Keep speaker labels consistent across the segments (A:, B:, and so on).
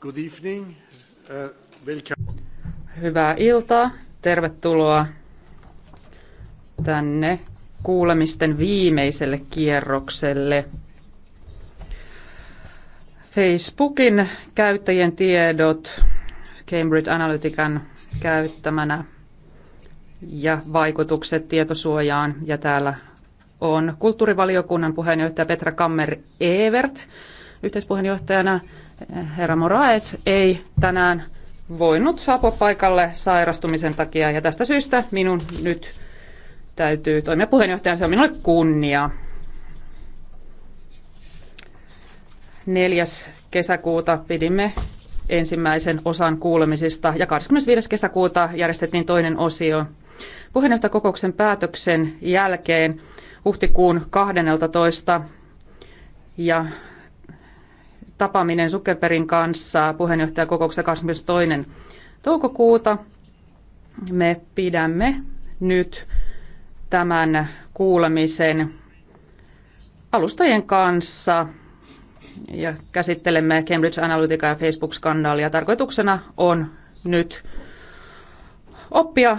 A: Good evening. Uh,
B: Hyvää iltaa. Tervetuloa tänne kuulemisten viimeiselle kierrokselle. Facebookin käyttäjien tiedot Cambridge Analytican käyttämänä ja vaikutukset tietosuojaan. Ja täällä on kulttuurivaliokunnan puheenjohtaja Petra Kammer-Evert yhteispuheenjohtajana herra Moraes ei tänään voinut saapua paikalle sairastumisen takia ja tästä syystä minun nyt täytyy toimia puheenjohtajana. Se on minulle kunnia. 4. kesäkuuta pidimme ensimmäisen osan kuulemisista ja 25. kesäkuuta järjestettiin toinen osio. Puheenjohtajakokouksen päätöksen jälkeen huhtikuun 12. ja tapaaminen Zuckerbergin kanssa puheenjohtajakokouksessa 22. toukokuuta. Me pidämme nyt tämän kuulemisen alustajien kanssa ja käsittelemme Cambridge Analytica ja Facebook-skandaalia. Tarkoituksena on nyt oppia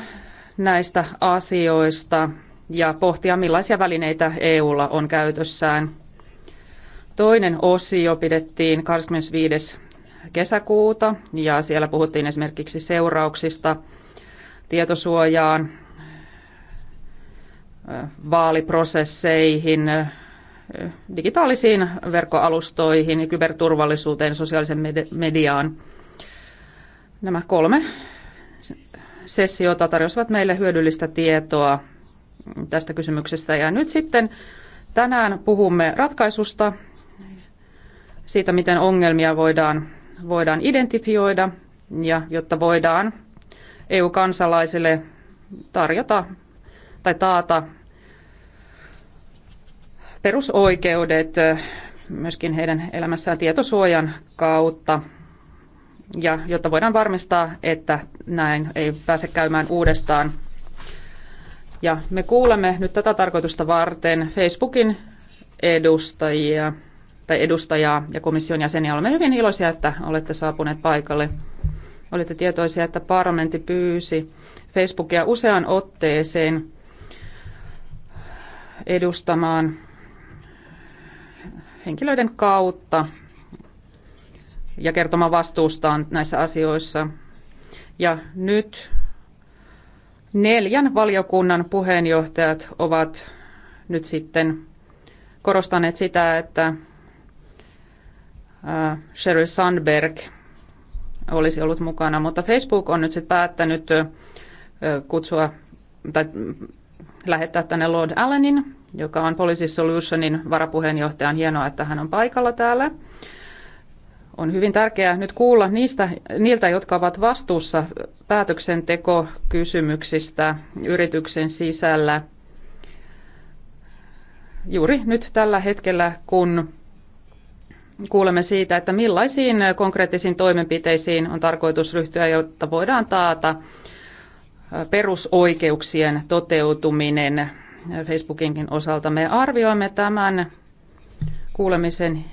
B: näistä asioista ja pohtia, millaisia välineitä EUlla on käytössään – Toinen osio pidettiin 25. kesäkuuta ja siellä puhuttiin esimerkiksi seurauksista tietosuojaan, vaaliprosesseihin, digitaalisiin verkkoalustoihin, kyberturvallisuuteen, sosiaalisen mediaan. Nämä kolme sessiota tarjosivat meille hyödyllistä tietoa tästä kysymyksestä. Ja nyt sitten tänään puhumme ratkaisusta, siitä, miten ongelmia voidaan, voidaan identifioida ja jotta voidaan EU-kansalaisille tarjota tai taata perusoikeudet myöskin heidän elämässään tietosuojan kautta. Ja jotta voidaan varmistaa, että näin ei pääse käymään uudestaan. Ja me kuulemme nyt tätä tarkoitusta varten Facebookin edustajia tai edustajaa ja komission jäseniä. Olemme hyvin iloisia, että olette saapuneet paikalle. Olette tietoisia, että parlamentti pyysi Facebookia useaan otteeseen edustamaan henkilöiden kautta ja kertomaan vastuustaan näissä asioissa. Ja nyt neljän valiokunnan puheenjohtajat ovat nyt sitten korostaneet sitä, että Äh, Sheryl Sandberg olisi ollut mukana, mutta Facebook on nyt sitten päättänyt äh, kutsua tai lähettää tänne Lord Allenin, joka on Policy Solutionin varapuheenjohtaja. On hienoa, että hän on paikalla täällä. On hyvin tärkeää nyt kuulla niistä, niiltä, jotka ovat vastuussa päätöksentekokysymyksistä yrityksen sisällä juuri nyt tällä hetkellä, kun kuulemme siitä, että millaisiin konkreettisiin toimenpiteisiin on tarkoitus ryhtyä, jotta voidaan taata perusoikeuksien toteutuminen Facebookinkin osalta. Me arvioimme tämän kuulemisen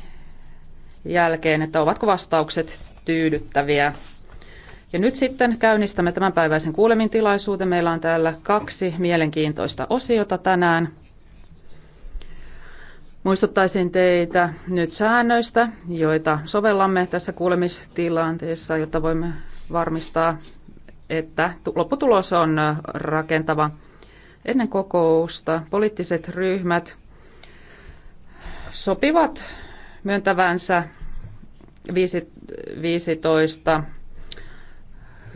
B: jälkeen, että ovatko vastaukset tyydyttäviä. Ja nyt sitten käynnistämme tämänpäiväisen kuulemintilaisuuden. Meillä on täällä kaksi mielenkiintoista osiota tänään. Muistuttaisin teitä nyt säännöistä, joita sovellamme tässä kuulemistilanteessa, jotta voimme varmistaa, että lopputulos on rakentava. Ennen kokousta poliittiset ryhmät sopivat myöntävänsä 15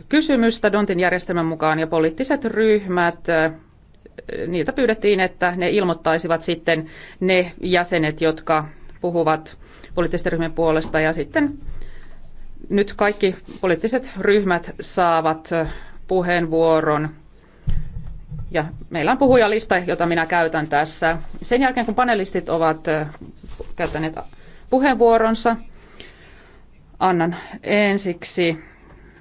B: kysymystä Dontin järjestelmän mukaan ja poliittiset ryhmät niiltä pyydettiin, että ne ilmoittaisivat sitten ne jäsenet, jotka puhuvat poliittisten ryhmien puolesta ja sitten nyt kaikki poliittiset ryhmät saavat puheenvuoron. Ja meillä on puhujalista, jota minä käytän tässä. Sen jälkeen, kun panelistit ovat käyttäneet puheenvuoronsa, annan ensiksi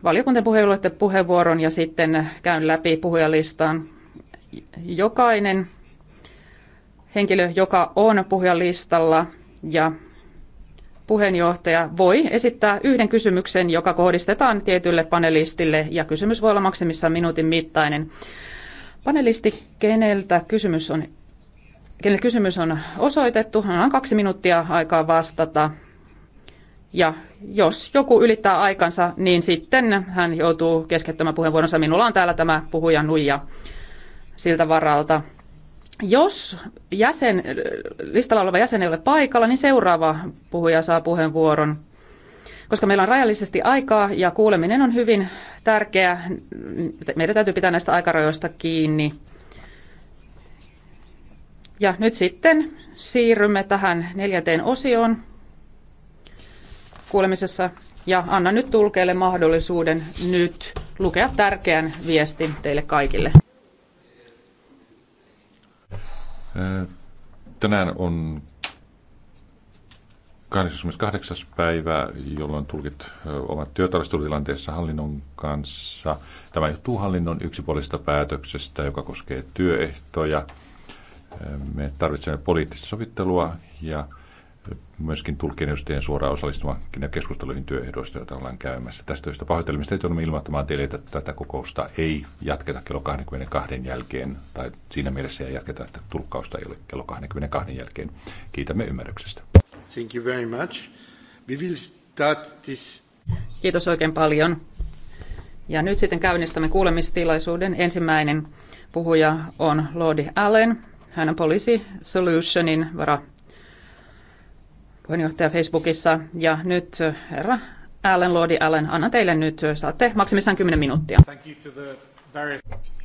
B: valiokunnan puheenjohtajalle puheenvuoron ja sitten käyn läpi puhujalistaan jokainen henkilö, joka on puhujalistalla ja puheenjohtaja voi esittää yhden kysymyksen, joka kohdistetaan tietylle panelistille ja kysymys voi olla maksimissaan minuutin mittainen. Panelisti, keneltä kysymys on, kenelle kysymys on osoitettu, hän on kaksi minuuttia aikaa vastata. Ja jos joku ylittää aikansa, niin sitten hän joutuu keskeyttämään puheenvuoronsa. Minulla on täällä tämä puhuja nuija siltä varalta. Jos jäsen, listalla oleva jäsen ei ole paikalla, niin seuraava puhuja saa puheenvuoron. Koska meillä on rajallisesti aikaa ja kuuleminen on hyvin tärkeä, meidän täytyy pitää näistä aikarajoista kiinni. Ja nyt sitten siirrymme tähän neljänteen osioon kuulemisessa ja annan nyt tulkeille mahdollisuuden nyt lukea tärkeän viestin teille kaikille.
C: Äh, tänään on 28. päivä, jolloin tulkit äh, ovat työtaistelutilanteessa hallinnon kanssa. Tämä johtuu hallinnon yksipuolisesta päätöksestä, joka koskee työehtoja. Äh, me tarvitsemme poliittista sovittelua ja myöskin tulkien edustajien suoraan osallistumaan keskusteluihin työehdoista, joita ollaan käymässä. Tästä syystä pahoittelemista tullut ilmoittamaan teille, että tätä kokousta ei jatketa kello 22 jälkeen, tai siinä mielessä ei jatketa, että tulkkausta ei ole kello 22 jälkeen. Kiitämme ymmärryksestä.
A: Thank you very much.
B: We will start this... Kiitos oikein paljon. Ja nyt sitten käynnistämme kuulemistilaisuuden. Ensimmäinen puhuja on Lodi Allen. Hän on Policy Solutionin vara puheenjohtaja Facebookissa. Ja nyt äh, herra Allen, Lordi Allen, annan teille nyt, äh, saatte maksimissaan 10 minuuttia.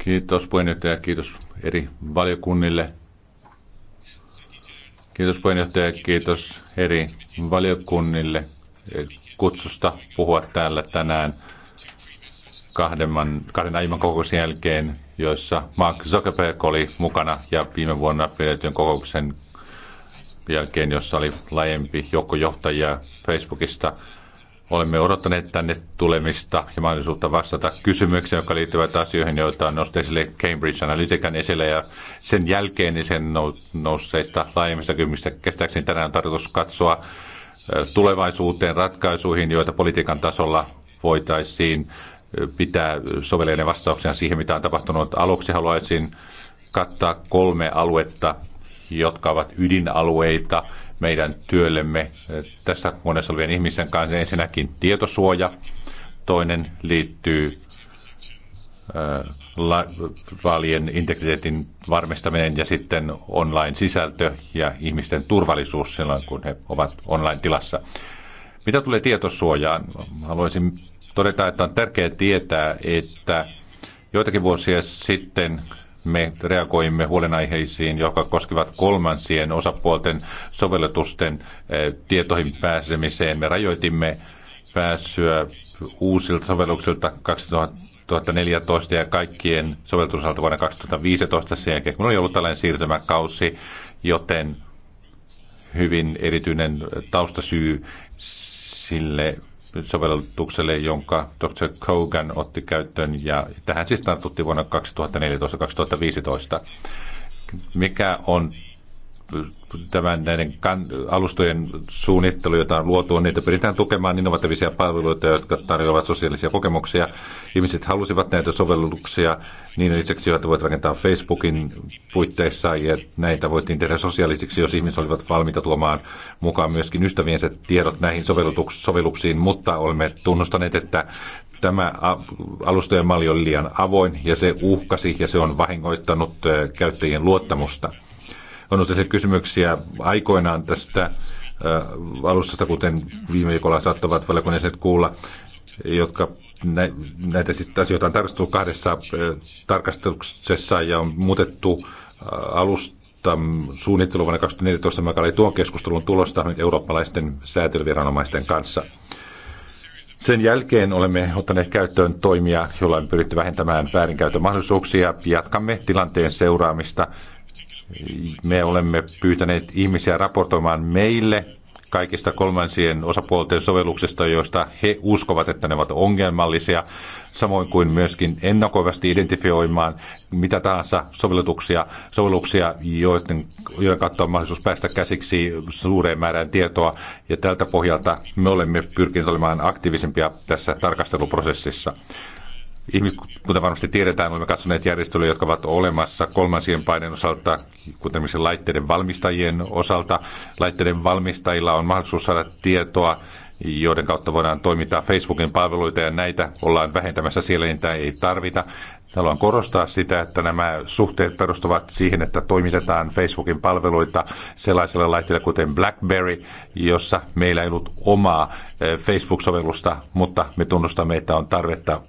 C: Kiitos puheenjohtaja, kiitos eri valiokunnille. Kiitos puheenjohtaja, kiitos eri valiokunnille eh, kutsusta puhua täällä tänään kahden, kahden aiemman kokouksen jälkeen, joissa Mark Zuckerberg oli mukana ja viime vuonna pidetyn kokouksen jälkeen, jossa oli laajempi joukko johtajia Facebookista. Olemme odottaneet tänne tulemista ja mahdollisuutta vastata kysymyksiin, jotka liittyvät asioihin, joita on nostettu esille Cambridge Analytican esille. Ja sen jälkeen niin sen nousseista laajemmista kysymyksistä kestääkseni tänään on tarkoitus katsoa tulevaisuuteen ratkaisuihin, joita politiikan tasolla voitaisiin pitää sovelleiden vastauksia siihen, mitä on tapahtunut. Aluksi haluaisin kattaa kolme aluetta, jotka ovat ydinalueita meidän työllemme tässä huoneessa olevien ihmisen kanssa. Ensinnäkin tietosuoja, toinen liittyy vaalien integriteetin varmistaminen ja sitten online-sisältö ja ihmisten turvallisuus silloin, kun he ovat online-tilassa. Mitä tulee tietosuojaan? Haluaisin todeta, että on tärkeää tietää, että joitakin vuosia sitten me reagoimme huolenaiheisiin, jotka koskevat kolmansien osapuolten sovelletusten eh, tietoihin pääsemiseen. Me rajoitimme pääsyä uusilta sovelluksilta 2014 ja kaikkien sovellutusalta vuonna 2015 sen jälkeen, kun oli ollut tällainen siirtymäkausi, joten hyvin erityinen taustasyy sille sovellutukselle, jonka Dr. Kogan otti käyttöön, ja tähän siis tartuttiin vuonna 2014-2015. Mikä on tämän näiden kan, alustojen suunnittelu, jota on luotu, on niitä pyritään tukemaan innovatiivisia palveluita, jotka tarjoavat sosiaalisia kokemuksia. Ihmiset halusivat näitä sovelluksia niin lisäksi, joita voit rakentaa Facebookin puitteissa, ja näitä voitiin tehdä sosiaalisiksi, jos ihmiset olivat valmiita tuomaan mukaan myöskin ystäviensä tiedot näihin sovelluksiin, mutta olemme tunnustaneet, että tämä alustojen malli oli liian avoin ja se uhkasi ja se on vahingoittanut käyttäjien luottamusta on ollut kysymyksiä aikoinaan tästä äh, alustasta, kuten viime viikolla saattavat valiokunnalliset kuulla, jotka nä, näitä siis asioita on tarkasteltu kahdessa äh, tarkastuksessa ja on muutettu äh, alusta suunnittelu vuonna 2014, joka oli tuon keskustelun tulosta eurooppalaisten säätelyviranomaisten kanssa. Sen jälkeen olemme ottaneet käyttöön toimia, joilla on pyritty vähentämään väärinkäytön mahdollisuuksia. Jatkamme tilanteen seuraamista me olemme pyytäneet ihmisiä raportoimaan meille kaikista kolmansien osapuolten sovelluksista, joista he uskovat, että ne ovat ongelmallisia, samoin kuin myöskin ennakoivasti identifioimaan mitä tahansa sovelluksia, sovelluksia, joiden, joiden kautta on mahdollisuus päästä käsiksi suureen määrään tietoa. Ja tältä pohjalta me olemme pyrkineet olemaan aktiivisempia tässä tarkasteluprosessissa. Ihmiset, kuten varmasti tiedetään, olemme katsoneet järjestelyjä, jotka ovat olemassa kolmansien paiden osalta, kuten esimerkiksi laitteiden valmistajien osalta. Laitteiden valmistajilla on mahdollisuus saada tietoa, joiden kautta voidaan toimittaa Facebookin palveluita, ja näitä ollaan vähentämässä siellä, tämä ei tarvita. Haluan korostaa sitä, että nämä suhteet perustuvat siihen, että toimitetaan Facebookin palveluita sellaisilla laitteilla kuten BlackBerry, jossa meillä ei ollut omaa eh, Facebook-sovellusta, mutta me tunnustamme, että on tarvetta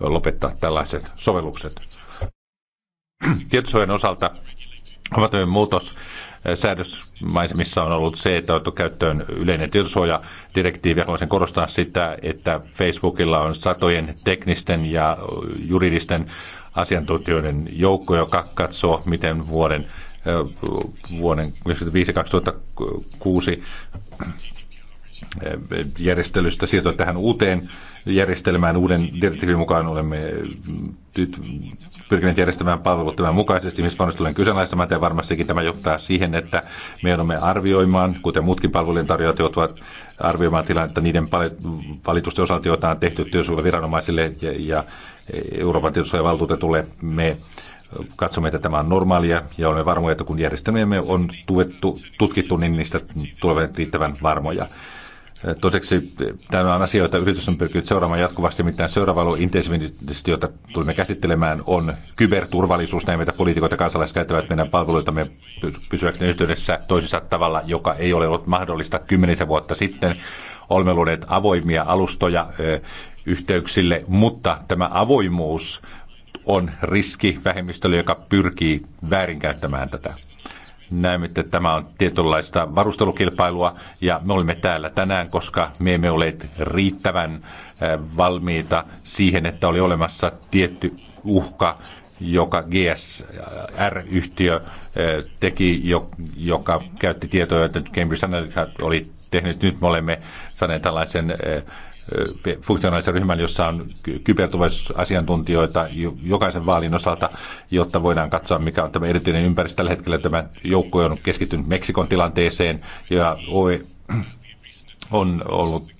C: lopettaa tällaiset sovellukset. Tietosuojan osalta ovat muutos säädösmaisemissa on ollut se, että on otettu käyttöön yleinen tietosuojadirektiivi. Haluaisin korostaa sitä, että Facebookilla on satojen teknisten ja juridisten asiantuntijoiden joukko, joka katsoo, miten vuoden vuoden 1995-2006 järjestelystä siirtyä tähän uuteen järjestelmään. Uuden direktiivin mukaan olemme nyt pyrkineet järjestämään palvelut tämän mukaisesti. Ihmispannos tulee kyseenalaistamaan ja varmastikin tämä johtaa siihen, että me joudumme arvioimaan, kuten muutkin palvelujen tarjoajat joutuvat arvioimaan tilannetta niiden valitusten osalta, joita on tehty viranomaisille ja, ja Euroopan valtuutetulle Me katsomme, että tämä on normaalia ja olemme varmoja, että kun järjestelmiämme on tuettu, tutkittu, niin niistä tulee riittävän varmoja. Toiseksi tämä on asia, jota yritys on pyrkinyt seuraamaan jatkuvasti, mitä seuraava intensiivisesti, jota tulemme käsittelemään, on kyberturvallisuus. Näin meitä poliitikoita kansalaiset käyttävät meidän palveluitamme pysyväksi yhteydessä toisessa tavalla, joka ei ole ollut mahdollista kymmenisen vuotta sitten. Olemme luoneet avoimia alustoja yhteyksille, mutta tämä avoimuus on riski vähemmistölle, joka pyrkii väärinkäyttämään tätä näemme, että tämä on tietynlaista varustelukilpailua ja me olemme täällä tänään, koska me emme ole riittävän äh, valmiita siihen, että oli olemassa tietty uhka, joka GSR-yhtiö äh, teki, joka käytti tietoja, että Cambridge Analytica oli tehnyt. Nyt me olemme saaneet tällaisen äh, funktionaalisen ryhmän, jossa on kyberturvallisuusasiantuntijoita jokaisen vaalin osalta, jotta voidaan katsoa, mikä on tämä erityinen ympäristö. Tällä hetkellä tämä joukko on keskittynyt Meksikon tilanteeseen ja OE on ollut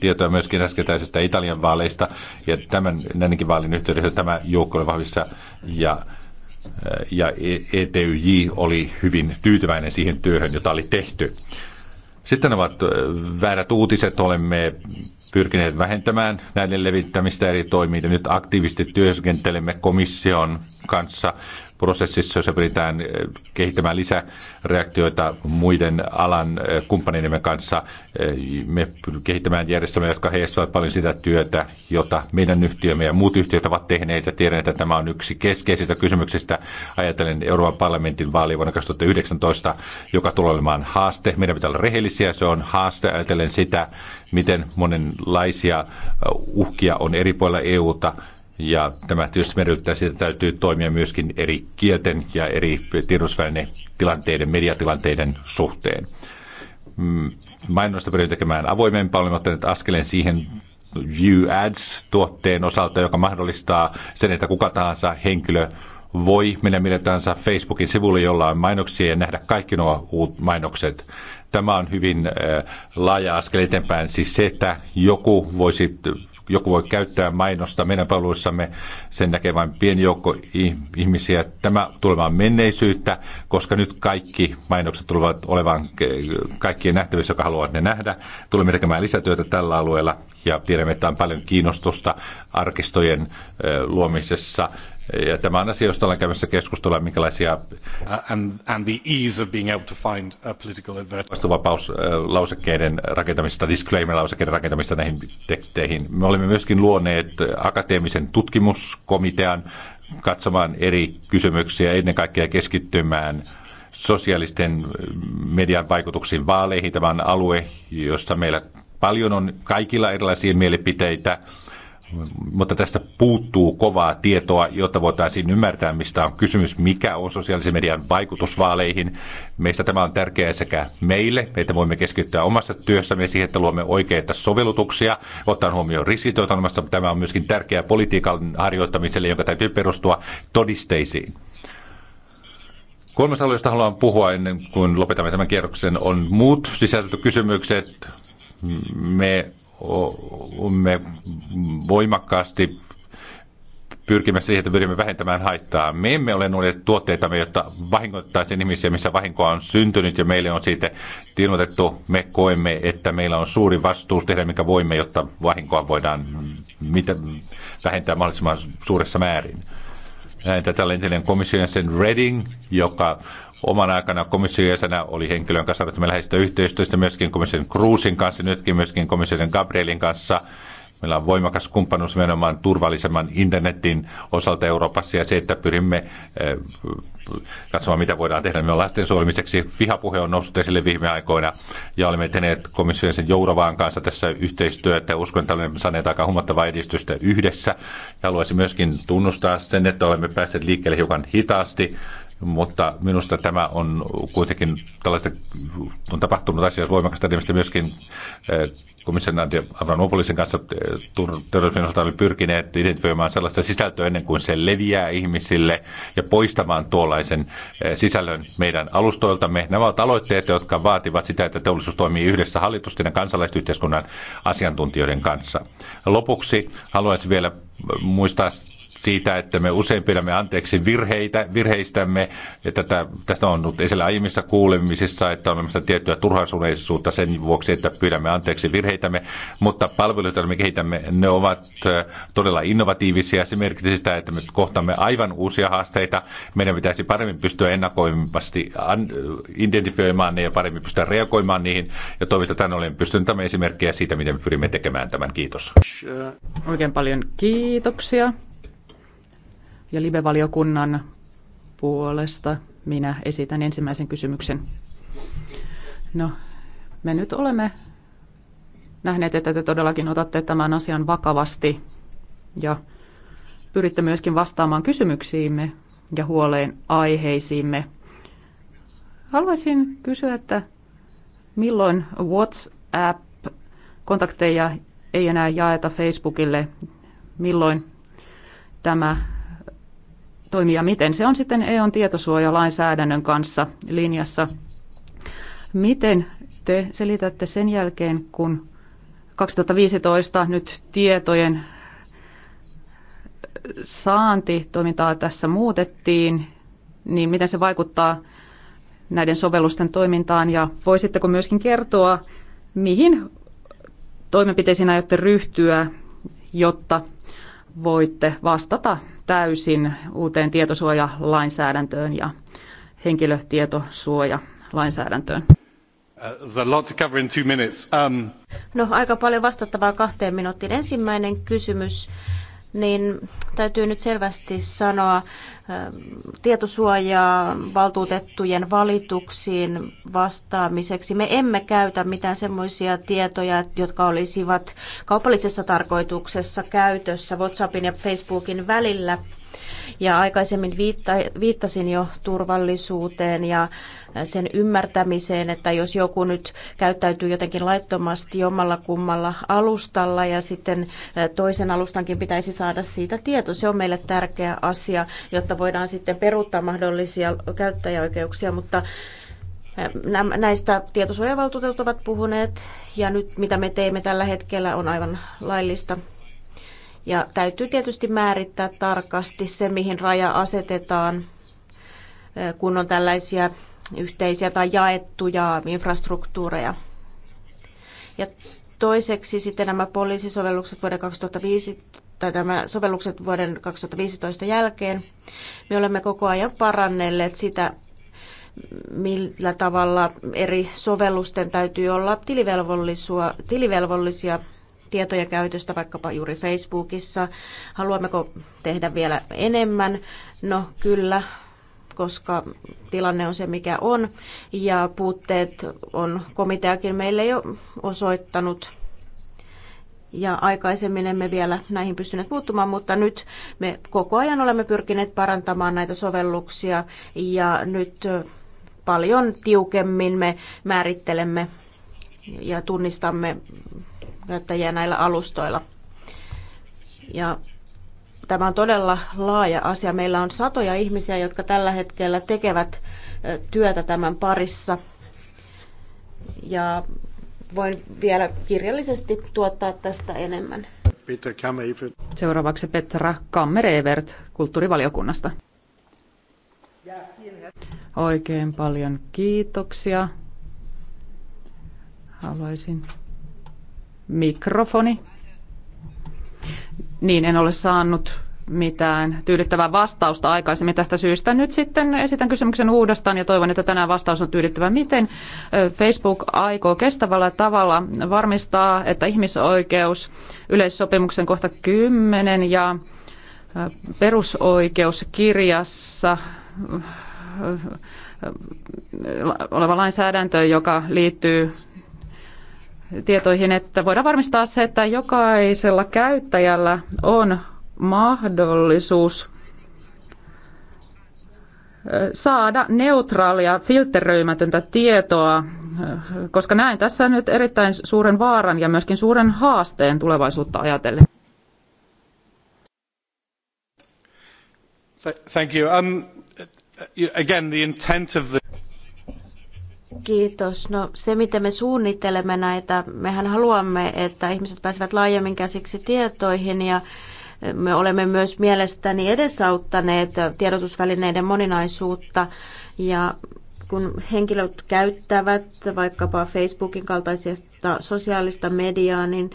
C: tietoa myöskin äskettäisestä Italian vaaleista, ja tämän näinkin vaalin yhteydessä tämä joukko oli vahvissa, ja, ja ETYJ e oli hyvin tyytyväinen siihen työhön, jota oli tehty. Sitten ovat väärät uutiset. Olemme pyrkineet vähentämään näiden levittämistä eri toimiin. Nyt aktiivisesti työskentelemme komission kanssa prosessissa, jossa pyritään eh, kehittämään lisäreaktioita muiden alan eh, kumppaneidemme kanssa. Eh, me kehittämään järjestelmiä, jotka heijastavat paljon sitä työtä, jota meidän yhtiömme ja muut yhtiöt ovat tehneet. Ja tiedän, että tämä on yksi keskeisistä kysymyksistä. Ajatellen Euroopan parlamentin vaali vuonna 2019, joka tulee olemaan haaste. Meidän pitää olla rehellisiä, se on haaste. Ajatellen sitä, miten monenlaisia uhkia on eri puolilla EUta ja tämä tietysti merkittää, että täytyy toimia myöskin eri kielten ja eri tilanteiden, mediatilanteiden suhteen. Mm, Mainosta pyrin tekemään avoimempaa, olen ottanut askeleen siihen View Ads-tuotteen osalta, joka mahdollistaa sen, että kuka tahansa henkilö voi mennä millä tahansa Facebookin sivulle, jolla on mainoksia ja nähdä kaikki nuo uut mainokset. Tämä on hyvin äh, laaja askel eteenpäin, siis se, että joku voisi joku voi käyttää mainosta meidän palveluissamme. Sen näkee vain pieni joukko ihmisiä. Tämä tulemaan menneisyyttä, koska nyt kaikki mainokset tulevat olevan kaikkien nähtävissä, jotka haluavat ne nähdä. Tulemme tekemään lisätyötä tällä alueella ja tiedämme, että on paljon kiinnostusta arkistojen luomisessa ja tämä on asia, josta ollaan käymässä keskustelua, minkälaisia uh, vastuvapauslausekkeiden uh, rakentamista, disclaimer-lausekkeiden rakentamista näihin teksteihin. Me olemme myöskin luoneet akateemisen tutkimuskomitean katsomaan eri kysymyksiä, ennen kaikkea keskittymään sosiaalisten uh, median vaikutuksiin vaaleihin. Tämä on alue, jossa meillä paljon on kaikilla erilaisia mielipiteitä mutta tästä puuttuu kovaa tietoa, jotta voitaisiin ymmärtää, mistä on kysymys, mikä on sosiaalisen median vaikutus vaaleihin. Meistä tämä on tärkeää sekä meille, että voimme keskittyä omassa työssämme siihen, että luomme oikeita sovellutuksia, ottaen huomioon riskit, joita on Tämä on myöskin tärkeää politiikan harjoittamiselle, jonka täytyy perustua todisteisiin. Kolmas alue, josta haluan puhua ennen kuin lopetamme tämän kierroksen, on muut sisältökysymykset. Me me voimakkaasti pyrkimme siihen, että pyrimme vähentämään haittaa. Me emme ole noille tuotteitamme, jotta vahingoittaisiin ihmisiä, missä vahinkoa on syntynyt ja meille on siitä ilmoitettu. Me koemme, että meillä on suuri vastuus tehdä, mikä voimme, jotta vahinkoa voidaan mitä, vähentää mahdollisimman suuressa määrin. Näin tätä entinen komission sen Reading, joka oman aikana komission jäsenä oli henkilön kanssa että me läheistä yhteistyöstä myöskin komission Kruusin kanssa, nytkin myöskin komission Gabrielin kanssa. Meillä on voimakas kumppanuus nimenomaan turvallisemman internetin osalta Euroopassa ja se, että pyrimme eh, katsomaan, mitä voidaan tehdä meidän lasten suojelmiseksi. Vihapuhe on noussut esille viime aikoina ja olemme tehneet komission sen Jourovaan kanssa tässä yhteistyötä. Uskon, että olemme saaneet aika huomattavaa edistystä yhdessä. Ja haluaisin myöskin tunnustaa sen, että olemme päässeet liikkeelle hiukan hitaasti mutta minusta tämä on kuitenkin tällaista, on tapahtunut asiassa voimakasta ilmeisesti myöskin eh, komissionanti Abramopolisin kanssa eh, terrorismin osalta oli pyrkineet identifioimaan sellaista sisältöä ennen kuin se leviää ihmisille ja poistamaan tuollaisen eh, sisällön meidän alustoiltamme. Nämä ovat aloitteet, jotka vaativat sitä, että teollisuus toimii yhdessä hallitusten ja kansalaisyhteiskunnan asiantuntijoiden kanssa. Lopuksi haluaisin vielä muistaa siitä, että me usein pidämme anteeksi virheitä, virheistämme. Ja tätä, tästä on ollut esillä aiemmissa kuulemisissa, että on olemassa tiettyä turhaisuudellisuutta sen vuoksi, että pyydämme anteeksi virheitämme. Mutta palvelut, joita me kehitämme, ne ovat äh, todella innovatiivisia. Se merkitsee sitä, että me kohtamme aivan uusia haasteita. Meidän pitäisi paremmin pystyä ennakoimasti identifioimaan ne ja paremmin pystyä reagoimaan niihin. Ja toivon, tänne olen pystynyt tämän esimerkkejä siitä, miten me pyrimme tekemään tämän. Kiitos.
B: Oikein paljon kiitoksia ja live-valiokunnan puolesta minä esitän ensimmäisen kysymyksen. No, me nyt olemme nähneet, että te todellakin otatte tämän asian vakavasti ja pyritte myöskin vastaamaan kysymyksiimme ja huoleen aiheisiimme. Haluaisin kysyä, että milloin WhatsApp-kontakteja ei enää jaeta Facebookille, milloin tämä toimia, miten se on sitten EUn tietosuojalainsäädännön kanssa linjassa. Miten te selitätte sen jälkeen, kun 2015 nyt tietojen saanti toimintaa tässä muutettiin, niin miten se vaikuttaa näiden sovellusten toimintaan ja voisitteko myöskin kertoa, mihin toimenpiteisiin aiotte ryhtyä, jotta voitte vastata täysin uuteen tietosuojalainsäädäntöön ja
D: henkilötietosuojalainsäädäntöön. No, aika paljon vastattavaa kahteen minuuttiin. Ensimmäinen kysymys niin täytyy nyt selvästi sanoa tietosuojaa valtuutettujen valituksiin vastaamiseksi. Me emme käytä mitään semmoisia tietoja, jotka olisivat kaupallisessa tarkoituksessa käytössä WhatsAppin ja Facebookin välillä ja aikaisemmin viitta, viittasin jo turvallisuuteen ja sen ymmärtämiseen, että jos joku nyt käyttäytyy jotenkin laittomasti jommalla kummalla alustalla ja sitten toisen alustankin pitäisi saada siitä tieto. Se on meille tärkeä asia, jotta voidaan sitten peruuttaa mahdollisia käyttäjäoikeuksia, mutta Näistä tietosuojavaltuutetut ovat puhuneet ja nyt mitä me teemme tällä hetkellä on aivan laillista ja täytyy tietysti määrittää tarkasti se, mihin raja asetetaan, kun on tällaisia yhteisiä tai jaettuja infrastruktuureja. Ja toiseksi sitten nämä poliisisovellukset vuoden 2005 tai tämä sovellukset vuoden 2015 jälkeen. Me olemme koko ajan paranneet sitä, millä tavalla eri sovellusten täytyy olla tilivelvollisia tietoja käytöstä vaikkapa juuri Facebookissa. Haluammeko tehdä vielä enemmän? No kyllä, koska tilanne on se mikä on ja puutteet on komiteakin meille jo osoittanut. Ja aikaisemmin emme vielä näihin pystyneet puuttumaan, mutta nyt me koko ajan olemme pyrkineet parantamaan näitä sovelluksia ja nyt paljon tiukemmin me määrittelemme ja tunnistamme käyttäjiä näillä alustoilla. Ja tämä on todella laaja asia. Meillä on satoja ihmisiä, jotka tällä hetkellä tekevät työtä tämän parissa. Ja voin vielä kirjallisesti tuottaa tästä enemmän.
B: Seuraavaksi Petra Kammerevert kulttuurivaliokunnasta. Oikein paljon kiitoksia. Haluaisin Mikrofoni. Niin, en ole saanut mitään tyydyttävää vastausta aikaisemmin tästä syystä. Nyt sitten esitän kysymyksen uudestaan ja toivon, että tänään vastaus on tyydyttävä. Miten Facebook aikoo kestävällä tavalla varmistaa, että ihmisoikeus yleissopimuksen kohta 10 ja perusoikeuskirjassa oleva lainsäädäntö, joka liittyy tietoihin, että voidaan varmistaa se, että jokaisella käyttäjällä on mahdollisuus saada neutraalia, filtteröimätöntä tietoa, koska näen tässä nyt erittäin suuren vaaran ja myöskin suuren haasteen tulevaisuutta ajatellen.
A: Thank you. Um, uh, again, the intent of the...
D: Kiitos. No se, miten me suunnittelemme näitä, mehän haluamme, että ihmiset pääsevät laajemmin käsiksi tietoihin ja me olemme myös mielestäni edesauttaneet tiedotusvälineiden moninaisuutta ja kun henkilöt käyttävät vaikkapa Facebookin kaltaisesta sosiaalista mediaa, niin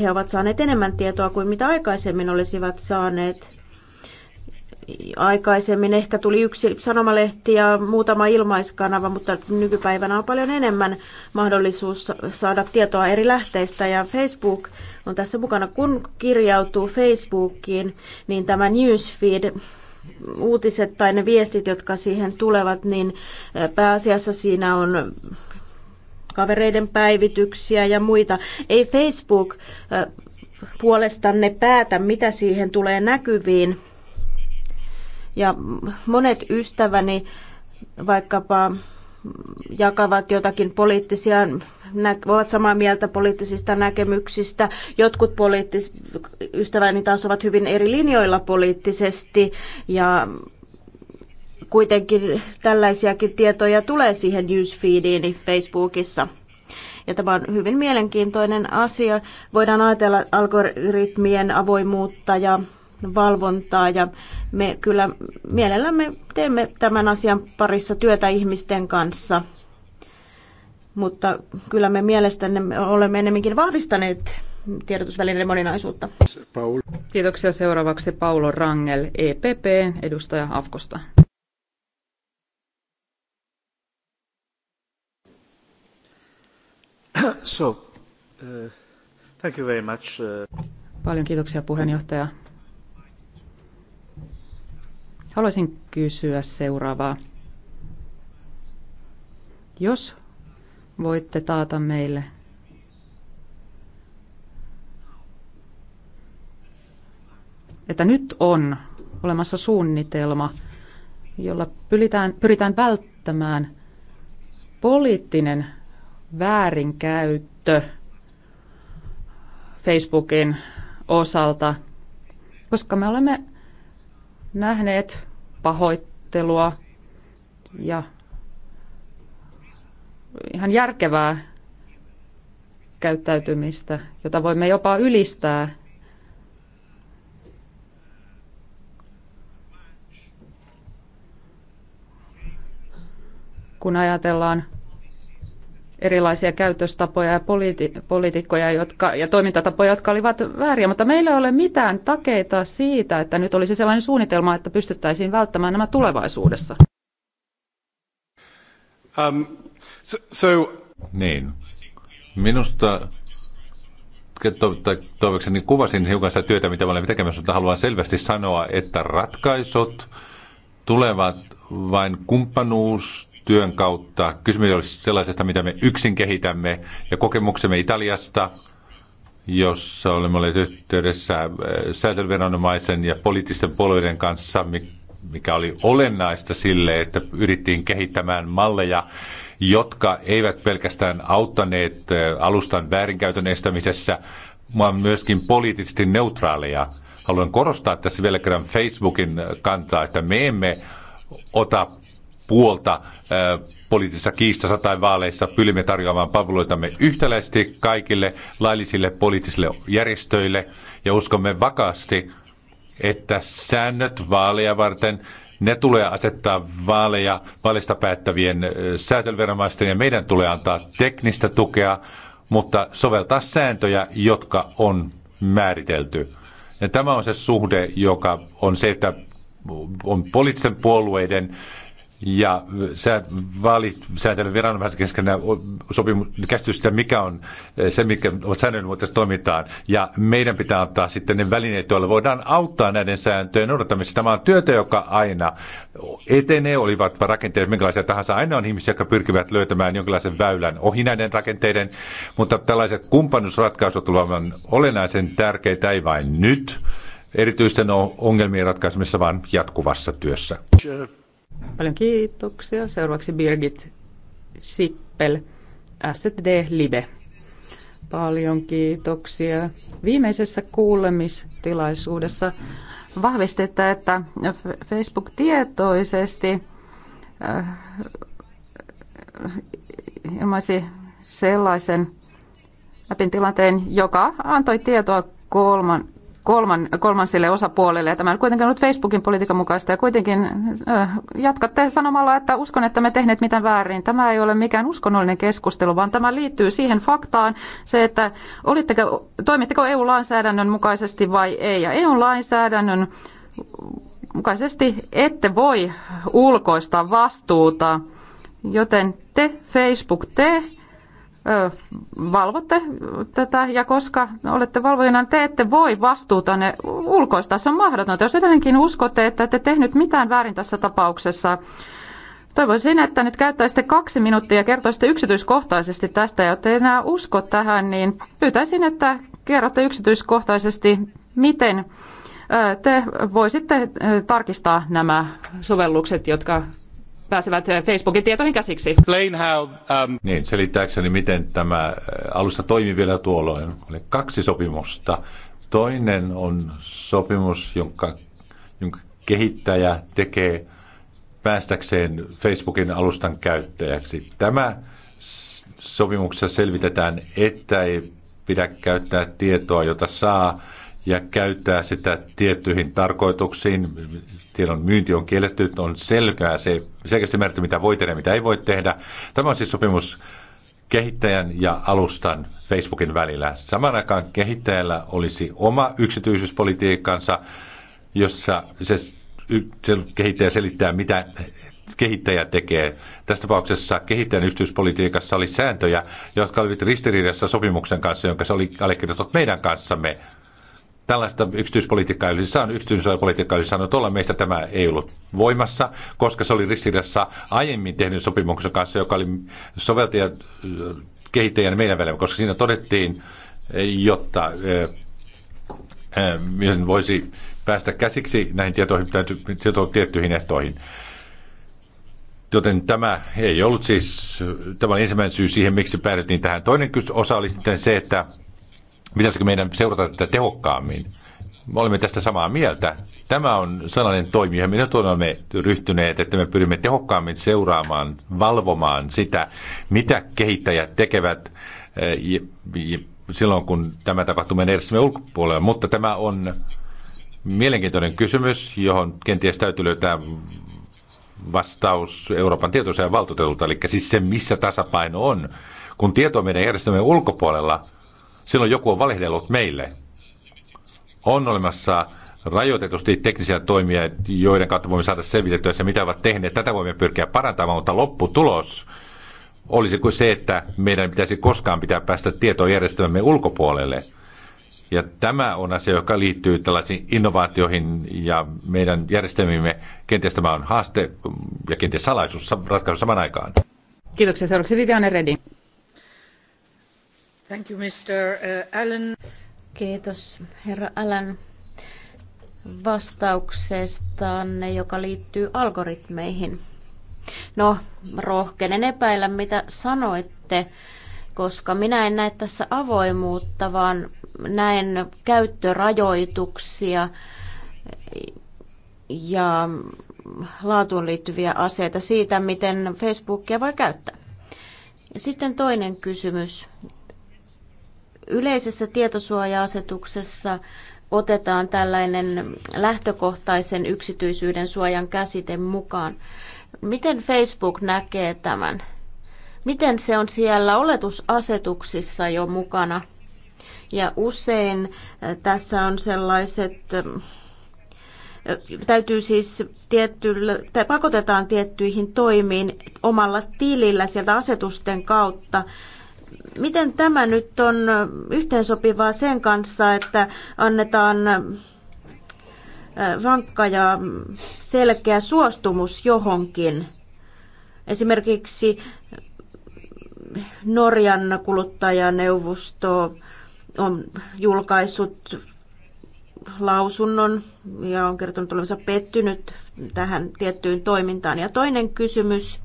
D: he ovat saaneet enemmän tietoa kuin mitä aikaisemmin olisivat saaneet Aikaisemmin ehkä tuli yksi sanomalehti ja muutama ilmaiskanava, mutta nykypäivänä on paljon enemmän mahdollisuus saada tietoa eri lähteistä ja Facebook on tässä mukana. Kun kirjautuu Facebookiin, niin tämä newsfeed uutiset tai ne viestit, jotka siihen tulevat, niin eh, pääasiassa siinä on kavereiden päivityksiä ja muita. Ei Facebook eh, puolestanne päätä, mitä siihen tulee näkyviin, ja monet ystäväni vaikkapa jakavat jotakin poliittisia, ovat samaa mieltä poliittisista näkemyksistä. Jotkut poliittis, ystäväni taas ovat hyvin eri linjoilla poliittisesti ja kuitenkin tällaisiakin tietoja tulee siihen newsfeediini Facebookissa. Ja tämä on hyvin mielenkiintoinen asia. Voidaan ajatella algoritmien avoimuutta ja valvontaa ja me kyllä mielellämme teemme tämän asian parissa työtä ihmisten kanssa. Mutta kyllä me mielestäni olemme enemmänkin vahvistaneet tiedotusvälineiden moninaisuutta. Paul. Kiitoksia
B: seuraavaksi Paulo Rangel, EPP, edustaja Afkosta.
A: So, uh, thank you very much. Uh,
B: Paljon kiitoksia puheenjohtaja. Haluaisin kysyä seuraavaa. Jos voitte taata meille että nyt on olemassa suunnitelma, jolla pyritään, pyritään välttämään poliittinen väärinkäyttö Facebookin osalta, koska me olemme nähneet pahoittelua ja ihan järkevää käyttäytymistä, jota voimme jopa ylistää. Kun ajatellaan erilaisia käytöstapoja ja politi- poliitikkoja jotka, ja toimintatapoja, jotka olivat vääriä, mutta meillä ei ole mitään takeita siitä, että nyt olisi sellainen suunnitelma, että pystyttäisiin välttämään nämä tulevaisuudessa.
C: Um, so, so... Niin. Minusta toivokseni kuvasin hiukan sitä työtä, mitä olen tekemässä, mutta haluan selvästi sanoa, että ratkaisut tulevat vain kumppanuus työn kautta. Kysymys ei ole sellaisesta, mitä me yksin kehitämme ja kokemuksemme Italiasta, jossa olemme olleet yhteydessä äh, säätelyviranomaisen ja poliittisten puolueiden kanssa, mikä oli olennaista sille, että yrittiin kehittämään malleja, jotka eivät pelkästään auttaneet äh, alustan väärinkäytön estämisessä, vaan myöskin poliittisesti neutraaleja. Haluan korostaa tässä vielä kerran Facebookin kantaa, että me emme ota puolta poliittisessa kiistassa tai vaaleissa. Pyrimme tarjoamaan palveluitamme yhtäläisesti kaikille laillisille poliittisille järjestöille ja uskomme vakaasti, että säännöt vaaleja varten ne tulee asettaa vaaleja, vaalista päättävien säätelviranomaisten ja meidän tulee antaa teknistä tukea, mutta soveltaa sääntöjä, jotka on määritelty. Ja tämä on se suhde, joka on se, että on poliittisten puolueiden ja säätelyn viranomaisen kesken sopimus, käsitystä, mikä on eh, se, mikä on mutta tässä toimitaan. Ja meidän pitää antaa sitten ne välineet, joilla voidaan auttaa näiden sääntöjen noudattamista. Tämä on työtä, joka aina etenee, olivat rakenteet minkälaisia tahansa. Aina on ihmisiä, jotka pyrkivät löytämään jonkinlaisen väylän ohi näiden rakenteiden, mutta tällaiset kumppanuusratkaisut tulevat olennaisen tärkeitä, ei vain nyt, erityisten ongelmien ratkaisemisessa, vaan jatkuvassa työssä.
B: Paljon kiitoksia. Seuraavaksi Birgit Sippel, SD Live. Paljon kiitoksia. Viimeisessä kuulemistilaisuudessa vahvistetta, että Facebook tietoisesti äh, ilmaisi sellaisen appin tilanteen, joka antoi tietoa kolman, kolman, kolmansille osapuolelle. Ja tämä on kuitenkin ollut Facebookin politiikan mukaista ja kuitenkin äh, jatkatte sanomalla, että uskon, että me tehneet mitään väärin. Tämä ei ole mikään uskonnollinen keskustelu, vaan tämä liittyy siihen faktaan, se, että olitteko, toimitteko EU-lainsäädännön mukaisesti vai ei. Ja EU-lainsäädännön mukaisesti ette voi ulkoista vastuuta, joten te, Facebook, te valvotte tätä ja koska olette valvojana, te ette voi ne ulkoista, Se on mahdotonta. Jos edelleenkin uskotte, että ette tehnyt mitään väärin tässä tapauksessa, Toivoisin, että nyt käyttäisitte kaksi minuuttia ja kertoisitte yksityiskohtaisesti tästä, ja te enää usko tähän, niin pyytäisin, että kerrotte yksityiskohtaisesti, miten te voisitte tarkistaa nämä sovellukset, jotka pääsevät eh, Facebookin tietoihin käsiksi. How,
C: um... Niin, selittääkseni, miten tämä eh, alusta toimi vielä tuolloin. Oli kaksi sopimusta. Toinen on sopimus, jonka, jonka kehittäjä tekee päästäkseen Facebookin alustan käyttäjäksi. Tämä sopimuksessa selvitetään, että ei pidä käyttää tietoa, jota saa ja käyttää sitä tiettyihin tarkoituksiin. Tiedon myynti on kielletty, on selkeä se, selkeästi määrätty, mitä voi tehdä, mitä ei voi tehdä. Tämä on siis sopimus kehittäjän ja alustan Facebookin välillä. Samaan aikaan kehittäjällä olisi oma yksityisyyspolitiikkansa, jossa se, se kehittäjä selittää, mitä kehittäjä tekee. Tässä tapauksessa kehittäjän yksityispolitiikassa oli sääntöjä, jotka olivat ristiriidassa sopimuksen kanssa, jonka se oli allekirjoittanut meidän kanssamme. Tällaista yksityispolitiikkaa ei olisi saanut, yksityispolitiikkaa olisi saanut olla. Meistä tämä ei ollut voimassa, koska se oli ristiriidassa aiemmin tehnyt sopimuksen kanssa, joka oli soveltaja kehittäjän meidän välillä, koska siinä todettiin, jotta eh, eh, voisi päästä käsiksi näihin tietoihin, tiettyihin ehtoihin. Joten tämä ei ollut siis, tämä oli ensimmäinen syy siihen, miksi päädyttiin tähän. Toinen osa oli sitten se, että Pitäisikö meidän seurata tätä tehokkaammin? Me olemme tästä samaa mieltä. Tämä on sellainen toimi, johon me olemme ryhtyneet, että me pyrimme tehokkaammin seuraamaan, valvomaan sitä, mitä kehittäjät tekevät eh, silloin, kun tämä tapahtuu meidän edessämme ulkopuolella. Mutta tämä on mielenkiintoinen kysymys, johon kenties täytyy löytää vastaus Euroopan tietoisen valtuutetulta, eli siis se, missä tasapaino on. Kun on meidän järjestelmän ulkopuolella – silloin joku on valehdellut meille. On olemassa rajoitetusti teknisiä toimia, joiden kautta voimme saada selvitettyä se, mitä ovat tehneet. Tätä voimme pyrkiä parantamaan, mutta lopputulos olisi kuin se, että meidän pitäisi koskaan pitää päästä tietojärjestelmämme ulkopuolelle. Ja tämä on asia, joka liittyy tällaisiin innovaatioihin ja meidän järjestelmimme. Kenties tämä on haaste ja kenties salaisuus ratkaisu saman aikaan. Kiitoksia. Seuraavaksi Viviane Redin.
D: Thank you, Mr. Uh, Allen. Kiitos, herra Allen vastauksestanne, joka liittyy algoritmeihin. No, rohkenen epäillä, mitä sanoitte, koska minä en näe tässä avoimuutta, vaan näen käyttörajoituksia ja laatuun liittyviä asioita siitä, miten Facebookia voi käyttää. Sitten toinen kysymys. Yleisessä tietosuoja-asetuksessa otetaan tällainen lähtökohtaisen yksityisyyden suojan käsite mukaan. Miten Facebook näkee tämän? Miten se on siellä oletusasetuksissa jo mukana? Ja usein äh, tässä on sellaiset ähm, äh, täytyy siis tietty, tai pakotetaan tiettyihin toimiin omalla tilillä sieltä asetusten kautta. Miten tämä nyt on yhteensopivaa sen kanssa, että annetaan vankka ja selkeä suostumus johonkin? Esimerkiksi Norjan kuluttajaneuvosto on julkaissut lausunnon ja on kertonut olevansa pettynyt tähän tiettyyn toimintaan. Ja toinen kysymys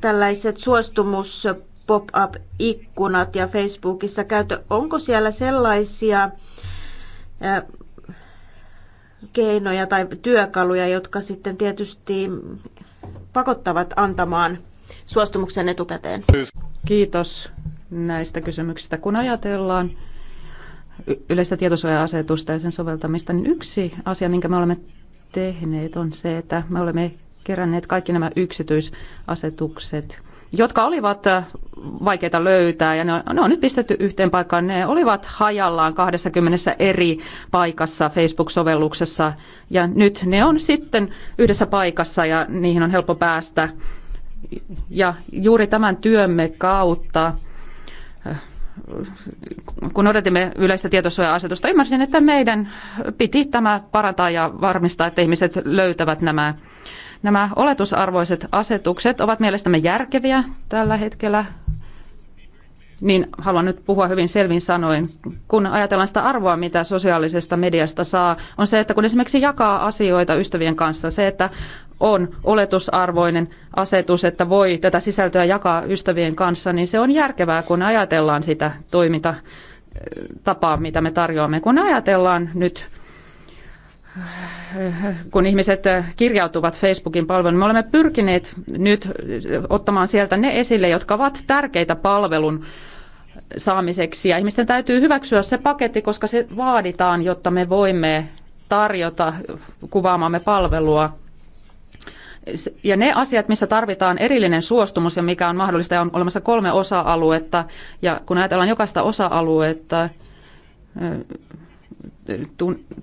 D: tällaiset suostumus pop-up-ikkunat ja Facebookissa käytö. Onko siellä sellaisia keinoja tai työkaluja, jotka sitten tietysti pakottavat antamaan suostumuksen etukäteen? Kiitos näistä kysymyksistä. Kun ajatellaan
B: yleistä tietosuoja-asetusta ja sen soveltamista, niin yksi asia, minkä me olemme tehneet, on se, että me olemme keränneet kaikki nämä yksityisasetukset, jotka olivat äh, vaikeita löytää ja ne on, ne on nyt pistetty yhteen paikkaan. Ne olivat hajallaan 20 eri paikassa Facebook-sovelluksessa ja nyt ne on sitten yhdessä paikassa ja niihin on helppo päästä. Ja juuri tämän työmme kautta äh, kun odotimme yleistä tietosuoja-asetusta, ymmärsin, että meidän piti tämä parantaa ja varmistaa, että ihmiset löytävät nämä Nämä oletusarvoiset asetukset ovat mielestämme järkeviä tällä hetkellä, niin haluan nyt puhua hyvin selvin sanoin. Kun ajatellaan sitä arvoa, mitä sosiaalisesta mediasta saa, on se, että kun esimerkiksi jakaa asioita ystävien kanssa, se, että on oletusarvoinen asetus, että voi tätä sisältöä jakaa ystävien kanssa, niin se on järkevää, kun ajatellaan sitä toimintatapaa, mitä me tarjoamme. Kun ajatellaan nyt kun ihmiset äh, kirjautuvat Facebookin palveluun. Me olemme pyrkineet nyt äh, ottamaan sieltä ne esille, jotka ovat tärkeitä palvelun saamiseksi. Ja ihmisten täytyy hyväksyä se paketti, koska se vaaditaan, jotta me voimme tarjota kuvaamamme palvelua. Ja ne asiat, missä tarvitaan erillinen suostumus ja mikä on mahdollista, ja on olemassa kolme osa-aluetta. Ja kun ajatellaan jokaista osa-aluetta,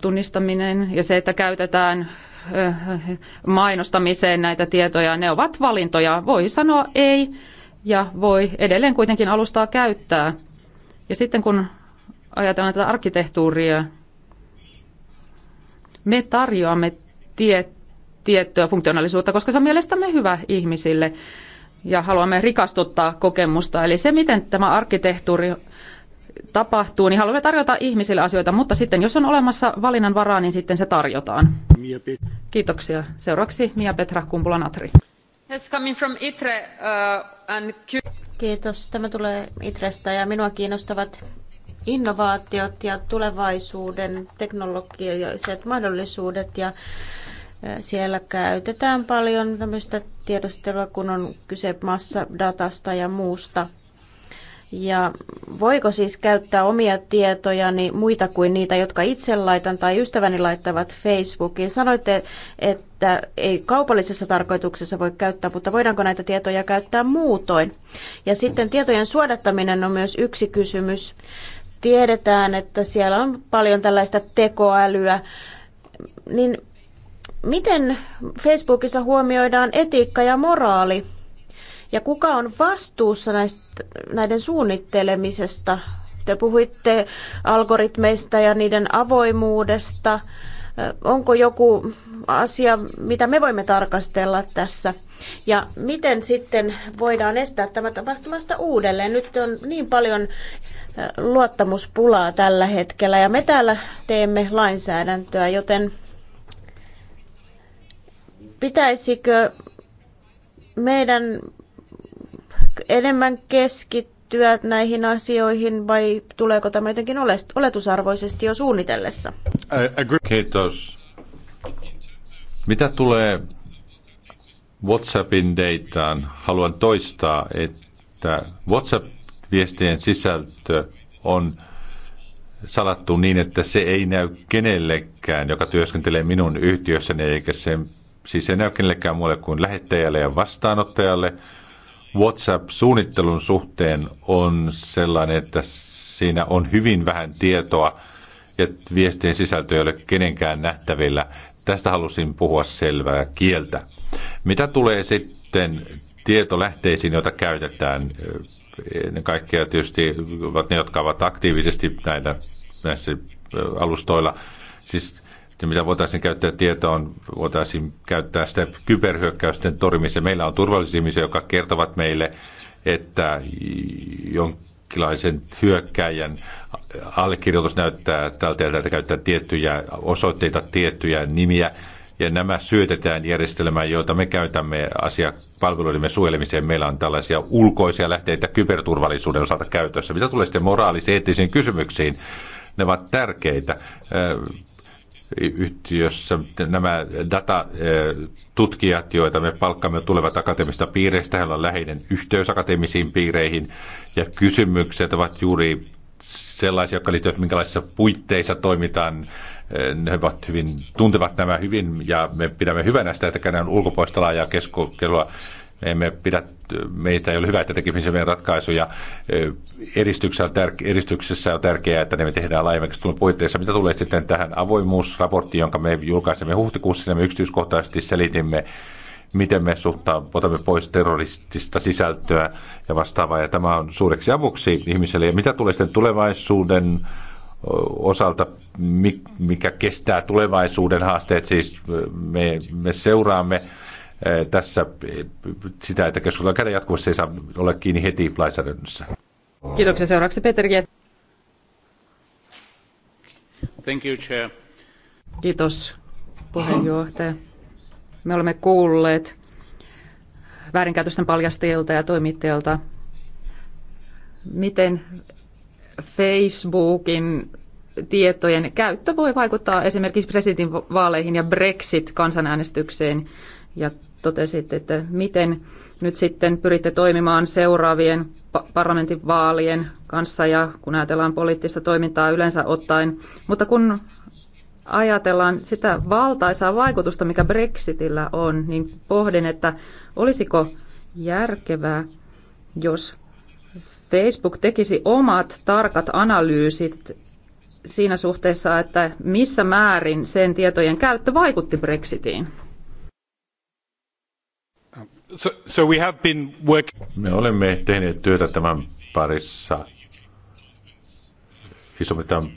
B: tunnistaminen ja se, että käytetään mainostamiseen näitä tietoja, ne ovat valintoja. Voi sanoa ei ja voi edelleen kuitenkin alustaa käyttää. Ja sitten kun ajatellaan tätä arkkitehtuuria, me tarjoamme tie, tiettyä funktionaalisuutta, koska se on mielestämme hyvä ihmisille ja haluamme rikastuttaa kokemusta. Eli se, miten tämä arkkitehtuuri tapahtuu, niin haluamme tarjota ihmisille asioita, mutta sitten jos on olemassa valinnanvaraa, niin sitten se tarjotaan. Kiitoksia. Seuraavaksi Mia Petra Kumpula-Natri.
D: Yes, coming from Itre, uh, and... Kiitos. Tämä tulee Itrestä ja minua kiinnostavat innovaatiot ja tulevaisuuden teknologialliset mahdollisuudet ja eh, siellä käytetään paljon tämmöistä tiedostelua, kun on kyse massadatasta ja muusta. Ja voiko siis käyttää omia tietojani muita kuin niitä, jotka itse laitan tai ystäväni laittavat Facebookiin? Sanoitte, että ei kaupallisessa tarkoituksessa voi käyttää, mutta voidaanko näitä tietoja käyttää muutoin? Ja sitten tietojen suodattaminen on myös yksi kysymys. Tiedetään, että siellä on paljon tällaista tekoälyä, niin miten Facebookissa huomioidaan etiikka ja moraali? Ja kuka on vastuussa näistä, näiden suunnittelemisesta? Te puhuitte algoritmeista ja niiden avoimuudesta. Onko joku asia, mitä me voimme tarkastella tässä? Ja miten sitten voidaan estää tämä tapahtumasta uudelleen? Nyt on niin paljon luottamuspulaa tällä hetkellä ja me täällä teemme lainsäädäntöä, joten pitäisikö meidän enemmän keskittyä näihin asioihin vai tuleeko tämä jotenkin oletusarvoisesti jo suunnitellessa?
C: Kiitos. Mitä tulee WhatsAppin dataan, haluan toistaa, että WhatsApp-viestien sisältö on salattu niin, että se ei näy kenellekään, joka työskentelee minun yhtiössäni, eikä se siis ei näy kenellekään muulle kuin lähettäjälle ja vastaanottajalle – WhatsApp-suunnittelun suhteen on sellainen, että siinä on hyvin vähän tietoa ja viestien sisältö ei ole kenenkään nähtävillä. Tästä halusin puhua selvää kieltä. Mitä tulee sitten tietolähteisiin, joita käytetään, ennen kaikkea tietysti ovat ne, jotka ovat aktiivisesti näitä, näissä alustoilla, siis se mitä voitaisiin käyttää on, voitaisiin käyttää sitä kyberhyökkäysten torjumiseen. Meillä on turvallisia jotka kertovat meille, että jonkinlaisen hyökkäjän allekirjoitus näyttää tältä ja tältä käyttää tiettyjä osoitteita, tiettyjä nimiä. Ja nämä syötetään järjestelmään, joita me käytämme asiapalveluidemme suojelemiseen. Meillä on tällaisia ulkoisia lähteitä kyberturvallisuuden osalta käytössä. Mitä tulee sitten moraalisiin, eettisiin kysymyksiin, ne ovat tärkeitä yhtiössä nämä datatutkijat, eh, joita me palkkamme, tulevat akateemista piireistä. Heillä on läheinen yhteys akateemisiin piireihin ja kysymykset ovat juuri sellaisia, jotka liittyvät, minkälaisissa puitteissa toimitaan. Eh, ne ovat hyvin, tuntevat nämä hyvin ja me pidämme hyvänä sitä, että käydään ulkopuolista laajaa keskustelua me emme pidä, meistä ei ole hyvä, että tekemisen meidän ratkaisuja. Edistyksessä on, on tärkeää, että ne me tehdään laajemmaksi puitteissa. Mitä tulee sitten tähän avoimuusraporttiin, jonka me julkaisemme huhtikuussa, niin me yksityiskohtaisesti selitimme miten me suhtaan, otamme pois terroristista sisältöä ja vastaavaa. Ja tämä on suureksi avuksi ihmiselle. Ja mitä tulee sitten tulevaisuuden osalta, mikä kestää tulevaisuuden haasteet, siis me, me seuraamme Eh, tässä eh, sitä, että keskustelua käden jatkuvasti, ei saa olla kiinni heti lainsäädännössä.
B: Kiitoksia. Seuraavaksi Peter Jett.
C: Thank you, Chair.
B: Kiitos, puheenjohtaja. Me olemme kuulleet väärinkäytösten paljastajilta ja toimittajilta, miten Facebookin tietojen käyttö voi vaikuttaa esimerkiksi presidentin vaaleihin ja Brexit-kansanäänestykseen. Ja totesitte, että miten nyt sitten pyritte toimimaan seuraavien parlamentin vaalien kanssa ja kun ajatellaan poliittista toimintaa yleensä ottaen. Mutta kun ajatellaan sitä valtaisaa vaikutusta, mikä Brexitillä on, niin pohdin, että olisiko järkevää, jos Facebook tekisi omat tarkat analyysit siinä suhteessa, että missä määrin sen tietojen käyttö vaikutti Brexitiin.
C: So, so we have been Me olemme tehneet työtä tämän parissa Isomitan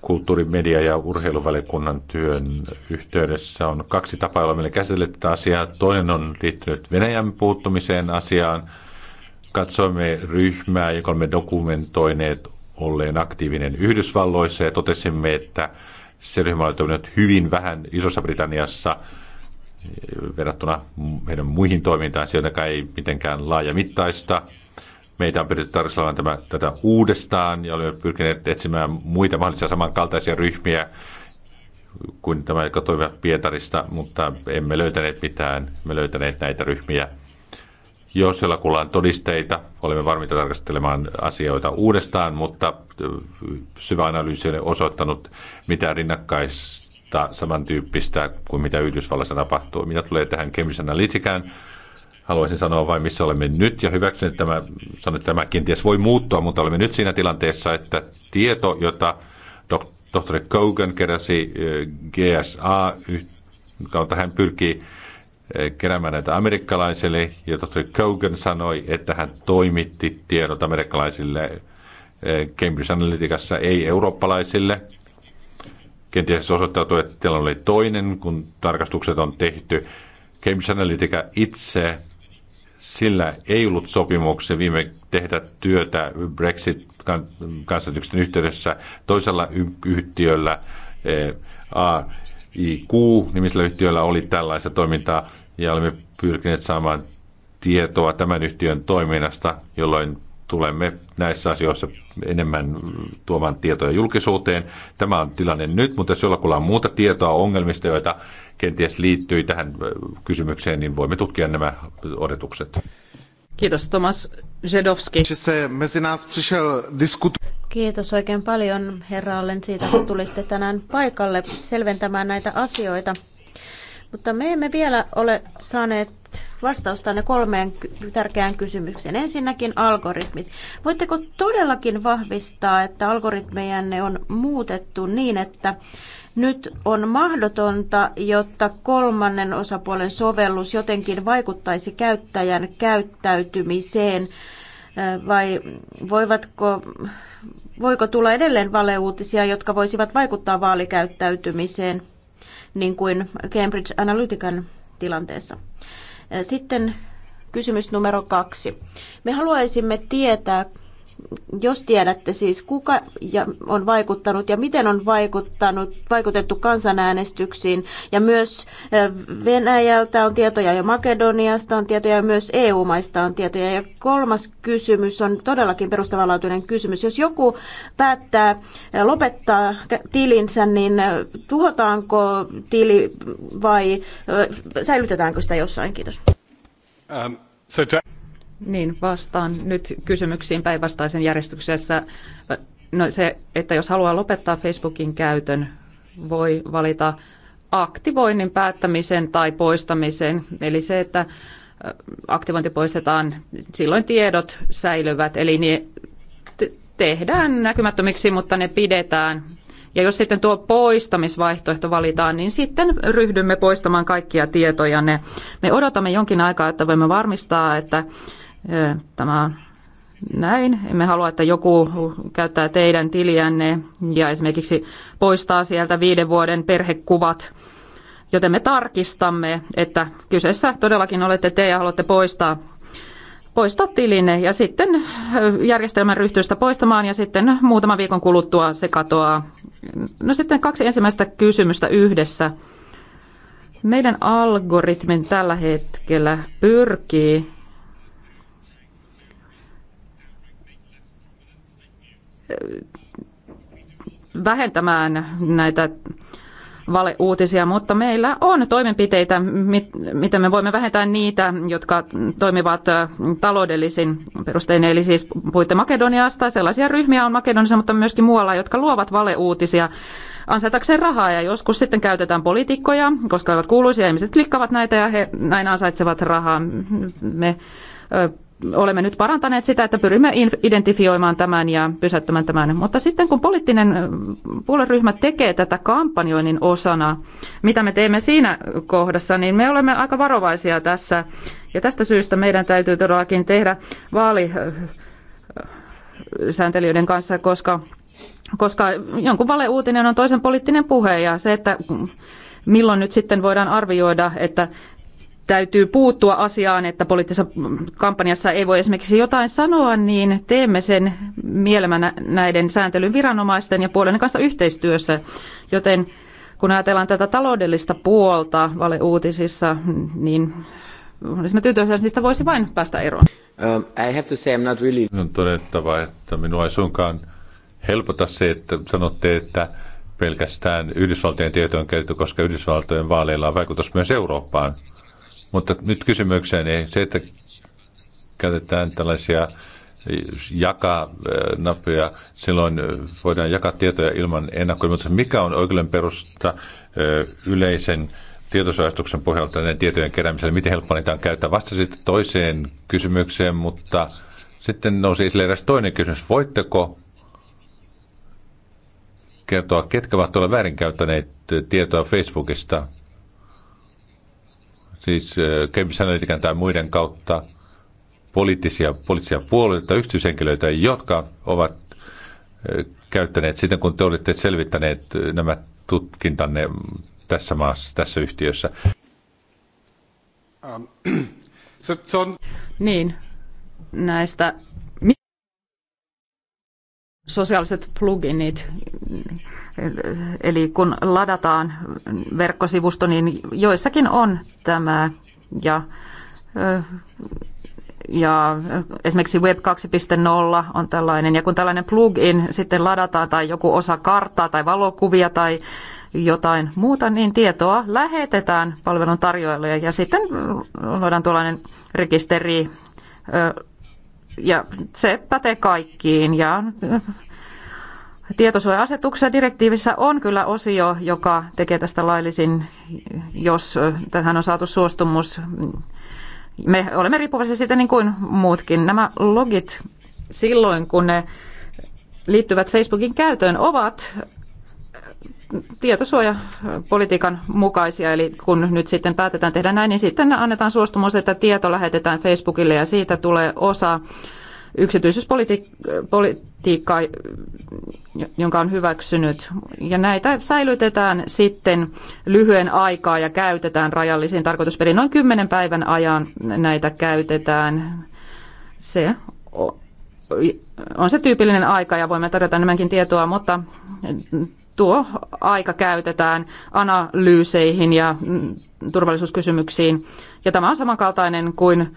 C: kulttuuri-, media- ja urheiluvaliokunnan työn yhteydessä on kaksi tapaa, joilla meillä käsitellyt asiaa. Toinen on liittynyt Venäjän puuttumiseen asiaan. Katsoimme ryhmää, joka olemme dokumentoineet olleen aktiivinen Yhdysvalloissa ja totesimme, että se ryhmä oli toiminut hyvin vähän Isossa Britanniassa – verrattuna meidän muihin toimintaan, joita ei mitenkään laajamittaista. Meitä on pyritty tarkastelemaan tämä, tätä uudestaan ja olemme pyrkineet etsimään muita mahdollisia samankaltaisia ryhmiä kuin tämä, jotka toimivat Pietarista, mutta emme löytäneet mitään, emme löytäneet näitä ryhmiä. Jos siellä kuullaan todisteita, olemme varmiita tarkastelemaan asioita uudestaan, mutta syvä analyysi ei ole osoittanut mitään rinnakkaista muuta samantyyppistä kuin mitä Yhdysvalloissa tapahtuu. Minä tulee tähän Cambridge Analyticaan. Haluaisin sanoa vain, missä olemme nyt ja hyväksyn, että tämä, sanon, että tämä kenties voi muuttua, mutta olemme nyt siinä tilanteessa, että tieto, jota tohtori Kogan keräsi eh, GSA, kautta hän pyrkii eh, keräämään näitä amerikkalaisille, ja tohtori Kogan sanoi, että hän toimitti tiedot amerikkalaisille eh, Cambridge Analyticassa, ei eurooppalaisille. Kenties osoittautui, että tilanne oli toinen, kun tarkastukset on tehty. Cambridge Analytica itse, sillä ei ollut sopimuksia viime tehdä työtä Brexit kansanäänestyksen yhteydessä toisella yhtiöllä, eh, AIQ-nimisellä yhtiöllä oli tällaista toimintaa, ja olemme pyrkineet saamaan tietoa tämän yhtiön toiminnasta, jolloin tulemme näissä asioissa enemmän tuomaan tietoja julkisuuteen. Tämä on tilanne nyt, mutta jos jollakulla on muuta tietoa ongelmista, joita kenties liittyy tähän kysymykseen, niin voimme tutkia nämä odotukset.
B: Kiitos Tomas Zedowski.
D: Kiitos oikein paljon herra Allen siitä, että tulitte tänään paikalle selventämään näitä asioita. Mutta me emme vielä ole saaneet vastausta ne kolmeen tärkeään kysymykseen. Ensinnäkin algoritmit. Voitteko todellakin vahvistaa, että algoritmejanne on muutettu niin, että nyt on mahdotonta, jotta kolmannen osapuolen sovellus jotenkin vaikuttaisi käyttäjän käyttäytymiseen? Vai voivatko, voiko tulla edelleen valeuutisia, jotka voisivat vaikuttaa vaalikäyttäytymiseen? niin kuin Cambridge Analytican tilanteessa. Sitten kysymys numero kaksi. Me haluaisimme tietää, jos tiedätte siis, kuka on vaikuttanut ja miten on vaikuttanut, vaikutettu kansanäänestyksiin, ja myös Venäjältä on tietoja ja Makedoniasta on tietoja ja myös EU-maista on tietoja. Ja kolmas kysymys on todellakin perustavanlaatuinen kysymys. Jos joku päättää lopettaa tilinsä, niin tuhotaanko tili vai säilytetäänkö sitä jossain? Kiitos.
E: Um, so to...
D: Niin,
B: vastaan nyt kysymyksiin päinvastaisen järjestyksessä. No se, että jos haluaa lopettaa Facebookin käytön, voi valita aktivoinnin päättämisen tai poistamisen. Eli se, että aktivointi poistetaan, silloin tiedot säilyvät. Eli ne tehdään näkymättömiksi, mutta ne pidetään. Ja jos sitten tuo poistamisvaihtoehto valitaan, niin sitten ryhdymme poistamaan kaikkia tietoja. Me odotamme jonkin aikaa, että voimme varmistaa, että Tämä näin. Emme halua, että joku käyttää teidän tiliänne ja esimerkiksi poistaa sieltä viiden vuoden perhekuvat. Joten me tarkistamme, että kyseessä todellakin olette te ja haluatte poistaa poistaa tilinne ja sitten järjestelmän ryhtyy poistamaan ja sitten muutaman viikon kuluttua se katoaa. No sitten kaksi ensimmäistä kysymystä yhdessä. Meidän algoritmin tällä hetkellä pyrkii vähentämään näitä valeuutisia, mutta meillä on toimenpiteitä, mitä me voimme vähentää niitä, jotka toimivat taloudellisin perustein. Eli siis puhutte Makedoniasta, sellaisia ryhmiä on Makedoniassa, mutta myöskin muualla, jotka luovat valeuutisia ansaitakseen rahaa ja joskus sitten käytetään poliitikkoja, koska ovat kuuluisia, ihmiset klikkavat näitä ja he näin ansaitsevat rahaa. Me olemme nyt parantaneet sitä, että pyrimme identifioimaan tämän ja pysäyttämään tämän. Mutta sitten kun poliittinen puolueryhmä tekee tätä kampanjoinnin osana, mitä me teemme siinä kohdassa, niin me olemme aika varovaisia tässä. Ja tästä syystä meidän täytyy todellakin tehdä vaalisääntelijöiden kanssa, koska, koska jonkun valeuutinen on toisen poliittinen puhe ja se, että milloin nyt sitten voidaan arvioida, että täytyy puuttua asiaan, että poliittisessa kampanjassa ei voi esimerkiksi jotain sanoa, niin teemme sen mielemä näiden sääntelyn viranomaisten ja puolen kanssa yhteistyössä. Joten kun ajatellaan tätä taloudellista puolta valeuutisissa, niin olisimme tyytyväisiä, niistä voisi vain päästä eroon.
C: Um, I have to say I'm not really... On todettava, että minua ei suinkaan helpota se, että sanotte, että pelkästään Yhdysvaltojen tietoon on koska Yhdysvaltojen vaaleilla on vaikutus myös Eurooppaan. Mutta nyt kysymykseen ei niin se, että käytetään tällaisia jakaa nappeja, silloin voidaan jakaa tietoja ilman mutta Mikä on oikeuden perusta yleisen tietosuojastuksen pohjalta näiden tietojen keräämiselle? Miten helppoa niitä on käyttää? Vastasit toiseen kysymykseen, mutta sitten nousi esille eräs toinen kysymys. Voitteko kertoa, ketkä ovat tuolla väärinkäyttäneet tietoa Facebookista? siis äh, Cambridge Analytican tai muiden kautta poliittisia, poliittisia puolueita, yksityishenkilöitä, jotka ovat äh, käyttäneet sitten, kun te olette selvittäneet äh, nämä tutkintanne tässä maassa, tässä yhtiössä.
A: Ähm,
B: niin, näistä sosiaaliset pluginit, Eli kun ladataan verkkosivusto, niin joissakin on tämä ja ja esimerkiksi Web 2.0 on tällainen, ja kun tällainen plugin sitten ladataan tai joku osa karttaa tai valokuvia tai jotain muuta, niin tietoa lähetetään palvelun tarjoajalle ja sitten luodaan tuollainen rekisteri ja se pätee kaikkiin ja tietosuoja-asetuksessa direktiivissä on kyllä osio, joka tekee tästä laillisin, jos tähän on saatu suostumus. Me olemme riippuvaisia siitä niin kuin muutkin. Nämä logit silloin, kun ne liittyvät Facebookin käytöön, ovat tietosuojapolitiikan mukaisia, eli kun nyt sitten päätetään tehdä näin, niin sitten annetaan suostumus, että tieto lähetetään Facebookille ja siitä tulee osa yksityisyyspolitiikkaa politiikkaa, jonka on hyväksynyt. Ja näitä säilytetään sitten lyhyen aikaa ja käytetään rajallisiin tarkoitusperiin. Noin kymmenen päivän ajan näitä käytetään. Se on se tyypillinen aika ja voimme tarjota enemmänkin tietoa, mutta tuo aika käytetään analyyseihin ja turvallisuuskysymyksiin. Ja tämä on samankaltainen kuin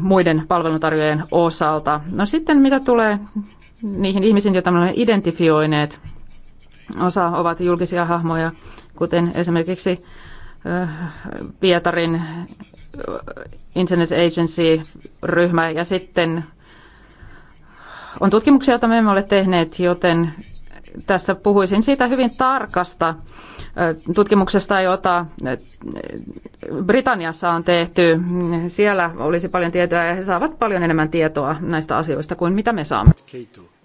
B: muiden palveluntarjoajien osalta. No sitten mitä tulee niihin ihmisiin, joita me olemme identifioineet. Osa ovat julkisia hahmoja, kuten esimerkiksi Pietarin Internet Agency-ryhmä ja sitten on tutkimuksia, joita me emme ole tehneet, joten tässä puhuisin siitä hyvin tarkasta tutkimuksesta, jota Britanniassa on tehty. Siellä olisi paljon tietoa ja he saavat paljon enemmän tietoa näistä asioista kuin mitä me saamme.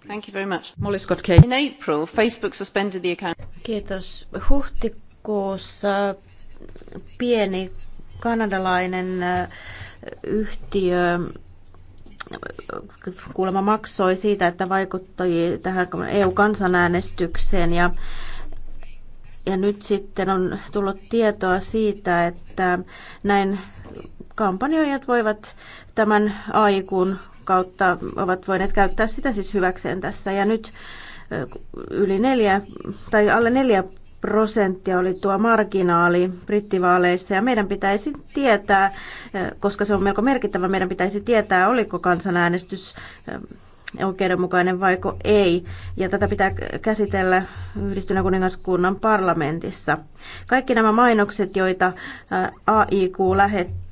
D: Thank you very much. Molly Scott Kate. In April, Facebook suspended the account. Kiitos. Huhtikuussa pieni kanadalainen yhtiö kuulemma maksoi siitä, että vaikuttoi tähän EU-kansanäänestykseen ja ja nyt sitten on tullut tietoa siitä, että näin kampanjoijat voivat tämän aikun kautta, ovat voineet käyttää sitä siis hyväkseen tässä. Ja nyt yli neljä, tai alle neljä prosenttia oli tuo marginaali brittivaaleissa ja meidän pitäisi tietää, koska se on melko merkittävä, meidän pitäisi tietää, oliko kansanäänestys oikeudenmukainen vaiko ei. Ja tätä pitää käsitellä yhdistyneen kuningaskunnan parlamentissa. Kaikki nämä mainokset, joita AIQ lähetti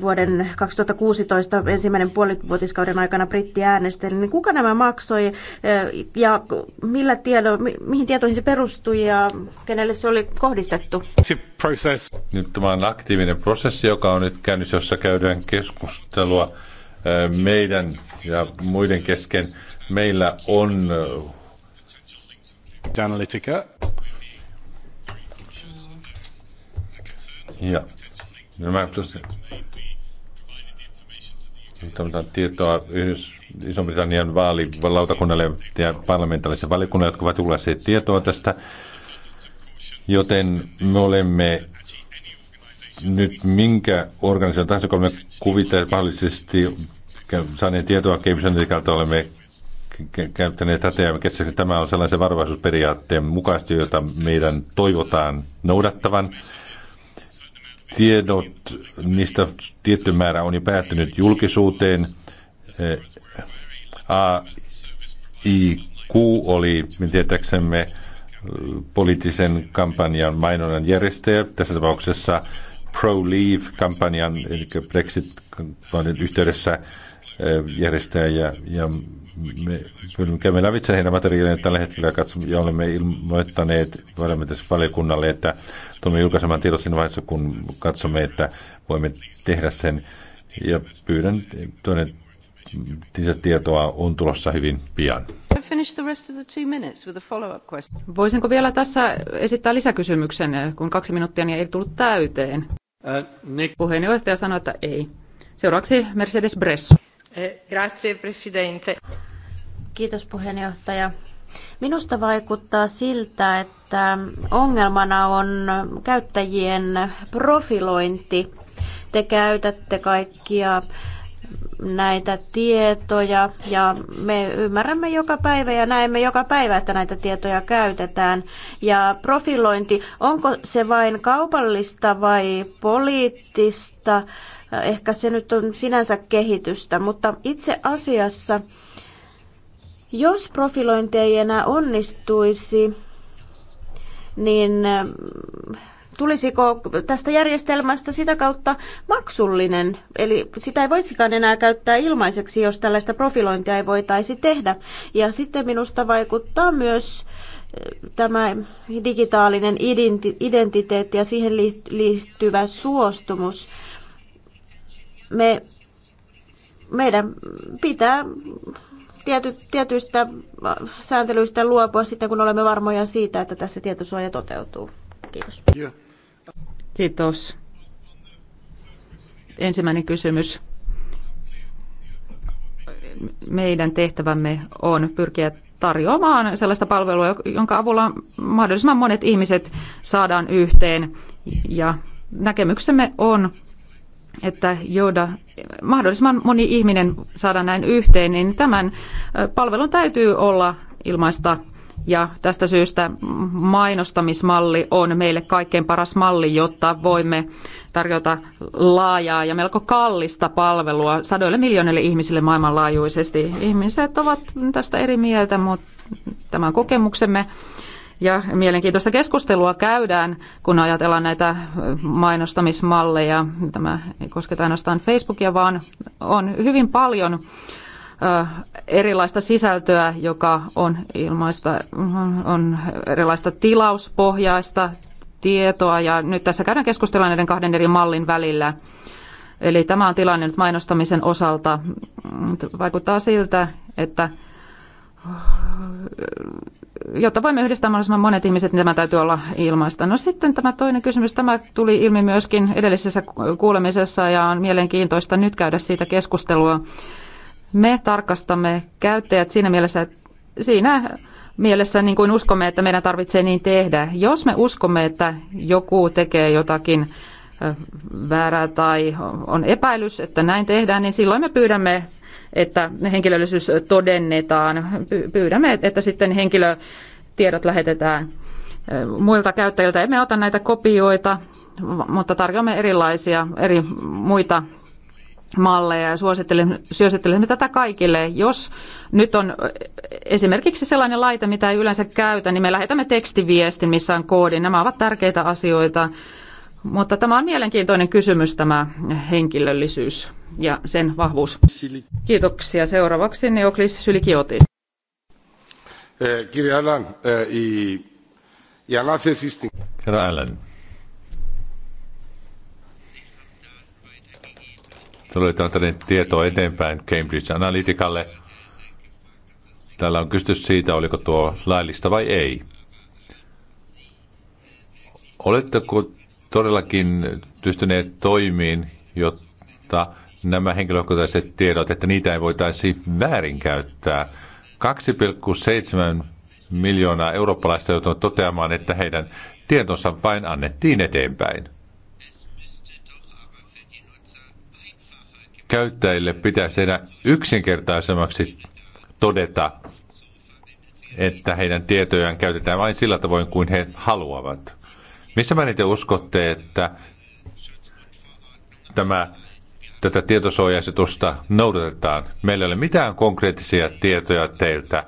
D: vuoden 2016 ensimmäinen puolivuotiskauden aikana Britti äänesteli, niin kuka nämä maksoi ja millä tiedo, mihin tietoihin se perustui ja kenelle se oli kohdistettu?
C: Nyt tämä on aktiivinen prosessi, joka on nyt käynnissä, jossa käydään keskustelua meidän ja muiden kesken. Meillä on Analytica. Ja nämä tietoa Yhdys, Iso-Britannian vaalilautakunnalle ja parlamentaaliselle valikunnalle, jotka ovat tulleet tietoa tästä. Joten me olemme nyt minkä organisaation tahansa, kun me kuvittaa mahdollisesti saaneet tietoa Keimisen kautta olemme käyttäneet tätä ja tämä on sellaisen varovaisuusperiaatteen mukaista, jota meidän toivotaan noudattavan. Tiedot, niistä tietty määrä on jo päättynyt julkisuuteen. Eh, AIQ oli, tietääksemme, poliittisen kampanjan mainonnan järjestäjä, tässä tapauksessa pro-leave-kampanjan, eli Brexit-yhteydessä Eh, järjestää ja, ja me käymme lävitse heidän materiaalien tällä hetkellä katsomme, ja olemme ilmoittaneet valiokunnalle, että tulemme julkaisemaan tiedot siinä vaiheessa, kun katsomme, että voimme tehdä sen. Ja pyydän toinen tietoa on tulossa hyvin pian.
B: Voisinko vielä tässä esittää lisäkysymyksen, kun kaksi minuuttia niin ei tullut täyteen? Äh, Nick. Puheenjohtaja sanoi, että ei. Seuraavaksi Mercedes Bresso.
C: Eh,
D: grazie, presidente. Kiitos puheenjohtaja. Minusta vaikuttaa siltä, että ongelmana on käyttäjien profilointi. Te käytätte kaikkia näitä tietoja ja me ymmärrämme joka päivä ja näemme joka päivä, että näitä tietoja käytetään. Ja profilointi, onko se vain kaupallista vai poliittista? Ehkä se nyt on sinänsä kehitystä, mutta itse asiassa, jos profilointi ei enää onnistuisi, niin mm, tulisiko tästä järjestelmästä sitä kautta maksullinen? Eli sitä ei voisikaan enää käyttää ilmaiseksi, jos tällaista profilointia ei voitaisi tehdä. Ja sitten minusta vaikuttaa myös mm, tämä digitaalinen identiteetti ja siihen liittyvä suostumus me, meidän pitää tiety, tietyistä sääntelyistä luopua sitten, kun olemme varmoja siitä, että tässä tietosuoja toteutuu. Kiitos. Kiitos. Ensimmäinen kysymys.
B: Meidän tehtävämme on pyrkiä tarjoamaan sellaista palvelua, jonka avulla mahdollisimman monet ihmiset saadaan yhteen. Ja näkemyksemme on, että joda mahdollisimman moni ihminen saada näin yhteen, niin tämän palvelun täytyy olla ilmaista ja tästä syystä mainostamismalli on meille kaikkein paras malli, jotta voimme tarjota laajaa ja melko kallista palvelua sadoille miljoonille ihmisille maailmanlaajuisesti. Ihmiset ovat tästä eri mieltä, mutta tämän kokemuksemme ja mielenkiintoista keskustelua käydään, kun ajatellaan näitä mainostamismalleja. Tämä ei kosketa ainoastaan Facebookia, vaan on hyvin paljon erilaista sisältöä, joka on ilmaista, on erilaista tilauspohjaista tietoa ja nyt tässä käydään keskustelua näiden kahden eri mallin välillä. Eli tämä on tilanne nyt mainostamisen osalta. Vaikuttaa siltä, että jotta voimme yhdistää mahdollisimman monet ihmiset, niin tämä täytyy olla ilmaista. No sitten tämä toinen kysymys, tämä tuli ilmi myöskin edellisessä kuulemisessa ja on mielenkiintoista nyt käydä siitä keskustelua. Me tarkastamme käyttäjät siinä mielessä, siinä mielessä niin kuin uskomme, että meidän tarvitsee niin tehdä. Jos me uskomme, että joku tekee jotakin väärää tai on epäilys, että näin tehdään, niin silloin me pyydämme, että henkilöllisyys todennetaan. Pyydämme, että sitten henkilötiedot lähetetään muilta käyttäjiltä. Emme ota näitä kopioita, mutta tarjoamme erilaisia, eri muita malleja ja suosittelemme, tätä kaikille. Jos nyt on esimerkiksi sellainen laite, mitä ei yleensä käytä, niin me lähetämme tekstiviestin, missä on koodi. Nämä ovat tärkeitä asioita mutta tämä on mielenkiintoinen kysymys, tämä henkilöllisyys ja sen vahvuus. Kiitoksia. Seuraavaksi Neoklis Sylikiotis.
C: Eh, kirja Alan, η ανάθεση Herra Allen. Tulee antaneet tietoa eteenpäin Cambridge Analyticalle. Täällä on kysytty siitä, oliko tuo laillista vai ei. Oletteko todellakin pystyneet toimiin, jotta nämä henkilökohtaiset tiedot, että niitä ei voitaisi väärinkäyttää. 2,7 miljoonaa eurooppalaista joutunut toteamaan, että heidän tietonsa vain annettiin eteenpäin. Käyttäjille pitäisi tehdä yksinkertaisemmaksi todeta, että heidän tietojaan käytetään vain sillä tavoin kuin he haluavat. Missä mä te uskotte, että tämä, tätä tietosuojaisetusta noudatetaan? Meillä ei ole mitään konkreettisia tietoja teiltä.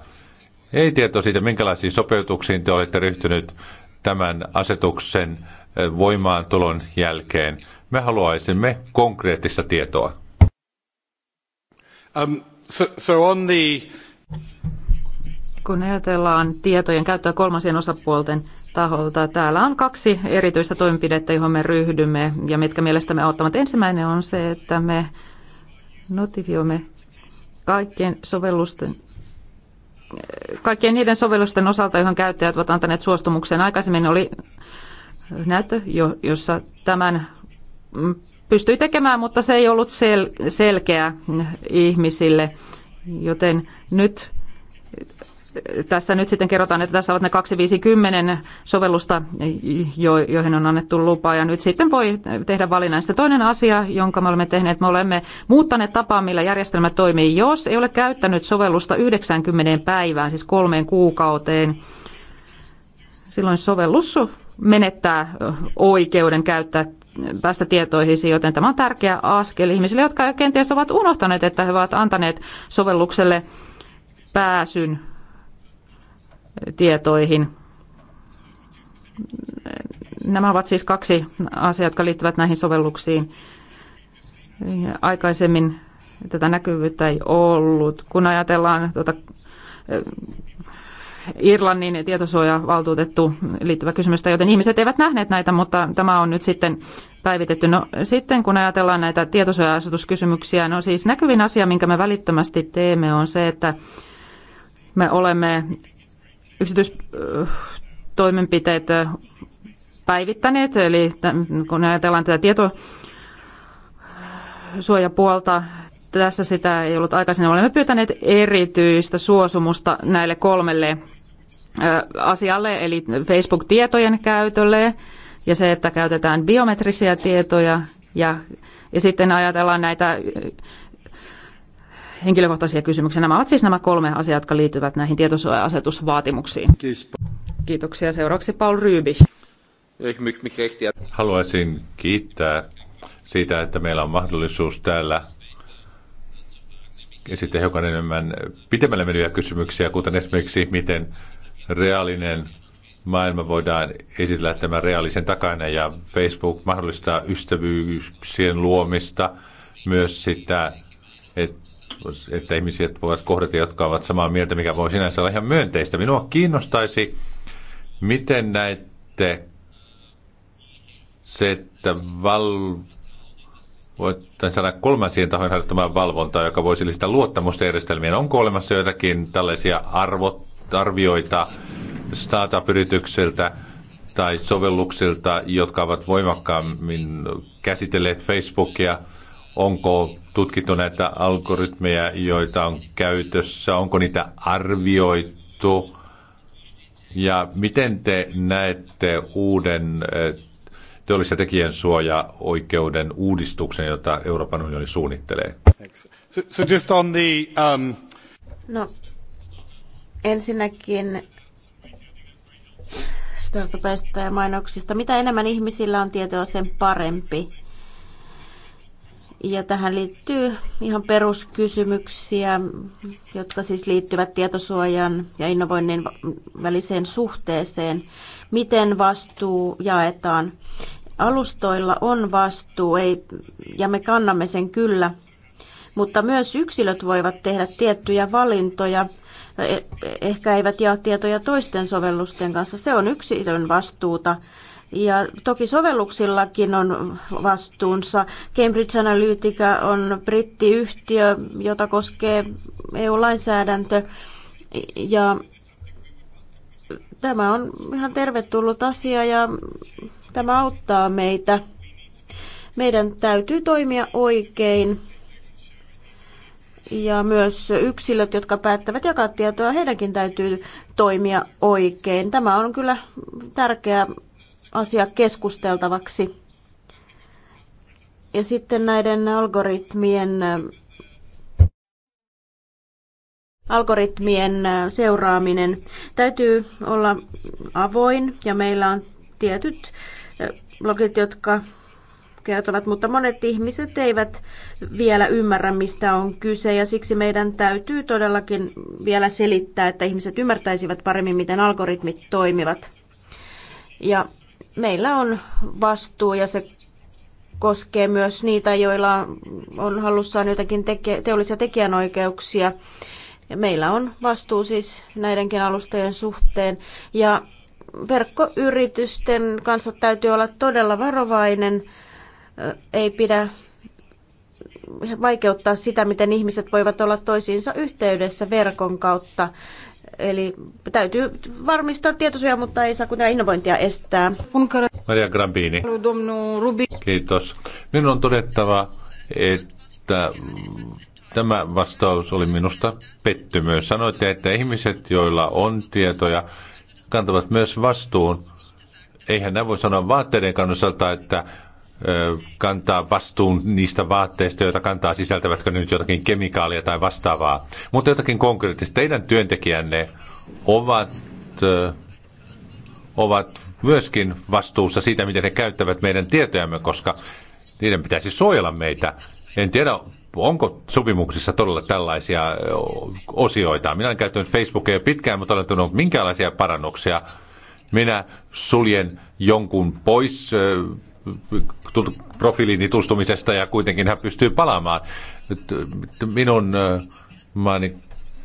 C: Ei tietoa siitä, minkälaisiin sopeutuksiin te olette ryhtynyt tämän asetuksen voimaantulon jälkeen. Me haluaisimme konkreettista tietoa. Um, so, so on the
B: kun ajatellaan tietojen käyttöä kolmansien osapuolten taholta, täällä on kaksi erityistä toimenpidettä, johon me ryhdymme ja mitkä mielestämme auttavat. Ensimmäinen on se, että me notifioimme kaikkien sovellusten kaikkien niiden sovellusten osalta, johon käyttäjät ovat antaneet suostumuksen. Aikaisemmin oli näyttö, jossa tämän pystyi tekemään, mutta se ei ollut sel- selkeä ihmisille, joten nyt tässä nyt sitten kerrotaan, että tässä ovat ne 250 sovellusta, joihin on annettu lupa ja nyt sitten voi tehdä valinnan. Sitten toinen asia, jonka me olemme tehneet, me olemme muuttaneet tapaa, millä järjestelmä toimii. Jos ei ole käyttänyt sovellusta 90 päivään, siis kolmeen kuukauteen, silloin sovellus menettää oikeuden käyttää päästä tietoihin, joten tämä on tärkeä askel ihmisille, jotka kenties ovat unohtaneet, että he ovat antaneet sovellukselle pääsyn tietoihin. Nämä ovat siis kaksi asiaa, jotka liittyvät näihin sovelluksiin. Aikaisemmin tätä näkyvyyttä ei ollut. Kun ajatellaan tuota, Irlannin tietosuojavaltuutettu liittyvä kysymystä, joten ihmiset eivät nähneet näitä, mutta tämä on nyt sitten päivitetty. No, sitten kun ajatellaan näitä tietosuoja-asetuskysymyksiä, no siis näkyvin asia, minkä me välittömästi teemme, on se, että me olemme yksityistoimenpiteet päivittäneet, eli kun ajatellaan tätä tietosuojapuolta, tässä sitä ei ollut aikaisemmin. Olemme pyytäneet erityistä suosumusta näille kolmelle asialle, eli Facebook-tietojen käytölle ja se, että käytetään biometrisiä tietoja ja, ja sitten ajatellaan näitä henkilökohtaisia kysymyksiä. Nämä ovat siis nämä kolme asiaa, jotka liittyvät näihin tietosuoja-asetusvaatimuksiin. Kiitoksia. Seuraavaksi Paul Ryby.
C: Haluaisin kiittää siitä, että meillä on mahdollisuus täällä esittää hiukan enemmän pitemmälle meneviä kysymyksiä, kuten esimerkiksi miten reaalinen maailma voidaan esitellä tämän reaalisen takana ja Facebook mahdollistaa ystävyyksien luomista, myös sitä, että että ihmiset voivat kohdata, jotka ovat samaa mieltä, mikä voi sinänsä olla ihan myönteistä. Minua kiinnostaisi, miten näette se, että val... voitaisiin saada kolmansien tahojen harjoittamaan valvontaa, joka voisi lisätä luottamusta järjestelmien. Onko olemassa jotakin tällaisia arvot, arvioita startup-yrityksiltä tai sovelluksilta, jotka ovat voimakkaammin käsitelleet Facebookia – Onko tutkittu näitä algoritmeja, joita on käytössä? Onko niitä arvioitu? Ja miten te näette uuden eh, teollisen tekijän suoja uudistuksen, jota Euroopan unioni suunnittelee? So, so just on the, um...
D: No, ensinnäkin startupeista ja mainoksista. Mitä enemmän ihmisillä on tietoa, sen parempi. Ja tähän liittyy ihan peruskysymyksiä, jotka siis liittyvät tietosuojan ja innovoinnin väliseen suhteeseen. Miten vastuu jaetaan? Alustoilla on vastuu, ei, ja me kannamme sen kyllä, mutta myös yksilöt voivat tehdä tiettyjä valintoja, e, e, ehkä eivät jaa tietoja toisten sovellusten kanssa. Se on yksilön vastuuta ja toki sovelluksillakin on vastuunsa. Cambridge Analytica on brittiyhtiö, jota koskee EU-lainsäädäntö. Ja tämä on ihan tervetullut asia ja tämä auttaa meitä. Meidän täytyy toimia oikein ja myös yksilöt, jotka päättävät jakaa tietoa, heidänkin täytyy toimia oikein. Tämä on kyllä tärkeä asia keskusteltavaksi. Ja sitten näiden algoritmien, algoritmien seuraaminen täytyy olla avoin ja meillä on tietyt blogit, jotka kertovat, mutta monet ihmiset eivät vielä ymmärrä, mistä on kyse ja siksi meidän täytyy todellakin vielä selittää, että ihmiset ymmärtäisivät paremmin, miten algoritmit toimivat. Ja meillä on vastuu ja se koskee myös niitä, joilla on hallussaan jotakin teke- teollisia tekijänoikeuksia. Meillä on vastuu siis näidenkin alustojen suhteen ja verkkoyritysten kanssa täytyy olla todella varovainen. Ei pidä vaikeuttaa sitä, miten ihmiset voivat olla toisiinsa yhteydessä verkon kautta. Eli täytyy varmistaa tietosuoja, mutta ei saa kuitenkaan innovointia estää.
C: Maria Grabini. Kiitos. Minun on todettava, että mm, tämä vastaus oli minusta pettymys. Sanoitte, että ihmiset, joilla on tietoja, kantavat myös vastuun. Eihän nämä voi sanoa vaatteiden kannalta, että kantaa vastuun niistä vaatteista, joita kantaa, sisältävätkö nyt jotakin kemikaalia tai vastaavaa. Mutta jotakin konkreettista. Teidän työntekijänne ovat, ovat myöskin vastuussa siitä, miten he käyttävät meidän tietojamme, koska niiden pitäisi suojella meitä. En tiedä, onko sopimuksissa todella tällaisia osioita. Minä olen käyttänyt Facebookia jo pitkään, mutta olen tullut minkälaisia parannuksia. Minä suljen jonkun pois profiilin tutustumisesta ja kuitenkin hän pystyy palaamaan. Äh, minun äh, maani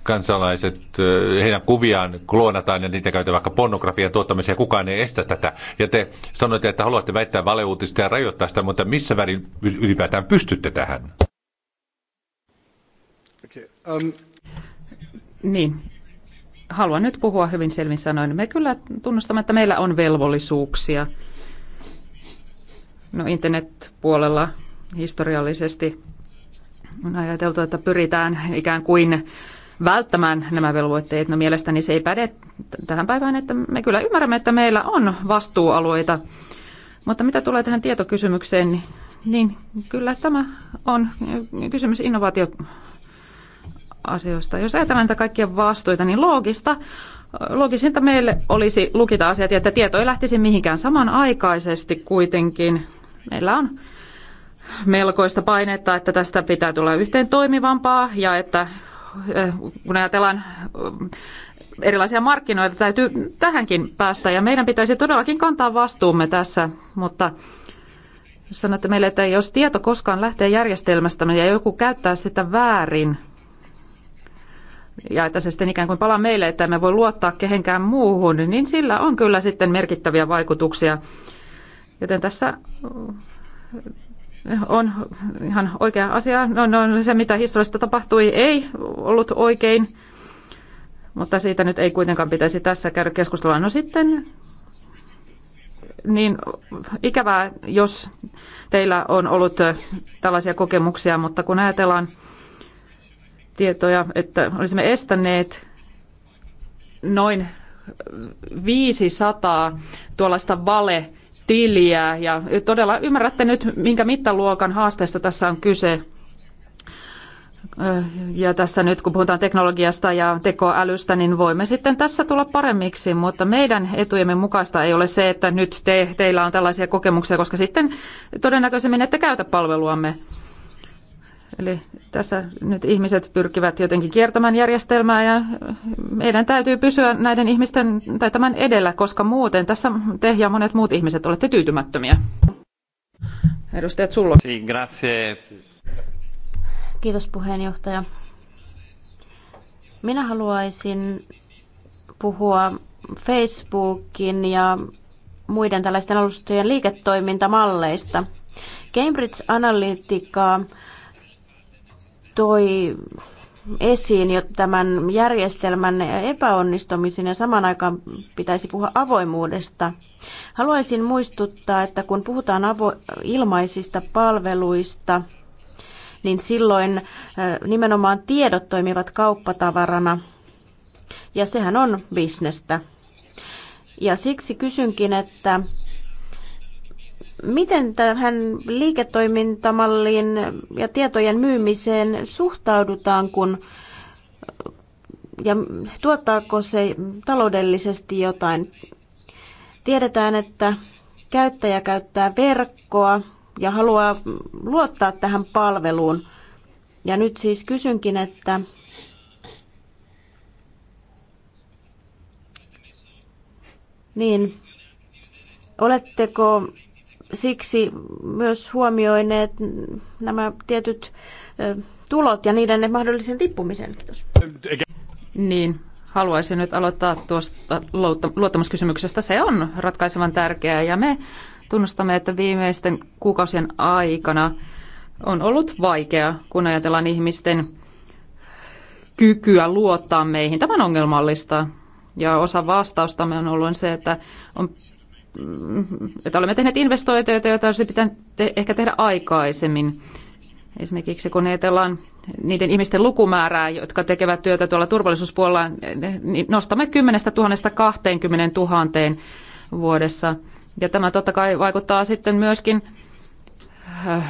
C: kansalaiset, äh, heidän kuviaan kloonataan ja niitä käytetään vaikka pornografian tuottamiseen kukaan ei estä tätä. Ja te sanoitte, että haluatte väittää valeuutista ja rajoittaa sitä, mutta missä väliin ylipäätään pystytte tähän?
A: Okay, um...
B: Niin, haluan nyt puhua hyvin selvin sanoin. Me kyllä tunnustamme, että meillä on velvollisuuksia No internetpuolella historiallisesti on ajateltu, että pyritään ikään kuin välttämään nämä velvoitteet. No mielestäni se ei päde tähän päivään, että me kyllä ymmärrämme, että meillä on vastuualueita. Mutta mitä tulee tähän tietokysymykseen, niin kyllä tämä on kysymys innovaatio asioista. Jos ajatellaan näitä kaikkia vastuita, niin loogista, loogisinta meille olisi lukita asiat, että tieto ei lähtisi mihinkään samanaikaisesti kuitenkin meillä on melkoista painetta, että tästä pitää tulla yhteen toimivampaa ja että eh, kun ajatellaan eh, erilaisia markkinoita, täytyy tähänkin päästä ja meidän pitäisi todellakin kantaa vastuumme tässä, mutta sanotte meille, että jos tieto koskaan lähtee järjestelmästä ja joku käyttää sitä väärin, ja että se sitten ikään kuin palaa meille, että me voi luottaa kehenkään muuhun, niin sillä on kyllä sitten merkittäviä vaikutuksia. Joten tässä on ihan oikea asia. No, no, se, mitä historiasta tapahtui, ei ollut oikein, mutta siitä nyt ei kuitenkaan pitäisi tässä käydä keskustelua. No sitten, niin ikävää, jos teillä on ollut tällaisia kokemuksia, mutta kun ajatellaan tietoja, että olisimme estäneet noin 500 tuollaista vale tiliä. Ja todella ymmärrätte nyt, minkä mittaluokan haasteesta tässä on kyse. Ja tässä nyt, kun puhutaan teknologiasta ja tekoälystä, niin voimme sitten tässä tulla paremmiksi, mutta meidän etujemme mukaista ei ole se, että nyt te, teillä on tällaisia kokemuksia, koska sitten todennäköisemmin ette käytä palveluamme. Eli tässä nyt ihmiset pyrkivät jotenkin kiertämään järjestelmää ja meidän täytyy pysyä näiden ihmisten tai tämän edellä, koska muuten tässä te ja monet muut ihmiset olette tyytymättömiä. Edustajat
C: Sullo.
D: Kiitos puheenjohtaja. Minä haluaisin puhua Facebookin ja muiden tällaisten alustojen liiketoimintamalleista. Cambridge Analytica toi esiin jo tämän järjestelmän epäonnistumisen ja saman aikaan pitäisi puhua avoimuudesta. Haluaisin muistuttaa, että kun puhutaan avo- ilmaisista palveluista, niin silloin nimenomaan tiedot toimivat kauppatavarana ja sehän on bisnestä. Ja siksi kysynkin, että Miten tähän liiketoimintamalliin ja tietojen myymiseen suhtaudutaan, kun ja tuottaako se taloudellisesti jotain? Tiedetään, että käyttäjä käyttää verkkoa ja haluaa luottaa tähän palveluun. Ja nyt siis kysynkin, että niin, oletteko siksi myös huomioineet nämä tietyt tulot ja niiden mahdollisen tippumisen. Kiitos.
B: Niin, haluaisin nyt aloittaa tuosta luottamuskysymyksestä. Se on ratkaisevan tärkeää ja me tunnustamme, että viimeisten kuukausien aikana on ollut vaikea, kun ajatellaan ihmisten kykyä luottaa meihin. Tämä on ongelmallista. Ja osa vastaustamme on ollut se, että on että olemme tehneet investointeja, joita olisi pitänyt te- ehkä tehdä aikaisemmin. Esimerkiksi kun ajatellaan niiden ihmisten lukumäärää, jotka tekevät työtä tuolla turvallisuuspuolella, niin nostamme 10 000 20 000 vuodessa. Ja tämä totta kai vaikuttaa sitten myöskin äh,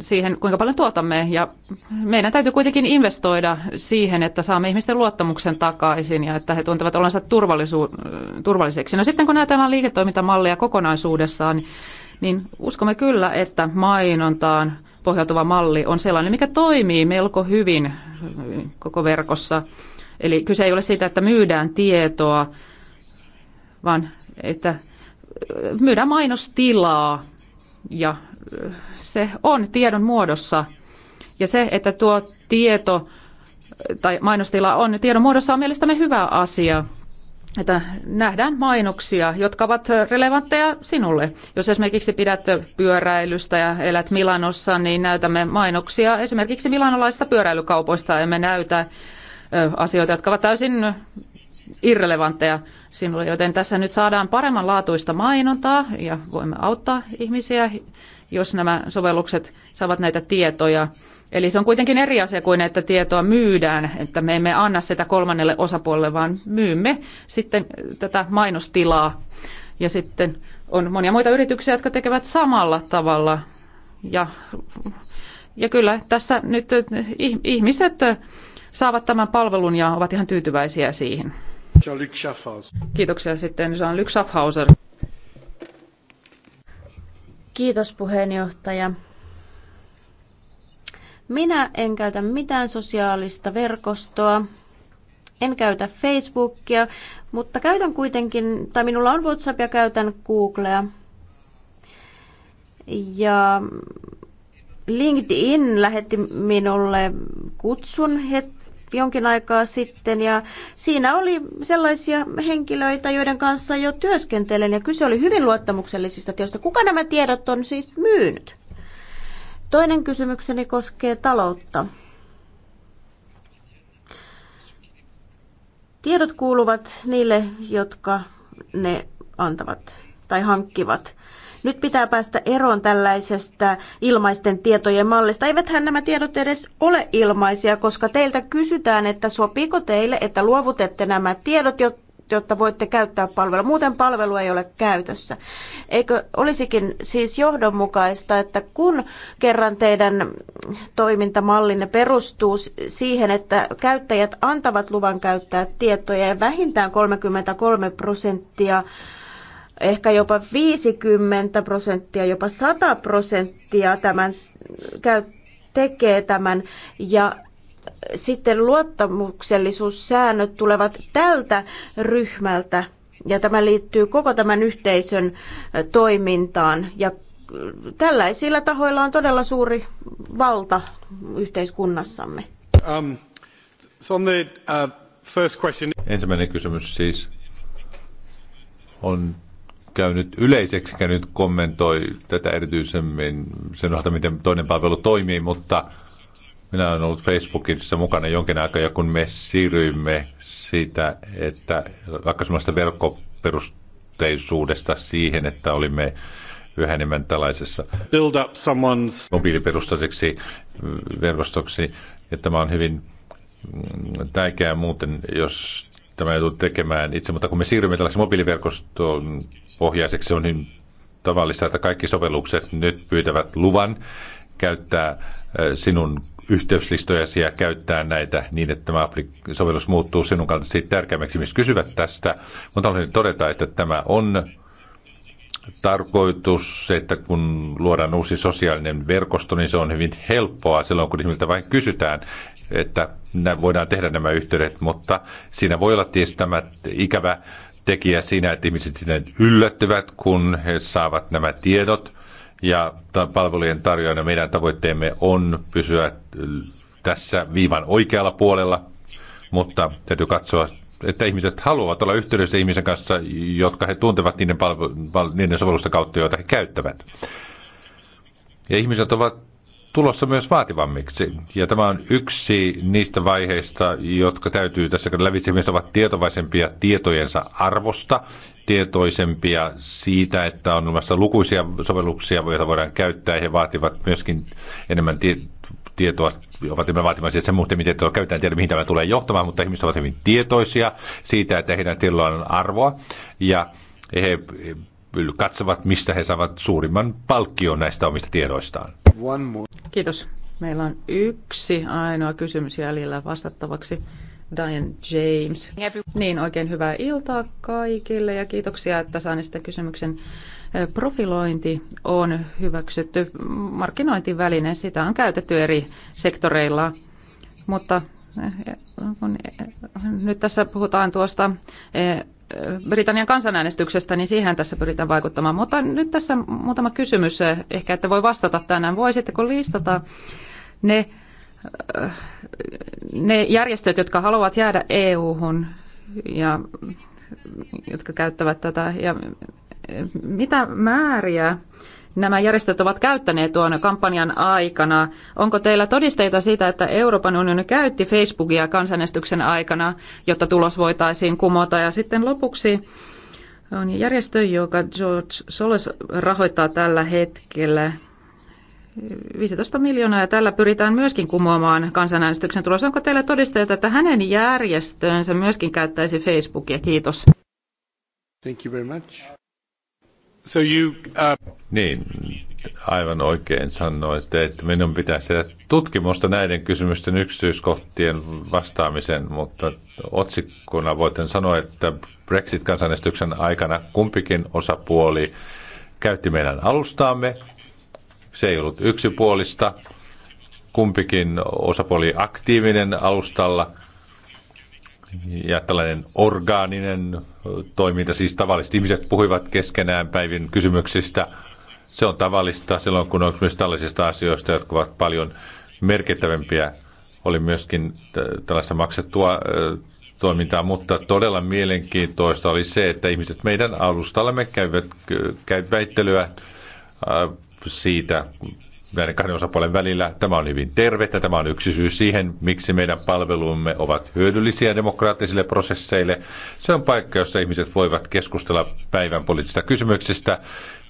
B: siihen, kuinka paljon tuotamme. Ja meidän täytyy kuitenkin investoida siihen, että saamme ihmisten luottamuksen takaisin ja että he tuntevat olonsa turvalliseksi. No sitten kun ajatellaan liiketoimintamallia kokonaisuudessaan, niin uskomme kyllä, että mainontaan pohjautuva malli on sellainen, mikä toimii melko hyvin koko verkossa. Eli kyse ei ole siitä, että myydään tietoa, vaan että myydään mainostilaa ja se on tiedon muodossa. Ja se, että tuo tieto tai mainostila on tiedon muodossa on mielestämme hyvä asia. Että nähdään mainoksia, jotka ovat relevantteja sinulle. Jos esimerkiksi pidät pyöräilystä ja elät Milanossa, niin näytämme mainoksia esimerkiksi milanolaisista pyöräilykaupoista. Emme näytä asioita, jotka ovat täysin irrelevantteja sinulle, joten tässä nyt saadaan paremmanlaatuista mainontaa ja voimme auttaa ihmisiä jos nämä sovellukset saavat näitä tietoja. Eli se on kuitenkin eri asia kuin, että tietoa myydään, että me emme anna sitä kolmannelle osapuolelle, vaan myymme sitten tätä mainostilaa. Ja sitten on monia muita yrityksiä, jotka tekevät samalla tavalla. Ja, ja kyllä tässä nyt äh, ihmiset äh, saavat tämän palvelun ja ovat ihan tyytyväisiä siihen. Kiitoksia sitten Jean-Luc Schaffhauser.
D: Kiitos puheenjohtaja. Minä en käytä mitään sosiaalista verkostoa, en käytä Facebookia, mutta käytän kuitenkin, tai minulla on WhatsApp ja käytän Googlea. Ja LinkedIn lähetti minulle kutsun, het jonkin aikaa sitten ja siinä oli sellaisia henkilöitä, joiden kanssa jo työskentelen ja kyse oli hyvin luottamuksellisista tiedosta. Kuka nämä tiedot on siis myynyt? Toinen kysymykseni koskee taloutta. Tiedot kuuluvat niille, jotka ne antavat tai hankkivat. Nyt pitää päästä eroon tällaisesta ilmaisten tietojen mallista. Eiväthän nämä tiedot edes ole ilmaisia, koska teiltä kysytään, että sopiiko teille, että luovutette nämä tiedot, jotta voitte käyttää palvelua. Muuten palvelu ei ole käytössä. Eikö olisikin siis johdonmukaista, että kun kerran teidän toimintamallinne perustuu siihen, että käyttäjät antavat luvan käyttää tietoja ja vähintään 33 prosenttia ehkä jopa 50 prosenttia, jopa 100 prosenttia tämän tekee tämän ja sitten luottamuksellisuussäännöt tulevat tältä ryhmältä ja tämä liittyy koko tämän yhteisön toimintaan ja tällaisilla tahoilla on todella suuri valta yhteiskunnassamme.
C: Um, so on the, uh, first question. Ensimmäinen kysymys siis on käynyt yleiseksi nyt kommentoi tätä erityisemmin sen osalta, miten toinen palvelu toimii, mutta minä olen ollut Facebookissa mukana jonkin aikaa, ja kun me siirryimme siitä, että vaikka verkkoperusteisuudesta siihen, että olimme yhä enemmän tällaisessa Build up someone's... mobiiliperustaiseksi verkostoksi, että tämä on hyvin tärkeää muuten, jos tämä joutuu tekemään itse, mutta kun me siirrymme tällaisen mobiiliverkoston pohjaiseksi, on niin tavallista, että kaikki sovellukset nyt pyytävät luvan käyttää äh, sinun yhteyslistojasi ja käyttää näitä niin, että tämä sovellus muuttuu sinun kaltaisi tärkeämmäksi, missä kysyvät tästä. Mutta haluaisin todeta, että tämä on tarkoitus, että kun luodaan uusi sosiaalinen verkosto, niin se on hyvin helppoa silloin, kun ihmiltä vain kysytään että voidaan tehdä nämä yhteydet, mutta siinä voi olla tietysti tämä ikävä tekijä siinä, että ihmiset sinne yllättyvät, kun he saavat nämä tiedot ja palvelujen tarjoajana meidän tavoitteemme on pysyä tässä viivan oikealla puolella, mutta täytyy katsoa, että ihmiset haluavat olla yhteydessä ihmisen kanssa, jotka he tuntevat niiden, palvelu, niiden sovellusta kautta, joita he käyttävät. Ja ihmiset ovat tulossa myös vaativammiksi. Ja tämä on yksi niistä vaiheista, jotka täytyy tässä lävitse. Mielestäni ovat tietovaisempia tietojensa arvosta, tietoisempia siitä, että on olemassa lukuisia sovelluksia, joita voidaan käyttää. He vaativat myöskin enemmän tie- tietoa, ovat enemmän vaatimaisia sen muuten, miten tietoa käytetään, tiedä mihin tämä tulee johtamaan, mutta ihmiset ovat hyvin tietoisia siitä, että heidän tiedollaan on arvoa. Ja he katsovat, mistä he saavat suurimman palkkion näistä omista tiedoistaan.
B: One more. Kiitos. Meillä on yksi ainoa kysymys jäljellä vastattavaksi. Diane James. Niin, oikein hyvää iltaa kaikille ja kiitoksia, että saan sitä kysymyksen. Profilointi on hyväksytty markkinointiväline, sitä on käytetty eri sektoreilla, mutta kun nyt tässä puhutaan tuosta Britannian kansanäänestyksestä, niin siihen tässä pyritään vaikuttamaan. Mutta nyt tässä muutama kysymys, eh, ehkä että voi vastata tänään. Voisitteko listata ne, eh, ne järjestöt, jotka haluavat jäädä EU-hun ja jotka käyttävät tätä, ja mitä määriä nämä järjestöt ovat käyttäneet tuon kampanjan aikana. Onko teillä todisteita siitä, että Euroopan unioni käytti Facebookia kansanestyksen aikana, jotta tulos voitaisiin kumota? Ja sitten lopuksi on järjestö, joka George Soles rahoittaa tällä hetkellä. 15 miljoonaa ja tällä pyritään myöskin kumoamaan kansanäänestyksen tulos. Onko teillä todisteita, että hänen järjestönsä myöskin käyttäisi Facebookia? Kiitos.
A: Thank you very much.
C: So you, uh... Niin, aivan oikein sanoitte, että minun pitäisi tehdä tutkimusta näiden kysymysten yksityiskohtien vastaamisen, mutta otsikkona voitan sanoa, että brexit kansanestyksen aikana kumpikin osapuoli käytti meidän alustaamme. Se ei ollut yksipuolista. Kumpikin osapuoli aktiivinen alustalla ja tällainen orgaaninen toiminta, siis tavalliset ihmiset puhuivat keskenään päivin kysymyksistä. Se on tavallista silloin, kun on myös tällaisista asioista, jotka ovat paljon merkittävämpiä. Oli myöskin tällaista maksettua toimintaa, mutta todella mielenkiintoista oli se, että ihmiset meidän alustallamme käyvät, käyvät väittelyä siitä, näiden kahden osapuolen välillä. Tämä on hyvin tervettä. Tämä on yksi syy siihen, miksi meidän palvelumme ovat hyödyllisiä demokraattisille prosesseille. Se on paikka, jossa ihmiset voivat keskustella päivän poliittisista kysymyksistä.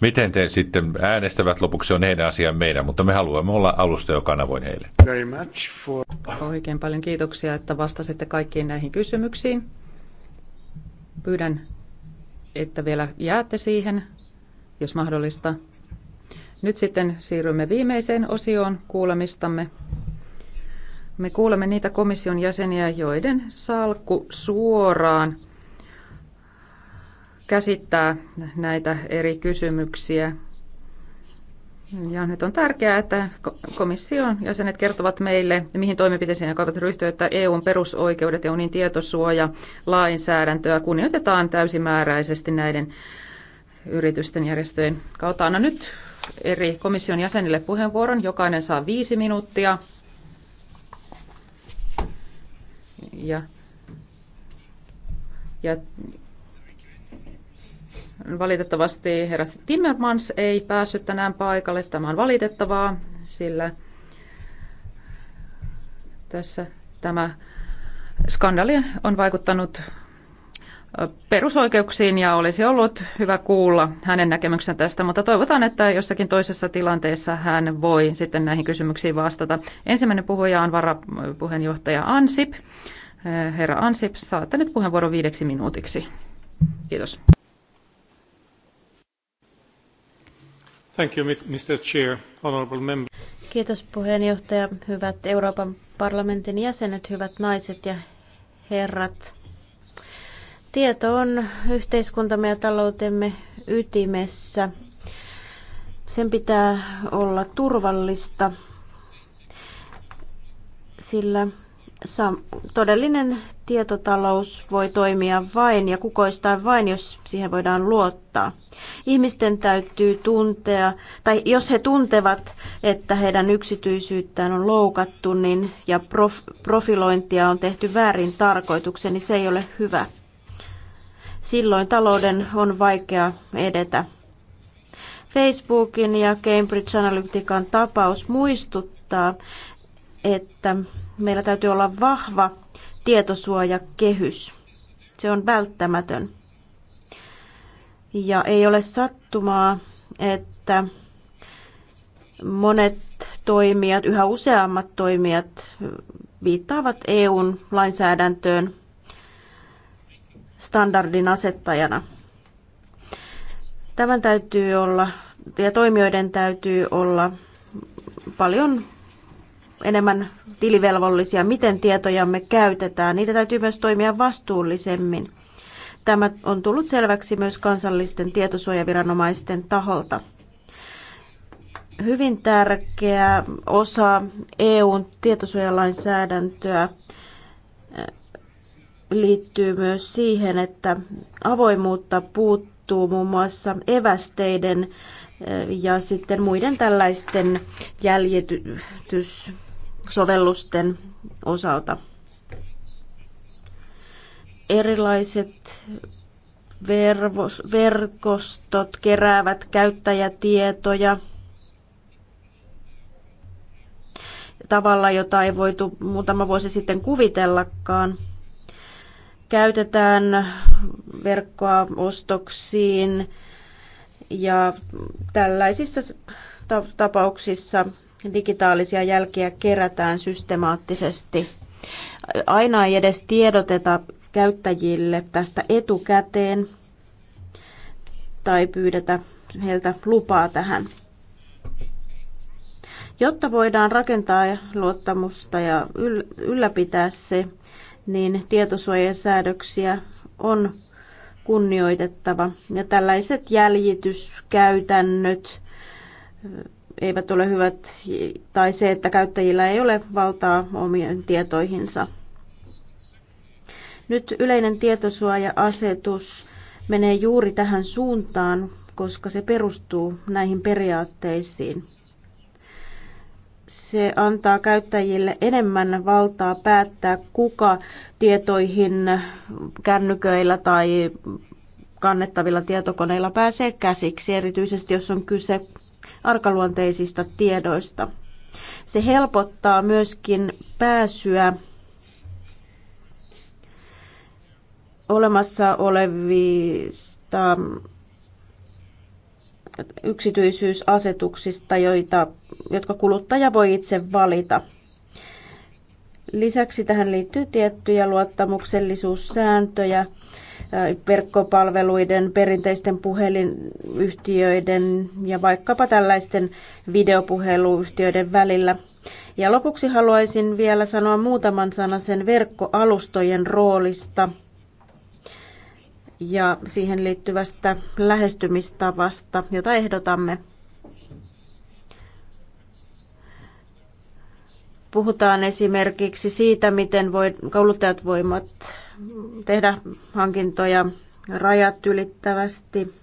C: Miten te sitten äänestävät lopuksi on heidän asiaan meidän, mutta me haluamme olla alusta, joka on avoin heille.
A: Very much for... Oikein
B: paljon kiitoksia, että vastasitte kaikkiin näihin kysymyksiin. Pyydän, että vielä jäätte siihen, jos mahdollista. Nyt sitten siirrymme viimeiseen osioon kuulemistamme. Me kuulemme niitä komission jäseniä, joiden salkku suoraan käsittää näitä eri kysymyksiä. Ja nyt on tärkeää, että komission jäsenet kertovat meille, mihin toimenpiteisiin jakavat ryhtyä, että EUn perusoikeudet ja unin tietosuoja lainsäädäntöä kunnioitetaan täysimääräisesti näiden yritysten järjestöjen kautta. Anna nyt eri komission jäsenille puheenvuoron. Jokainen saa viisi minuuttia. Ja, ja valitettavasti herra Timmermans ei päässyt tänään paikalle. Tämä on valitettavaa, sillä tässä tämä skandaali on vaikuttanut perusoikeuksiin ja olisi ollut hyvä kuulla hänen näkemyksensä tästä, mutta toivotaan, että jossakin toisessa tilanteessa hän voi sitten näihin kysymyksiin vastata. Ensimmäinen puhuja on varapuheenjohtaja Ansip. Herra Ansip, saatte nyt puheenvuoron viideksi minuutiksi.
A: Kiitos. Thank you, Mr. Chair, honorable member.
D: Kiitos puheenjohtaja, hyvät Euroopan parlamentin jäsenet, hyvät naiset ja herrat. Tieto on yhteiskuntamme ja taloutemme ytimessä. Sen pitää olla turvallista, sillä todellinen tietotalous voi toimia vain ja kukoistaa vain, jos siihen voidaan luottaa. Ihmisten täytyy tuntea, tai jos he tuntevat, että heidän yksityisyyttään on loukattu niin, ja profilointia on tehty väärin tarkoituksen, niin se ei ole hyvä silloin talouden on vaikea edetä. Facebookin ja Cambridge Analytican tapaus muistuttaa, että meillä täytyy olla vahva tietosuojakehys. Se on välttämätön. Ja ei ole sattumaa, että monet toimijat, yhä useammat toimijat viittaavat EUn lainsäädäntöön standardin asettajana. Tämän täytyy olla, ja toimijoiden täytyy olla paljon enemmän tilivelvollisia, miten tietojamme käytetään. Niitä täytyy myös toimia vastuullisemmin. Tämä on tullut selväksi myös kansallisten tietosuojaviranomaisten taholta. Hyvin tärkeä osa EUn tietosuojalainsäädäntöä liittyy myös siihen, että avoimuutta puuttuu muun muassa evästeiden ja sitten muiden tällaisten jäljityssovellusten osalta. Erilaiset verkostot keräävät käyttäjätietoja tavalla, jota ei voitu muutama vuosi sitten kuvitellakaan – käytetään verkkoa ostoksiin ja tällaisissa tapauksissa digitaalisia jälkiä kerätään systemaattisesti. Aina ei edes tiedoteta käyttäjille tästä etukäteen tai pyydetä heiltä lupaa tähän. Jotta voidaan rakentaa luottamusta ja ylläpitää se, niin tietosuojasäädöksiä on kunnioitettava. Ja tällaiset jäljityskäytännöt eh, eivät ole hyvät, tai se, että käyttäjillä ei ole valtaa omien tietoihinsa. Nyt yleinen tietosuoja-asetus menee juuri tähän suuntaan, koska se perustuu näihin periaatteisiin se antaa käyttäjille enemmän valtaa päättää, kuka tietoihin kännyköillä tai kannettavilla tietokoneilla pääsee käsiksi, erityisesti jos on kyse arkaluonteisista tiedoista. Se helpottaa myöskin pääsyä olemassa olevista yksityisyysasetuksista, joita jotka kuluttaja voi itse valita. Lisäksi tähän liittyy tiettyjä luottamuksellisuussääntöjä verkkopalveluiden, perinteisten puhelinyhtiöiden ja vaikkapa tällaisten videopuheluyhtiöiden välillä. Ja lopuksi haluaisin vielä sanoa muutaman sanan sen verkkoalustojen roolista ja siihen liittyvästä lähestymistavasta, jota ehdotamme puhutaan esimerkiksi siitä, miten voi, kouluttajat voivat tehdä hankintoja rajat ylittävästi.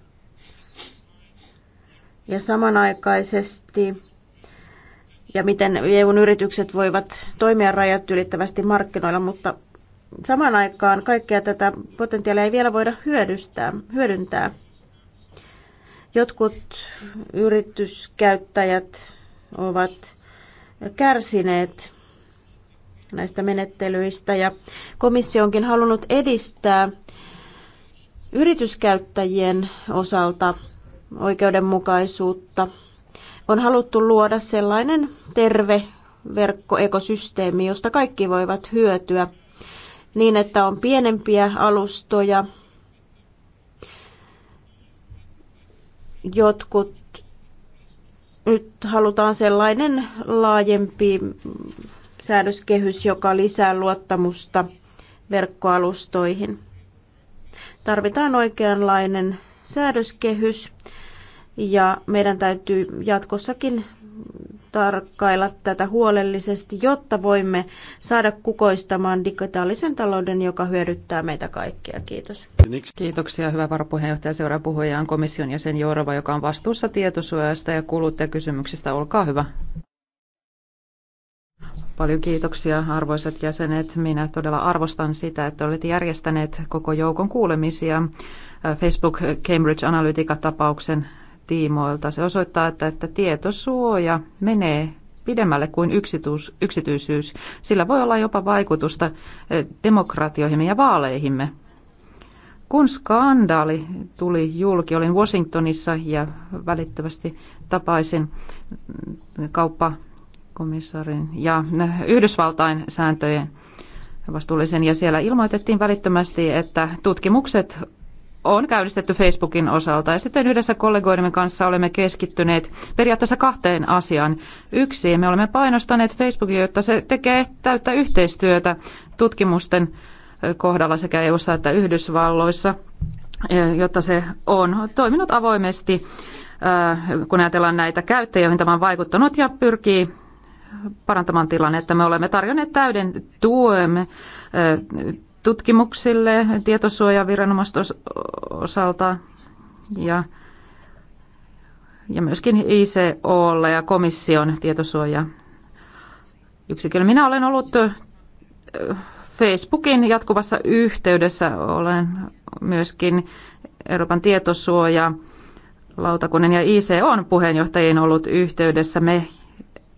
D: Ja samanaikaisesti ja miten EUn yritykset voivat toimia rajat ylittävästi markkinoilla, mutta samaan aikaan kaikkea tätä potentiaalia ei vielä voida hyödystää, hyödyntää. Jotkut yrityskäyttäjät ovat kärsineet näistä menettelyistä ja komissio onkin halunnut edistää yrityskäyttäjien osalta oikeudenmukaisuutta. On haluttu luoda sellainen terve verkkoekosysteemi, josta kaikki voivat hyötyä niin, että on pienempiä alustoja. Jotkut nyt halutaan sellainen laajempi säädöskehys, joka lisää luottamusta verkkoalustoihin. Tarvitaan oikeanlainen säädöskehys ja meidän täytyy jatkossakin tarkkailla tätä huolellisesti, jotta voimme saada kukoistamaan digitaalisen talouden, joka hyödyttää meitä kaikkia. Kiitos.
B: Kiitoksia, hyvä varapuheenjohtaja. Seuraava puhuja on komission jäsen Jourova, joka on vastuussa tietosuojasta ja kuluttajakysymyksistä. Olkaa hyvä. Paljon kiitoksia arvoisat jäsenet. Minä todella arvostan sitä, että olette järjestäneet koko joukon kuulemisia Facebook Cambridge Analytica-tapauksen tiimoilta. Se osoittaa, että, että tietosuoja menee pidemmälle kuin yksityis, yksityisyys. Sillä voi olla jopa vaikutusta eh, demokratioihimme ja vaaleihimme. Kun skandaali tuli julki, olin Washingtonissa ja välittömästi tapaisin kauppakomissarin ja eh, Yhdysvaltain sääntöjen vastuullisen. Ja siellä ilmoitettiin välittömästi, että tutkimukset on käynnistetty Facebookin osalta. Ja sitten yhdessä kollegoidemme kanssa olemme keskittyneet periaatteessa kahteen asiaan. Yksi, me olemme painostaneet Facebookia, jotta se tekee täyttä yhteistyötä tutkimusten kohdalla sekä EU:ssa että Yhdysvalloissa, e, jotta se on toiminut avoimesti, kun ajatellaan näitä käyttäjiä, joihin tämä on vaikuttanut ja pyrkii parantamaan tilannetta. Me olemme tarjonneet täyden tuemme tutkimuksille tietosuojaviranomaisten osalta ja, ja myöskin ICOlle ja komission tietosuoja yksikölle. Minä olen ollut Facebookin jatkuvassa yhteydessä, olen myöskin Euroopan tietosuoja lautakunnan ja ICOn puheenjohtajien ollut yhteydessä. Me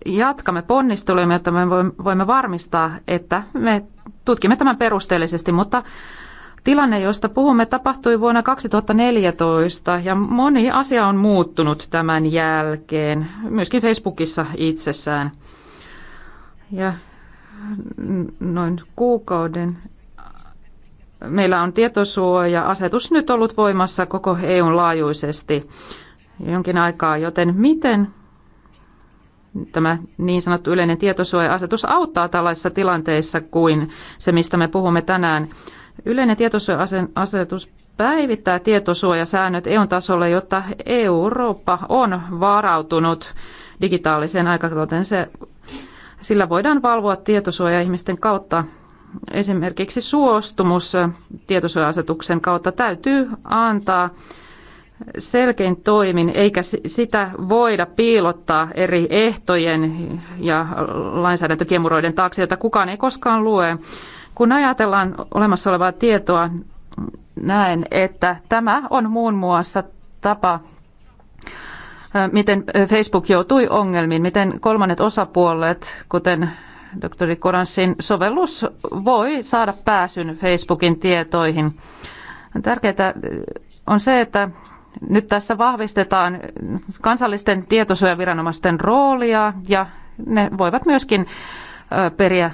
B: jatkamme ponnisteluja, jotta me voimme varmistaa, että me tutkimme tämän perusteellisesti, mutta tilanne, josta puhumme, tapahtui vuonna 2014 ja moni asia on muuttunut tämän jälkeen, myöskin Facebookissa itsessään. Ja noin kuukauden meillä on tietosuoja-asetus nyt ollut voimassa koko EUn laajuisesti jonkin aikaa, joten miten Tämä niin sanottu yleinen tietosuoja-asetus auttaa tällaisissa tilanteissa kuin se, mistä me puhumme tänään. Yleinen tietosuoja-asetus päivittää tietosuojasäännöt EUn tasolle, jotta Eurooppa on varautunut digitaaliseen aikakauteen. Se, sillä voidaan valvoa tietosuoja ihmisten kautta. Esimerkiksi suostumus tietosuoja-asetuksen kautta täytyy antaa selkein toimin, eikä sitä voida piilottaa eri ehtojen ja lainsäädäntökiemuroiden taakse, jota kukaan ei koskaan lue. Kun ajatellaan olemassa olevaa tietoa, näen, että tämä on muun muassa tapa, miten Facebook joutui ongelmiin, miten kolmannet osapuolet, kuten doktori Koransin sovellus, voi saada pääsyn Facebookin tietoihin. Tärkeää on se, että nyt tässä vahvistetaan kansallisten tietosuojaviranomaisten roolia ja ne voivat myöskin periä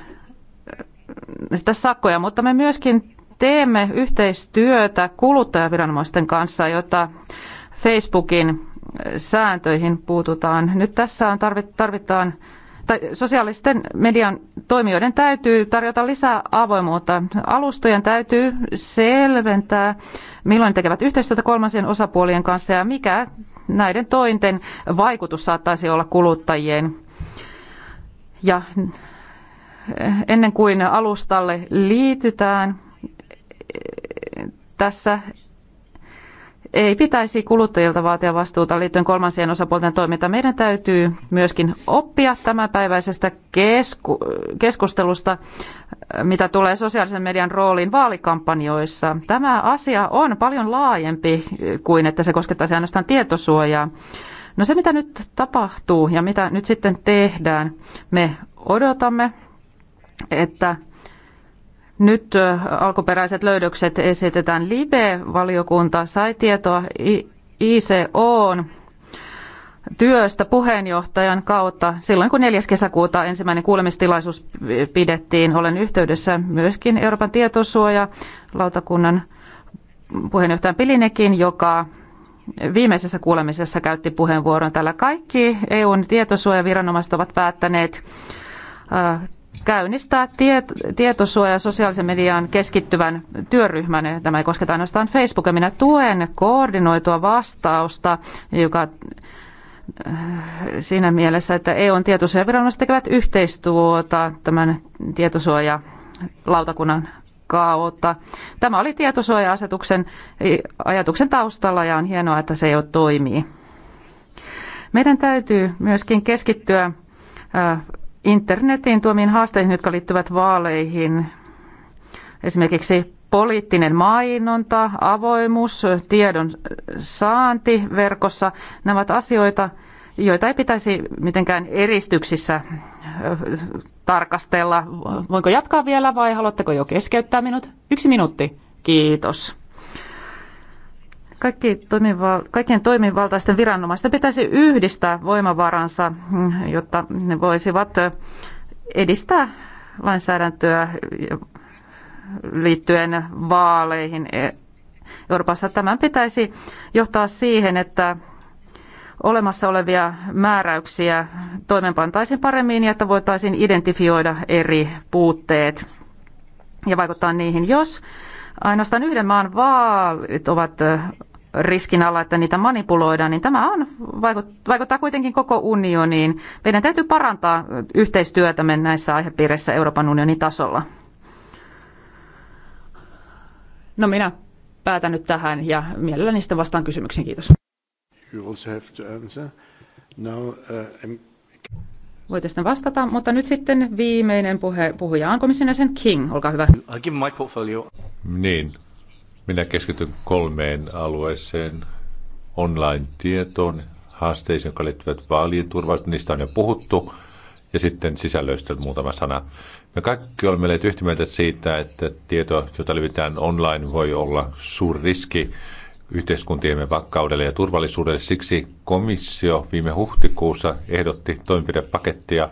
B: sitä sakkoja, mutta me myöskin teemme yhteistyötä kuluttajaviranomaisten kanssa, jotta Facebookin sääntöihin puututaan. Nyt tässä on tarvitaan tai sosiaalisten median toimijoiden täytyy tarjota lisää avoimuutta. Alustojen täytyy selventää, milloin ne tekevät yhteistyötä kolmansien osapuolien kanssa ja mikä näiden tointen vaikutus saattaisi olla kuluttajien. Ja ennen kuin alustalle liitytään, tässä ei pitäisi kuluttajilta vaatia vastuuta liittyen kolmansien osapuolten toiminta. Meidän täytyy myöskin oppia tämänpäiväisestä kesku- keskustelusta, mitä tulee sosiaalisen median rooliin vaalikampanjoissa. Tämä asia on paljon laajempi kuin että se koskettaisi ainoastaan tietosuojaa. No se, mitä nyt tapahtuu ja mitä nyt sitten tehdään, me odotamme, että nyt alkuperäiset löydökset esitetään. Libe-valiokunta sai tietoa ICOn työstä puheenjohtajan kautta silloin, kun 4. kesäkuuta ensimmäinen kuulemistilaisuus pidettiin. Olen yhteydessä myöskin Euroopan tietosuoja-lautakunnan puheenjohtajan Pilinekin, joka viimeisessä kuulemisessa käytti puheenvuoron. Täällä kaikki EUn tietosuojaviranomaiset ovat päättäneet käynnistää tiet, tietosuoja sosiaalisen median keskittyvän työryhmän. Tämä ei kosketa ainoastaan Facebookia. Minä tuen koordinoitua vastausta, joka äh, siinä mielessä, että EUn tietosuojaviranomaiset tekevät yhteistyötä tämän tietosuojalautakunnan kautta. Tämä oli tietosuoja-asetuksen ajatuksen taustalla ja on hienoa, että se jo toimii. Meidän täytyy myöskin keskittyä äh, internetin tuomiin haasteihin, jotka liittyvät vaaleihin. Esimerkiksi poliittinen mainonta, avoimuus, tiedon saanti verkossa, nämä ovat asioita, joita ei pitäisi mitenkään eristyksissä tarkastella. Voinko jatkaa vielä vai haluatteko jo keskeyttää minut? Yksi minuutti. Kiitos. Kaikki toimival- kaikkien toimivaltaisten viranomaisten pitäisi yhdistää voimavaransa, jotta ne voisivat edistää lainsäädäntöä liittyen vaaleihin Euroopassa. Tämän pitäisi johtaa siihen, että olemassa olevia määräyksiä toimenpantaisiin paremmin ja että voitaisiin identifioida eri puutteet ja vaikuttaa niihin. Jos ainoastaan yhden maan vaalit ovat riskin alla, että niitä manipuloidaan, niin tämä on, vaikuttaa kuitenkin koko unioniin. Meidän täytyy parantaa yhteistyötämme näissä aihepiireissä Euroopan unionin tasolla. No minä päätän nyt tähän ja mielelläni sitten vastaan kysymyksiin. Kiitos.
A: Voit uh,
B: Voitte sitten vastata, mutta nyt sitten viimeinen puhe, puhuja on komission jäsen King. Olkaa hyvä.
C: I'll give my portfolio. Niin, minä keskityn kolmeen alueeseen. Online-tietoon, haasteisiin, jotka liittyvät vaalien turvallisuuteen, niistä on jo puhuttu, ja sitten sisällöistä muutama sana. Me kaikki olemme olleet yhtä mieltä siitä, että tieto, jota levitetään online, voi olla suuri riski yhteiskuntiemme vakaudelle ja turvallisuudelle. Siksi komissio viime huhtikuussa ehdotti toimenpidepakettia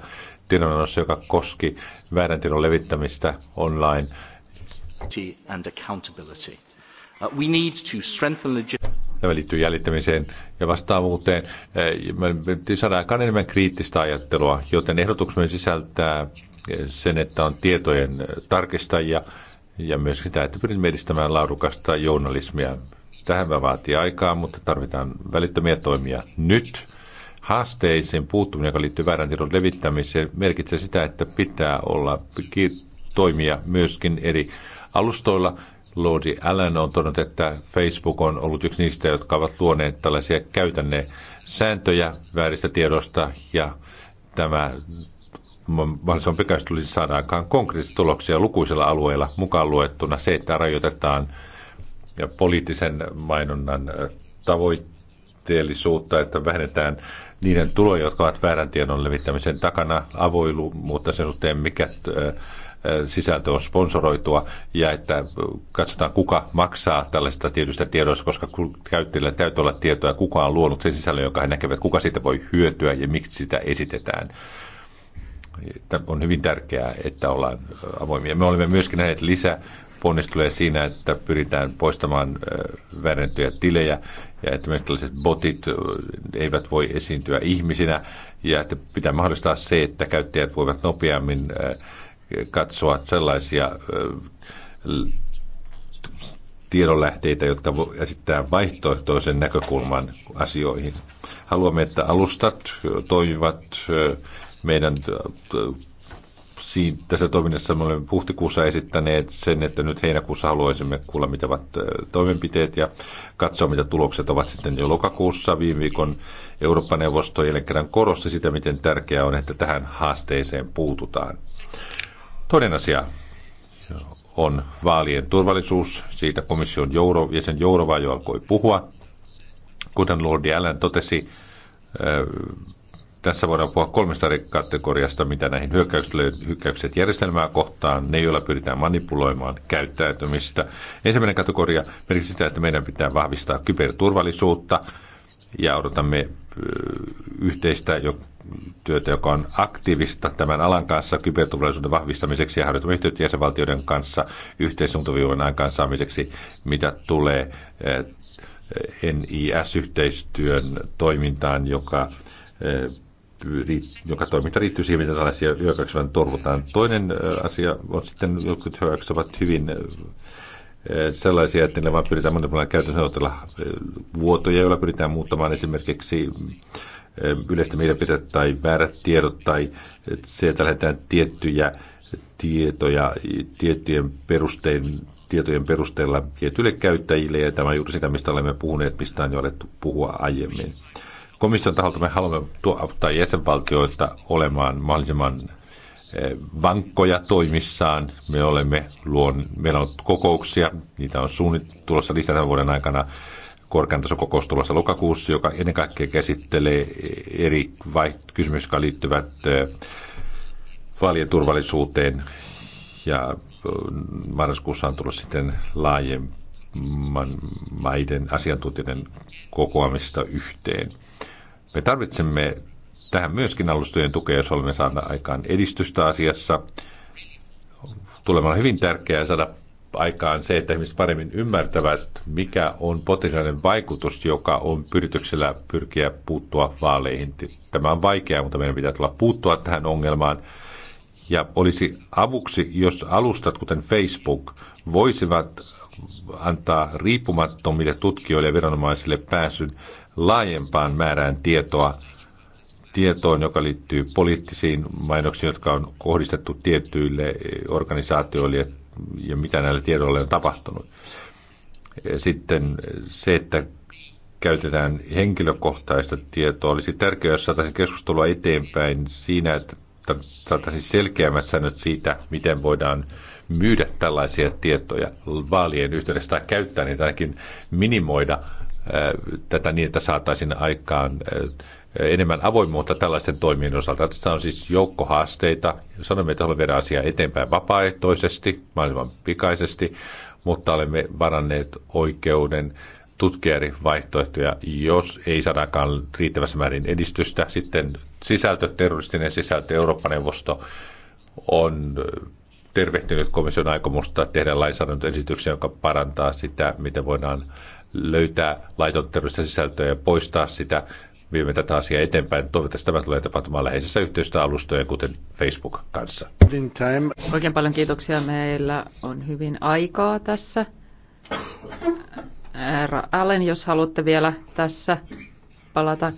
C: tiedonannossa, joka koski väärän tiedon levittämistä online.
E: And accountability.
C: Uh, we need to strengthen Tämä liittyy jäljittämiseen ja vastaavuuteen. Eh, me saadaan aika enemmän kriittistä ajattelua, joten ehdotuksemme sisältää eh, sen, että on tietojen eh, tarkistajia ja myös sitä, että pyrimme edistämään laadukasta journalismia. Tähän me vaatii aikaa, mutta tarvitaan välittömiä toimia nyt. Haasteisiin puuttuminen, joka liittyy väärän tiedon levittämiseen, merkitsee sitä, että pitää olla toimia myöskin eri alustoilla. Lordi Allen on todennut, että Facebook on ollut yksi niistä, jotka ovat tuoneet tällaisia käytännön sääntöjä vääristä tiedosta ja tämä mahdollisimman pikaisesti tulisi saada aikaan konkreettisia tuloksia lukuisilla alueilla mukaan luettuna se, että rajoitetaan ja poliittisen mainonnan äh, tavoitteellisuutta, että vähennetään niiden tuloja, jotka ovat väärän tiedon levittämisen takana, avoilu, mutta sen suhteen mikä äh, sisältö on sponsoroitua ja että katsotaan kuka maksaa tällaista tietystä tiedosta, koska käyttäjillä täytyy olla tietoa, kuka on luonut sen sisällön, joka he näkevät, kuka siitä voi hyötyä ja miksi sitä esitetään. Tämä on hyvin tärkeää, että ollaan avoimia. Me olemme myöskin nähneet lisää ponnisteluja siinä, että pyritään poistamaan väärentyjä tilejä ja että myös tällaiset botit eivät voi esiintyä ihmisinä ja että pitää mahdollistaa se, että käyttäjät voivat nopeammin äh, katsoa sellaisia tiedonlähteitä, jotka esittää vaihtoehtoisen näkökulman asioihin. Haluamme, että alustat toimivat meidän tässä toiminnassa me olemme huhtikuussa esittäneet sen, että nyt heinäkuussa haluaisimme kuulla, mitä ovat toimenpiteet ja katsoa, mitä tulokset ovat sitten jo lokakuussa. Viime viikon Eurooppa-neuvosto jälleen kerran korosti sitä, miten tärkeää on, että tähän haasteeseen puututaan. Toinen asia on vaalien turvallisuus. Siitä komission jouro, jäsen Jourova jo alkoi puhua. Kuten Lordi Allen totesi, äh, tässä voidaan puhua kolmesta eri kategoriasta, mitä näihin hyökkäykset järjestelmää kohtaan, ne joilla pyritään manipuloimaan käyttäytymistä. Ensimmäinen kategoria merkitsee sitä, että meidän pitää vahvistaa kyberturvallisuutta ja odotamme yhteistä työtä, joka on aktiivista tämän alan kanssa kyberturvallisuuden vahvistamiseksi ja harjoitamme yhteyttä jäsenvaltioiden kanssa yhteissuuntaviivan aikaansaamiseksi, mitä tulee eh, NIS-yhteistyön toimintaan, joka eh, joka toiminta riittyy siihen, mitä tällaisia hyökkäyksiä torvutaan. Toinen eh, asia on sitten, jotkut hyökkäykset ovat hyvin Eh, sellaisia, että ne vaan pyritään monella käytännössä otella eh, vuotoja, joilla pyritään muuttamaan esimerkiksi eh, yleistä mielipiteitä tai väärät tiedot tai sieltä lähdetään tiettyjä tietoja tiettyjen perustein, tietojen perusteella tietyille käyttäjille ja tämä on juuri sitä, mistä olemme puhuneet, mistä on jo alettu puhua aiemmin. Komission taholta me haluamme tuottaa jäsenvaltioita olemaan mahdollisimman vankkoja toimissaan. Me olemme luon, meillä on kokouksia, niitä on suunnit, tulossa lisätä vuoden aikana korkean tasokokous tulossa lokakuussa, joka ennen kaikkea käsittelee eri vai- kysymyksiä, jotka liittyvät vaalien turvallisuuteen. Ja marraskuussa on tullut sitten laajemman maiden asiantuntijoiden kokoamista yhteen. Me tarvitsemme tähän myöskin alustojen tukea, jos olemme saaneet aikaan edistystä asiassa. Tulemalla hyvin tärkeää saada aikaan se, että ihmiset paremmin ymmärtävät, mikä on potentiaalinen vaikutus, joka on pyrityksellä pyrkiä puuttua vaaleihin. Tämä on vaikeaa, mutta meidän pitää tulla puuttua tähän ongelmaan. Ja olisi avuksi, jos alustat, kuten Facebook, voisivat antaa riippumattomille tutkijoille ja viranomaisille pääsyn laajempaan määrään tietoa tietoon, joka liittyy poliittisiin mainoksiin, jotka on kohdistettu tiettyille organisaatioille ja mitä näillä tiedoilla on tapahtunut. Sitten se, että käytetään henkilökohtaista tietoa, olisi tärkeää, jos saataisiin keskustelua eteenpäin siinä, että saataisiin selkeämmät säännöt siitä, miten voidaan myydä tällaisia tietoja vaalien yhteydessä tai käyttää niitä ainakin minimoida tätä niin, että saataisiin aikaan enemmän avoimuutta tällaisten toimien osalta. Tässä on siis joukko haasteita. Sanomme, että haluamme viedä asiaa eteenpäin vapaaehtoisesti, mahdollisimman pikaisesti, mutta olemme varanneet oikeuden tutkia eri vaihtoehtoja. Jos ei saadakaan riittävässä määrin edistystä, sitten sisältö, terroristinen sisältö, Eurooppa-neuvosto on tervehtynyt komission aikomusta tehdä lainsäädäntöesityksiä, joka parantaa sitä, miten voidaan löytää laiton terrorista sisältöä ja poistaa sitä viemme tätä asiaa eteenpäin. Toivottavasti tämä tulee tapahtumaan läheisessä yhteistyössä alustojen, kuten Facebook kanssa.
B: Oikein paljon kiitoksia. Meillä on hyvin aikaa tässä. Herra Allen, jos haluatte vielä tässä palata,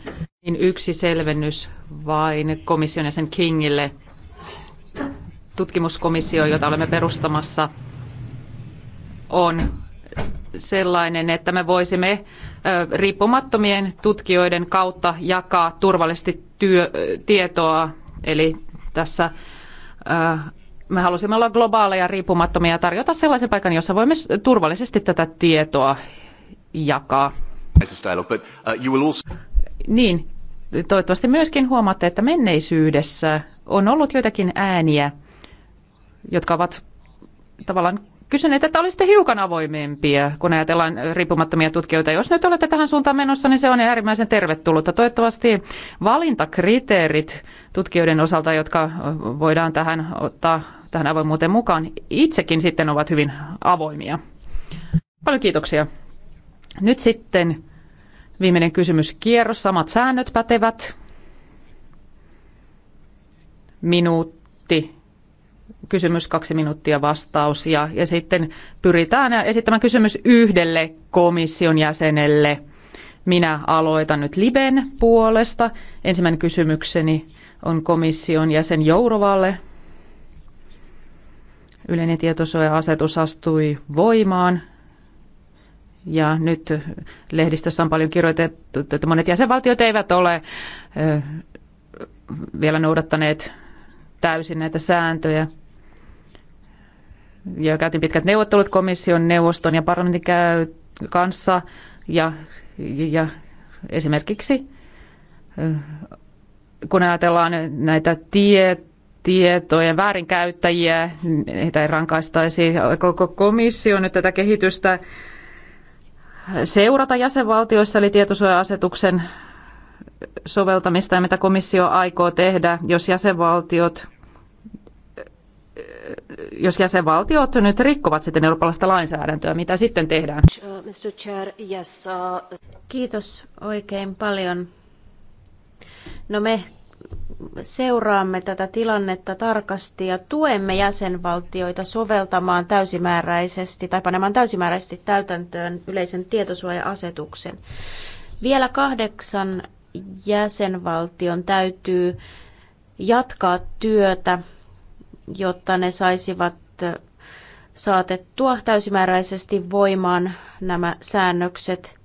B: niin yksi selvennys vain komission ja sen Kingille. Tutkimuskomissio, jota olemme perustamassa, on sellainen, että me voisimme riippumattomien tutkijoiden kautta jakaa turvallisesti työ, tietoa. Eli tässä me halusimme olla globaaleja, riippumattomia ja tarjota sellaisen paikan, jossa voimme turvallisesti tätä tietoa jakaa. Uh, niin, toivottavasti myöskin huomaatte, että menneisyydessä on ollut joitakin ääniä, jotka ovat tavallaan kysyneet, että olisitte hiukan avoimempia, kun ajatellaan riippumattomia tutkijoita. Jos nyt olette tähän suuntaan menossa, niin se on äärimmäisen tervetullutta. Toivottavasti valintakriteerit tutkijoiden osalta, jotka voidaan tähän ottaa tähän avoimuuteen mukaan, itsekin sitten ovat hyvin avoimia. Paljon kiitoksia. Nyt sitten viimeinen kysymys kierros. Samat säännöt pätevät. Minuutti kysymys, kaksi minuuttia vastaus ja, ja sitten pyritään esittämään kysymys yhdelle komission jäsenelle. Minä aloitan nyt Liben puolesta. Ensimmäinen kysymykseni on komission jäsen Jourovalle. Yleinen tietosuoja-asetus astui voimaan ja nyt lehdistössä on paljon kirjoitettu, että monet jäsenvaltiot eivät ole vielä noudattaneet täysin näitä sääntöjä ja käytiin pitkät neuvottelut komission, neuvoston ja parlamentin kanssa ja, ja esimerkiksi kun ajatellaan näitä tie, tietojen väärinkäyttäjiä, heitä ei rankaistaisi. Koko komissio nyt tätä kehitystä seurata jäsenvaltioissa, eli tietosuoja-asetuksen soveltamista ja mitä komissio aikoo tehdä, jos jäsenvaltiot jos jäsenvaltiot nyt rikkovat sitten eurooppalaista lainsäädäntöä, mitä sitten tehdään?
D: Uh, uh, Kiitos oikein paljon. No me seuraamme tätä tilannetta tarkasti ja tuemme jäsenvaltioita soveltamaan täysimääräisesti tai panemaan täysimääräisesti täytäntöön yleisen tietosuoja-asetuksen. Vielä kahdeksan jäsenvaltion täytyy jatkaa työtä jotta ne saisivat saatettua täysimääräisesti voimaan nämä säännökset.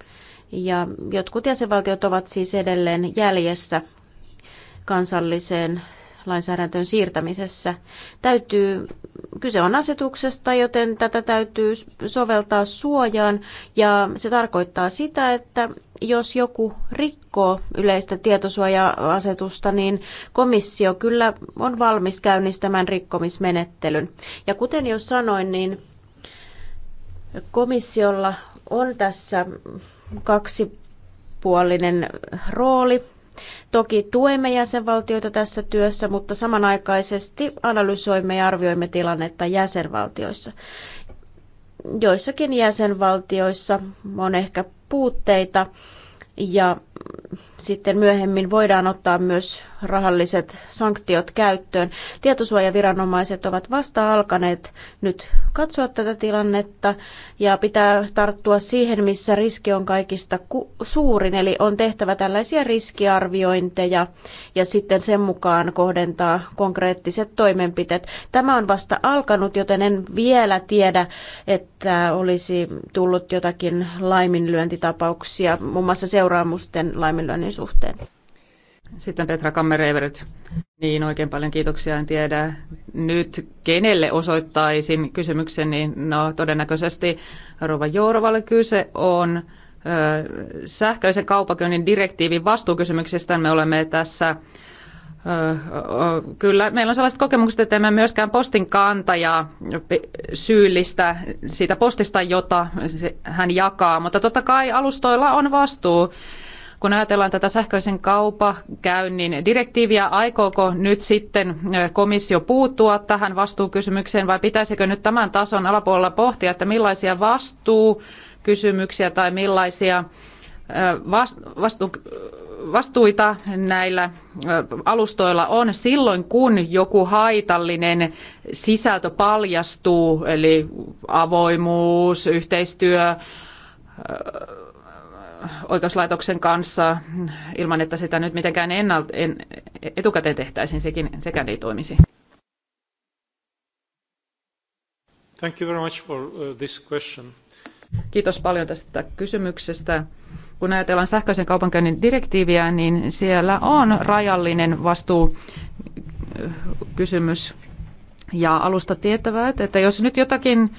D: Ja jotkut jäsenvaltiot ovat siis edelleen jäljessä kansalliseen lainsäädäntöön siirtämisessä. Täytyy, kyse on asetuksesta, joten tätä täytyy soveltaa suojaan ja se tarkoittaa sitä, että jos joku rikkoo yleistä tietosuoja-asetusta, niin komissio kyllä on valmis käynnistämään rikkomismenettelyn. Ja kuten jo sanoin, niin komissiolla on tässä kaksi puolinen rooli Toki tuemme jäsenvaltioita tässä työssä, mutta samanaikaisesti analysoimme ja arvioimme tilannetta jäsenvaltioissa. Joissakin jäsenvaltioissa on ehkä puutteita ja sitten myöhemmin voidaan ottaa myös rahalliset sanktiot käyttöön. Tietosuojaviranomaiset ovat vasta alkaneet nyt katsoa tätä tilannetta ja pitää tarttua siihen, missä riski on kaikista suurin. Eli on tehtävä tällaisia riskiarviointeja ja sitten sen mukaan kohdentaa konkreettiset toimenpiteet. Tämä on vasta alkanut, joten en vielä tiedä, että olisi tullut jotakin laiminlyöntitapauksia, muun mm. muassa seuraamusten sen laiminlyönnin suhteen.
B: Sitten Petra Kammereverit. Niin, oikein paljon kiitoksia. En tiedä nyt kenelle osoittaisin kysymyksen, niin no todennäköisesti Rova Jourovalle kyse on sähköisen kaupakäynnin direktiivin vastuukysymyksestä. Me olemme tässä Kyllä, meillä on sellaiset kokemukset, että emme myöskään postin kantaja syyllistä siitä postista, jota hän jakaa, mutta totta kai alustoilla on vastuu kun ajatellaan tätä sähköisen kaupakäynnin direktiiviä, aikooko nyt sitten komissio puuttua tähän vastuukysymykseen vai pitäisikö nyt tämän tason alapuolella pohtia, että millaisia vastuukysymyksiä tai millaisia vastu, vastuita näillä alustoilla on silloin, kun joku haitallinen sisältö paljastuu, eli avoimuus, yhteistyö, oikeuslaitoksen kanssa ilman, että sitä nyt mitenkään ennalt, en, etukäteen tehtäisiin, sekin, sekään ei toimisi.
A: Thank you very much for uh, this question.
B: Kiitos paljon tästä kysymyksestä. Kun ajatellaan sähköisen kaupankäynnin direktiiviä, niin siellä on rajallinen vastuukysymys uh, ja alusta tietävät, että jos nyt jotakin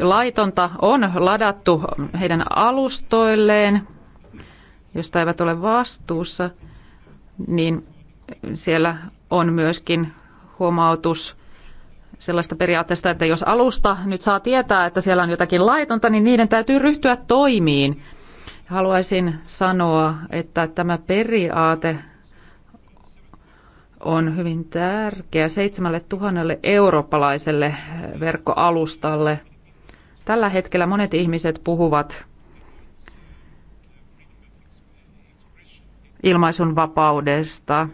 B: laitonta on ladattu heidän alustoilleen, josta eivät ole vastuussa, niin siellä on myöskin huomautus sellaista periaatteesta, että jos alusta nyt saa tietää, että siellä on jotakin laitonta, niin niiden täytyy ryhtyä toimiin. Haluaisin sanoa, että tämä periaate on hyvin tärkeä seitsemälle tuhannelle eurooppalaiselle verkkoalustalle. Tällä hetkellä monet ihmiset puhuvat ilmaisun vapaudesta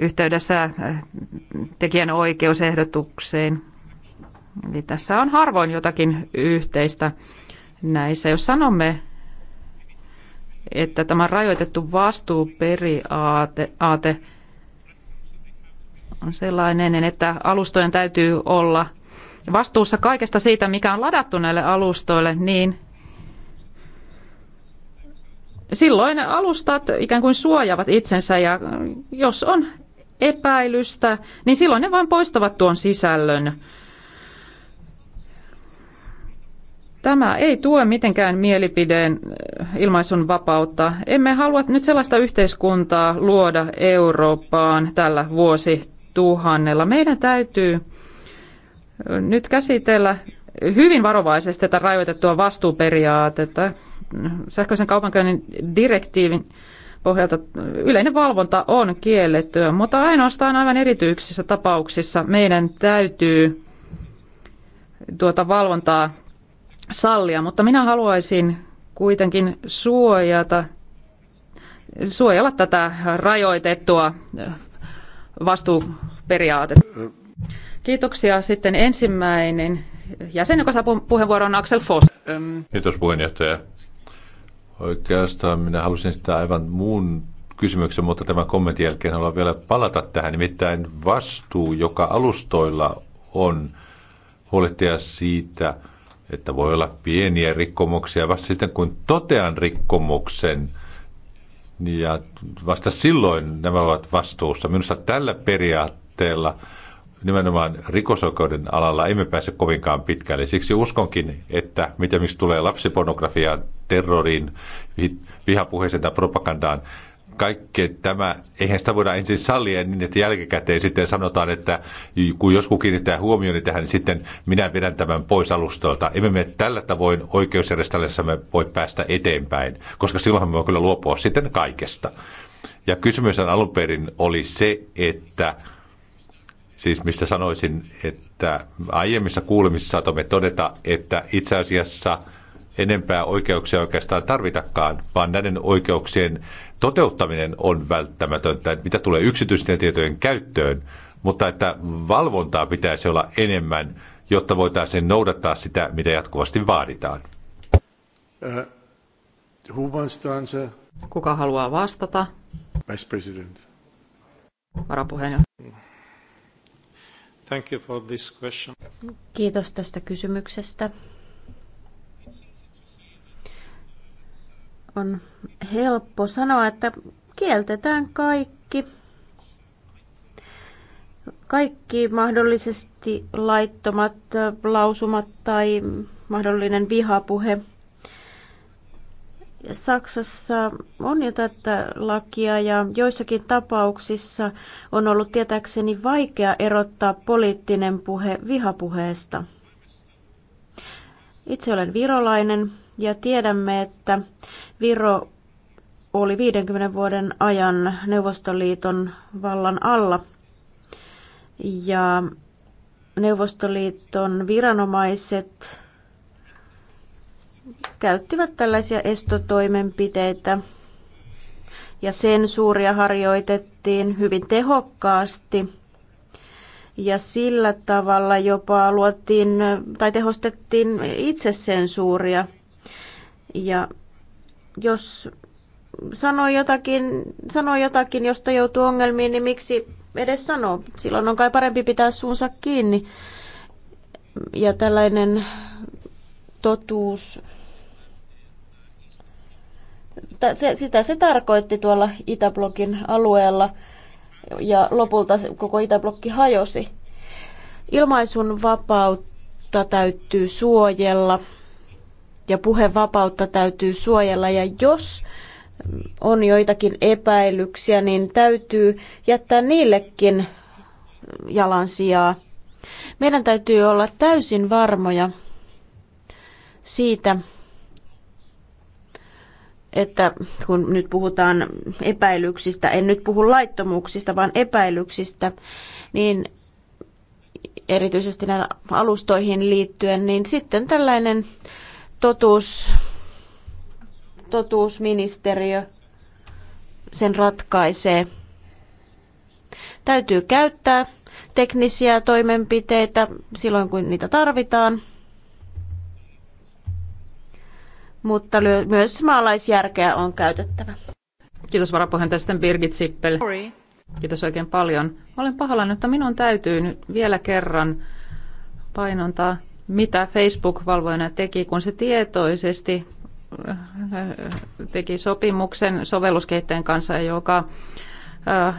B: yhteydessä oikeusehdotukseen. Eli tässä on harvoin jotakin yhteistä näissä. Jos sanomme, että tämä rajoitettu vastuuperiaate on sellainen, että alustojen täytyy olla vastuussa kaikesta siitä, mikä on ladattu näille alustoille, niin silloin alustat ikään kuin suojaavat itsensä ja jos on epäilystä, niin silloin ne vain poistavat tuon sisällön. Tämä ei tue mitenkään mielipideen eh, ilmaisun vapautta. Emme halua nyt sellaista yhteiskuntaa luoda Eurooppaan tällä vuosituhannella. Meidän täytyy eh, nyt käsitellä hyvin varovaisesti tätä rajoitettua vastuuperiaatetta sähköisen kaupankäynnin direktiivin pohjalta yleinen valvonta on kielletty, mutta ainoastaan aivan erityisissä tapauksissa meidän täytyy tuota valvontaa sallia, mutta minä haluaisin kuitenkin suojata, suojella tätä rajoitettua vastuuperiaatetta. Kiitoksia. Sitten ensimmäinen jäsen, joka saa puheenvuoron, Axel Foss.
C: Kiitos puheenjohtaja. Oikeastaan minä halusin sitä aivan muun kysymyksen, mutta tämän kommentin jälkeen haluan vielä palata tähän. Nimittäin vastuu, joka alustoilla on huolehtia siitä, että voi olla pieniä rikkomuksia. Vasta sitten kun totean rikkomuksen, niin ja vasta silloin nämä ovat vastuussa. Minusta tällä periaatteella nimenomaan rikosoikeuden alalla emme pääse kovinkaan pitkälle. Siksi uskonkin, että mitä miksi tulee lapsipornografiaan, terroriin, vihapuheeseen tai propagandaan, kaikki tämä, eihän sitä voida ensin sallia niin, että jälkikäteen sitten sanotaan, että kun joskus kiinnittää huomioon niin tähän, niin sitten minä vedän tämän pois alustolta. Emme me tällä tavoin oikeusjärjestelmässämme voi päästä eteenpäin, koska silloin me voi kyllä luopua sitten kaikesta. Ja kysymys alun perin oli se, että Siis mistä sanoisin, että aiemmissa kuulemissa saatamme todeta, että itse asiassa enempää oikeuksia oikeastaan tarvitakaan, vaan näiden oikeuksien toteuttaminen on välttämätöntä, mitä tulee yksityisten tietojen käyttöön, mutta että valvontaa pitäisi olla enemmän, jotta voitaisiin noudattaa sitä, mitä jatkuvasti vaaditaan.
A: Äh,
B: Kuka haluaa vastata?
C: Vice President.
D: Varapuheenjohtaja.
A: Thank you for this question.
D: Kiitos tästä kysymyksestä. On helppo sanoa, että kieltetään kaikki. Kaikki mahdollisesti laittomat lausumat tai mahdollinen vihapuhe – Saksassa on jo tätä lakia ja joissakin tapauksissa on ollut tietääkseni vaikea erottaa poliittinen puhe vihapuheesta. Itse olen virolainen ja tiedämme, että Viro oli 50 vuoden ajan Neuvostoliiton vallan alla. Ja Neuvostoliiton viranomaiset käyttivät tällaisia estotoimenpiteitä ja sensuuria harjoitettiin hyvin tehokkaasti ja sillä tavalla jopa luotiin tai tehostettiin itsesensuuria. Ja jos sanoo jotakin, sanoo jotakin, josta joutuu ongelmiin, niin miksi edes sanoo? Silloin on kai parempi pitää suunsa kiinni. Ja tällainen totuus. Sitä se tarkoitti tuolla Itäblokin alueella ja lopulta koko Itäblokki hajosi. Ilmaisun vapautta täytyy suojella ja puhevapautta täytyy suojella ja jos on joitakin epäilyksiä, niin täytyy jättää niillekin jalansijaa. Meidän täytyy olla täysin varmoja siitä, että kun nyt puhutaan epäilyksistä, en nyt puhu laittomuuksista, vaan epäilyksistä, niin erityisesti näihin alustoihin liittyen, niin sitten tällainen totuus, totuusministeriö sen ratkaisee. Täytyy käyttää teknisiä toimenpiteitä silloin, kun niitä tarvitaan – mutta myös maalaisjärkeä on käytettävä. Kiitos varapuheenjohtaja Birgit Sippel. Kiitos oikein
B: paljon. Olen pahoillani, että minun täytyy nyt vielä kerran painontaa, mitä Facebook-valvojana teki, kun se tietoisesti äh, teki sopimuksen sovelluskehittäjän kanssa, joka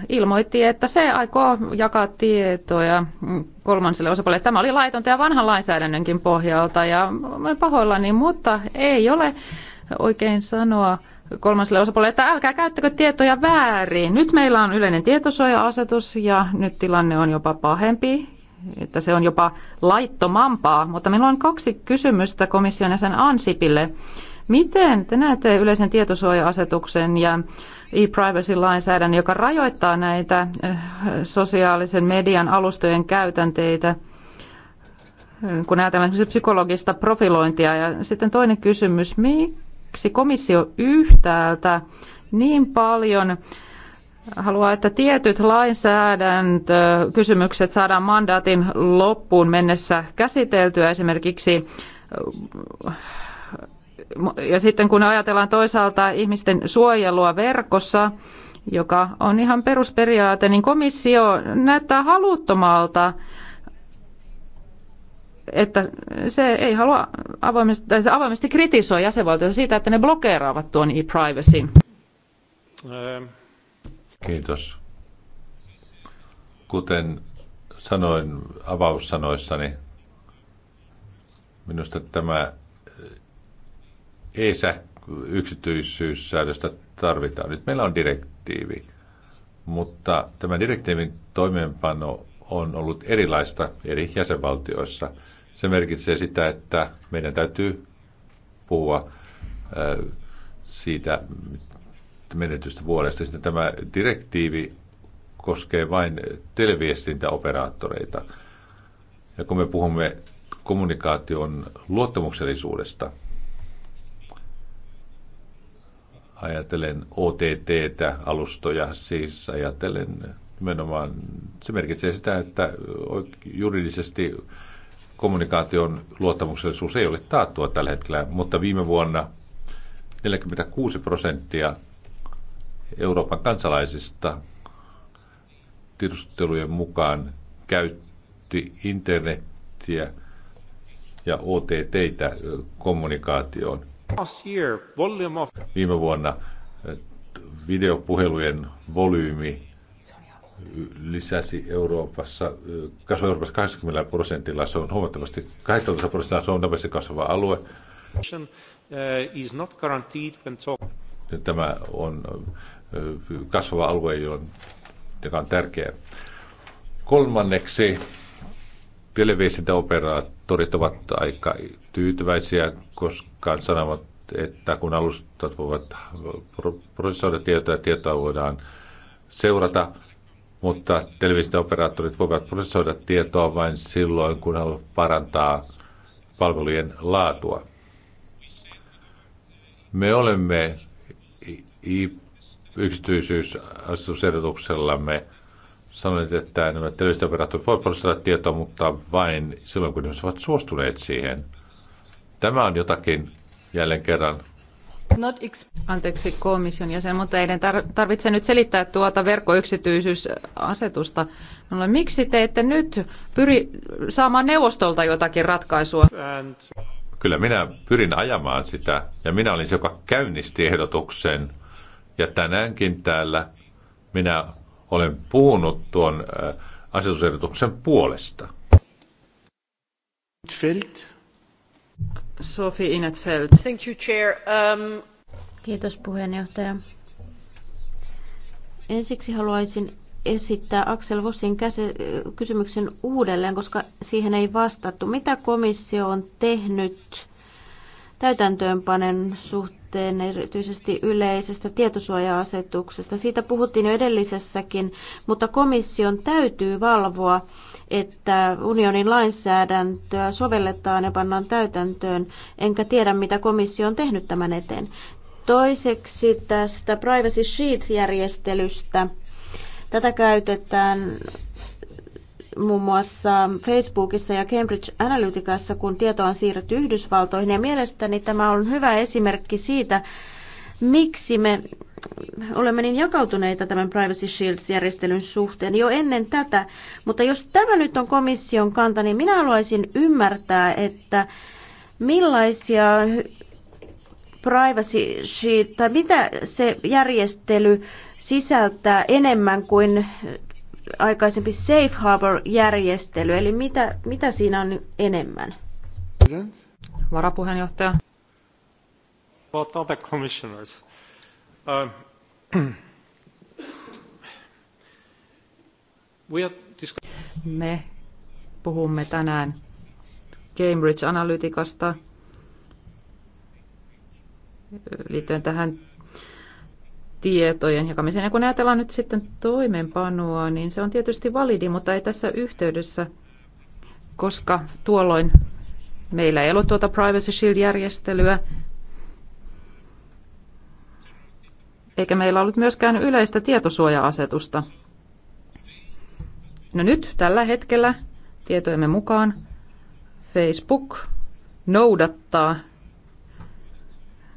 B: ilmoitti, että se aikoo jakaa tietoja kolmanselle osapuolelle. Tämä oli laitonta ja vanhan lainsäädännönkin pohjalta ja olen pahoillani, mutta ei ole oikein sanoa kolmanselle osapuolelle, että älkää käyttäkö tietoja väärin. Nyt meillä on yleinen tietosuoja-asetus ja nyt tilanne on jopa pahempi että se on jopa laittomampaa, mutta minulla on kaksi kysymystä komission jäsen Ansipille. Miten te näette yleisen tietosuoja-asetuksen ja e-privacy-lainsäädännön, joka rajoittaa näitä eh, sosiaalisen median alustojen käytänteitä? Eh, kun ajatellaan esimerkiksi psykologista profilointia. Ja sitten toinen kysymys, miksi komissio yhtäältä niin paljon haluaa, että tietyt lainsäädäntökysymykset saadaan mandaatin loppuun mennessä käsiteltyä, esimerkiksi eh, ja sitten kun ajatellaan toisaalta ihmisten suojelua verkossa, joka on ihan perusperiaate, niin komissio näyttää haluttomalta, että se ei halua avoimesti, tai se avoimesti kritisoi jäsenvaltioita siitä, että ne blokeeraavat tuon e-privacyn.
C: Ähm. Kiitos. Kuten sanoin avaussanoissani, minusta tämä ESA yksityisyyssäädöstä tarvitaan. Nyt meillä on direktiivi, mutta tämän direktiivin toimeenpano on ollut erilaista eri jäsenvaltioissa. Se merkitsee sitä, että meidän täytyy puhua äh, siitä menetystä vuodesta. Sitten tämä direktiivi koskee vain televiestintäoperaattoreita. Ja kun me puhumme kommunikaation luottamuksellisuudesta – ajatellen OTTtä, alustoja, siis ajatellen nimenomaan, se merkitsee sitä, että juridisesti kommunikaation luottamuksellisuus ei ole taattua tällä hetkellä, mutta viime vuonna 46 prosenttia Euroopan kansalaisista tiedustelujen mukaan käytti internettiä ja OTTitä kommunikaatioon. Viime vuonna eh, videopuhelujen volyymi lisäsi Euroopassa, eh, kasvoi Euroopassa 80 prosentilla, se on huomattavasti 18 prosentilla, se on nopeasti kasvava alue. Eh, tämä on kasvava alue, joka on tärkeä. Kolmanneksi Televiestintäoperaattorit ovat aika tyytyväisiä, koska sanovat, että kun alustat voivat prosessoida tietoa, tietoa voidaan seurata, mutta televisiooperaattorit voivat prosessoida tietoa vain silloin, kun haluavat parantaa palvelujen laatua. Me olemme yksityisyysasetusehdotuksellamme sanoneet, että nämä terveelliset operaattorit voivat puolustaa tietoa, mutta vain silloin, kun ne ovat suostuneet siihen. Tämä on jotakin jälleen kerran.
B: Not Anteeksi komission jäsen, mutta ei tarvitse nyt selittää tuota verkkoyksityisyysasetusta. Minulla, miksi te ette nyt pyri saamaan neuvostolta jotakin ratkaisua? And...
C: Kyllä minä pyrin ajamaan sitä ja minä olin se, joka käynnisti ehdotuksen. Ja tänäänkin täällä minä olen puhunut tuon äh, asetusehdotuksen puolesta. Feld.
B: Sophie Inetfeld. Thank you, Chair. Um...
D: Kiitos puheenjohtaja. Ensiksi haluaisin esittää Axel Vossin kysymyksen uudelleen, koska siihen ei vastattu. Mitä komissio on tehnyt täytäntöönpanen suhteen? suhteen, erityisesti yleisestä tietosuoja-asetuksesta. Siitä puhuttiin jo edellisessäkin, mutta komission täytyy valvoa, että unionin lainsäädäntöä sovelletaan ja pannaan täytäntöön, enkä tiedä mitä komissio on tehnyt tämän eteen. Toiseksi tästä Privacy Shields-järjestelystä. Tätä käytetään muun muassa Facebookissa ja Cambridge Analyticassa, kun tietoa on siirretty Yhdysvaltoihin. Ja mielestäni tämä on hyvä esimerkki siitä, miksi me olemme niin jakautuneita tämän Privacy Shields-järjestelyn suhteen jo ennen tätä. Mutta jos tämä nyt on komission kanta, niin minä haluaisin ymmärtää, että millaisia privacy sheet, tai mitä se järjestely sisältää enemmän kuin aikaisempi Safe Harbor-järjestely, eli mitä, mitä siinä on enemmän? Varapuheenjohtaja.
A: What other commissioners? Uh, we are
B: Me puhumme tänään Cambridge Analyticasta liittyen tähän tietojen jakamiseen. Ja kun ajatellaan nyt sitten toimeenpanoa, niin se on tietysti validi, mutta ei tässä yhteydessä, koska tuolloin meillä ei ollut tuota Privacy Shield-järjestelyä, eikä meillä ollut myöskään yleistä tietosuoja-asetusta. No nyt tällä hetkellä tietojemme mukaan Facebook noudattaa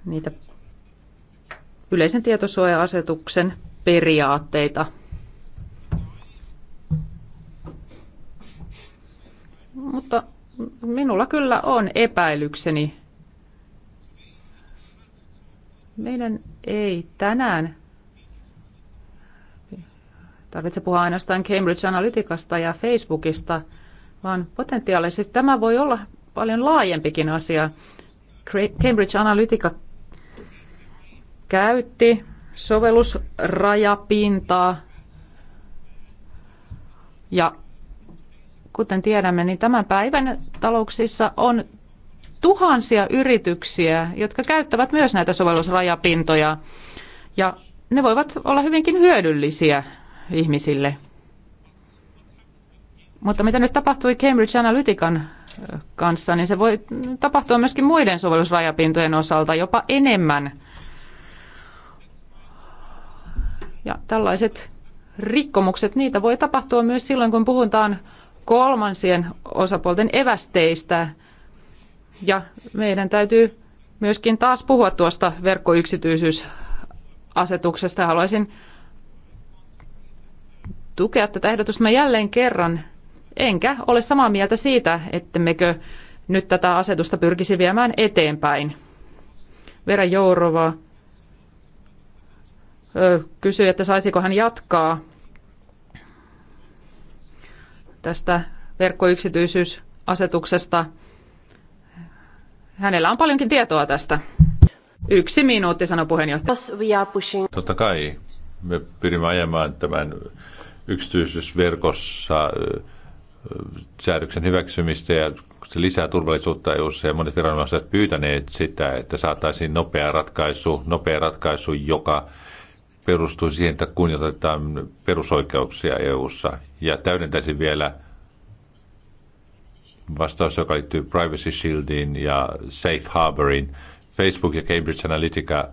B: niitä yleisen tietosuoja-asetuksen periaatteita. Mutta minulla kyllä on epäilykseni. Meidän ei tänään tarvitse puhua ainoastaan Cambridge Analyticasta ja Facebookista, vaan potentiaalisesti tämä voi olla paljon laajempikin asia. Cambridge Analytica käytti sovellusrajapintaa. Ja kuten tiedämme, niin tämän päivän talouksissa on tuhansia yrityksiä, jotka käyttävät myös näitä sovellusrajapintoja. Ja ne voivat olla hyvinkin hyödyllisiä ihmisille. Mutta mitä nyt tapahtui Cambridge Analytican äh, kanssa, niin se voi tapahtua myöskin muiden sovellusrajapintojen osalta jopa enemmän. Ja tällaiset rikkomukset, niitä voi tapahtua myös silloin, kun puhutaan kolmansien osapuolten evästeistä. Ja meidän täytyy myöskin taas puhua tuosta verkkoyksityisyysasetuksesta. Haluaisin tukea tätä ehdotusta mä jälleen kerran. Enkä ole samaa mieltä siitä, ettemmekö nyt tätä asetusta pyrkisi viemään eteenpäin. Vera Jourova kysyi, että saisiko hän jatkaa tästä verkkoyksityisyysasetuksesta. Hänellä on paljonkin tietoa tästä. Yksi minuutti, sanoi puheenjohtaja.
C: Totta kai me pyrimme ajamaan tämän yksityisyysverkossa säädöksen hyväksymistä ja se lisää turvallisuutta eu ja monet viranomaiset ovat pyytäneet sitä, että saataisiin nopea ratkaisu, nopea ratkaisu, joka perustuu siihen, että kunnioitetaan perusoikeuksia EU:ssa Ja täydentäisin vielä vastaus, joka liittyy Privacy Shieldiin ja Safe Harboriin. Facebook ja Cambridge Analytica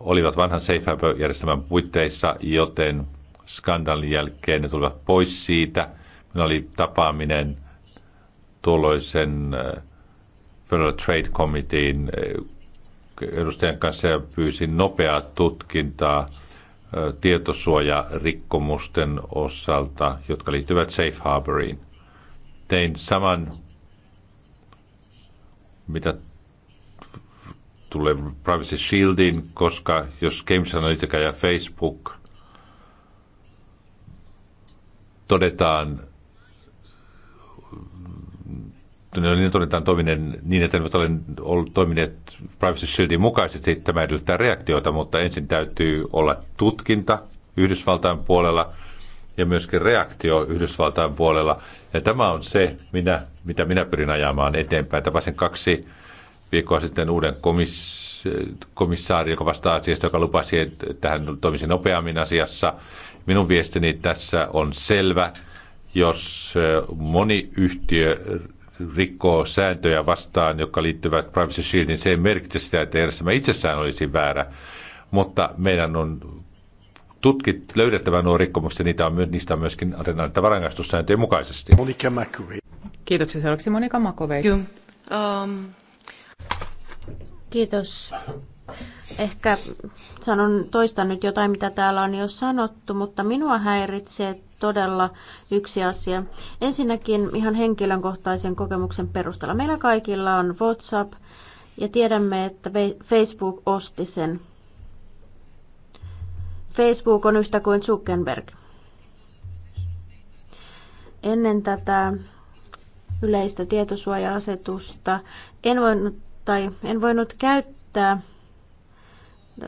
C: olivat vanhan Safe Harbor-järjestelmän puitteissa, joten skandaalin jälkeen ne tulivat pois siitä. Minä oli tapaaminen tuolloisen äh, Federal Trade Committeein äh, edustajan kanssa ja pyysin nopeaa tutkintaa tietosuojarikkomusten osalta, jotka liittyvät Safe Harboriin. Tein saman, mitä tulee Privacy Shieldin, koska jos Cambridge Analytica ja Facebook todetaan ne niin, niin todetaan toiminen niin, että ne ovat toimineet Privacy Shieldin mukaisesti. Tämä edellyttää reaktiota, mutta ensin täytyy olla tutkinta Yhdysvaltain puolella ja myöskin reaktio Yhdysvaltain puolella. Ja tämä on se, minä, mitä minä pyrin ajamaan eteenpäin. Tapasin kaksi viikkoa sitten uuden komission komissaari, joka vastaa asiasta, joka lupasi, että hän toimisi nopeammin asiassa. Minun viestini tässä on selvä. Jos moni yhtiö rikkoo sääntöjä vastaan, jotka liittyvät Privacy Shieldin, se ei merkitse sitä, että järjestelmä itsessään olisi väärä, mutta meidän on tutkit, löydettävä nuo rikkomukset, ja niitä on, niistä on myöskin annettava rangaistussääntöjen mukaisesti.
B: Monika Makovei. Kiitoksia seuraavaksi Monika Makovei.
D: Um, kiitos ehkä sanon toista nyt jotain, mitä täällä on jo sanottu, mutta minua häiritsee todella yksi asia. Ensinnäkin ihan henkilökohtaisen kokemuksen perusteella. Meillä kaikilla on WhatsApp ja tiedämme, että Facebook osti sen. Facebook on yhtä kuin Zuckerberg. Ennen tätä yleistä tietosuoja-asetusta en voinut, tai en voinut käyttää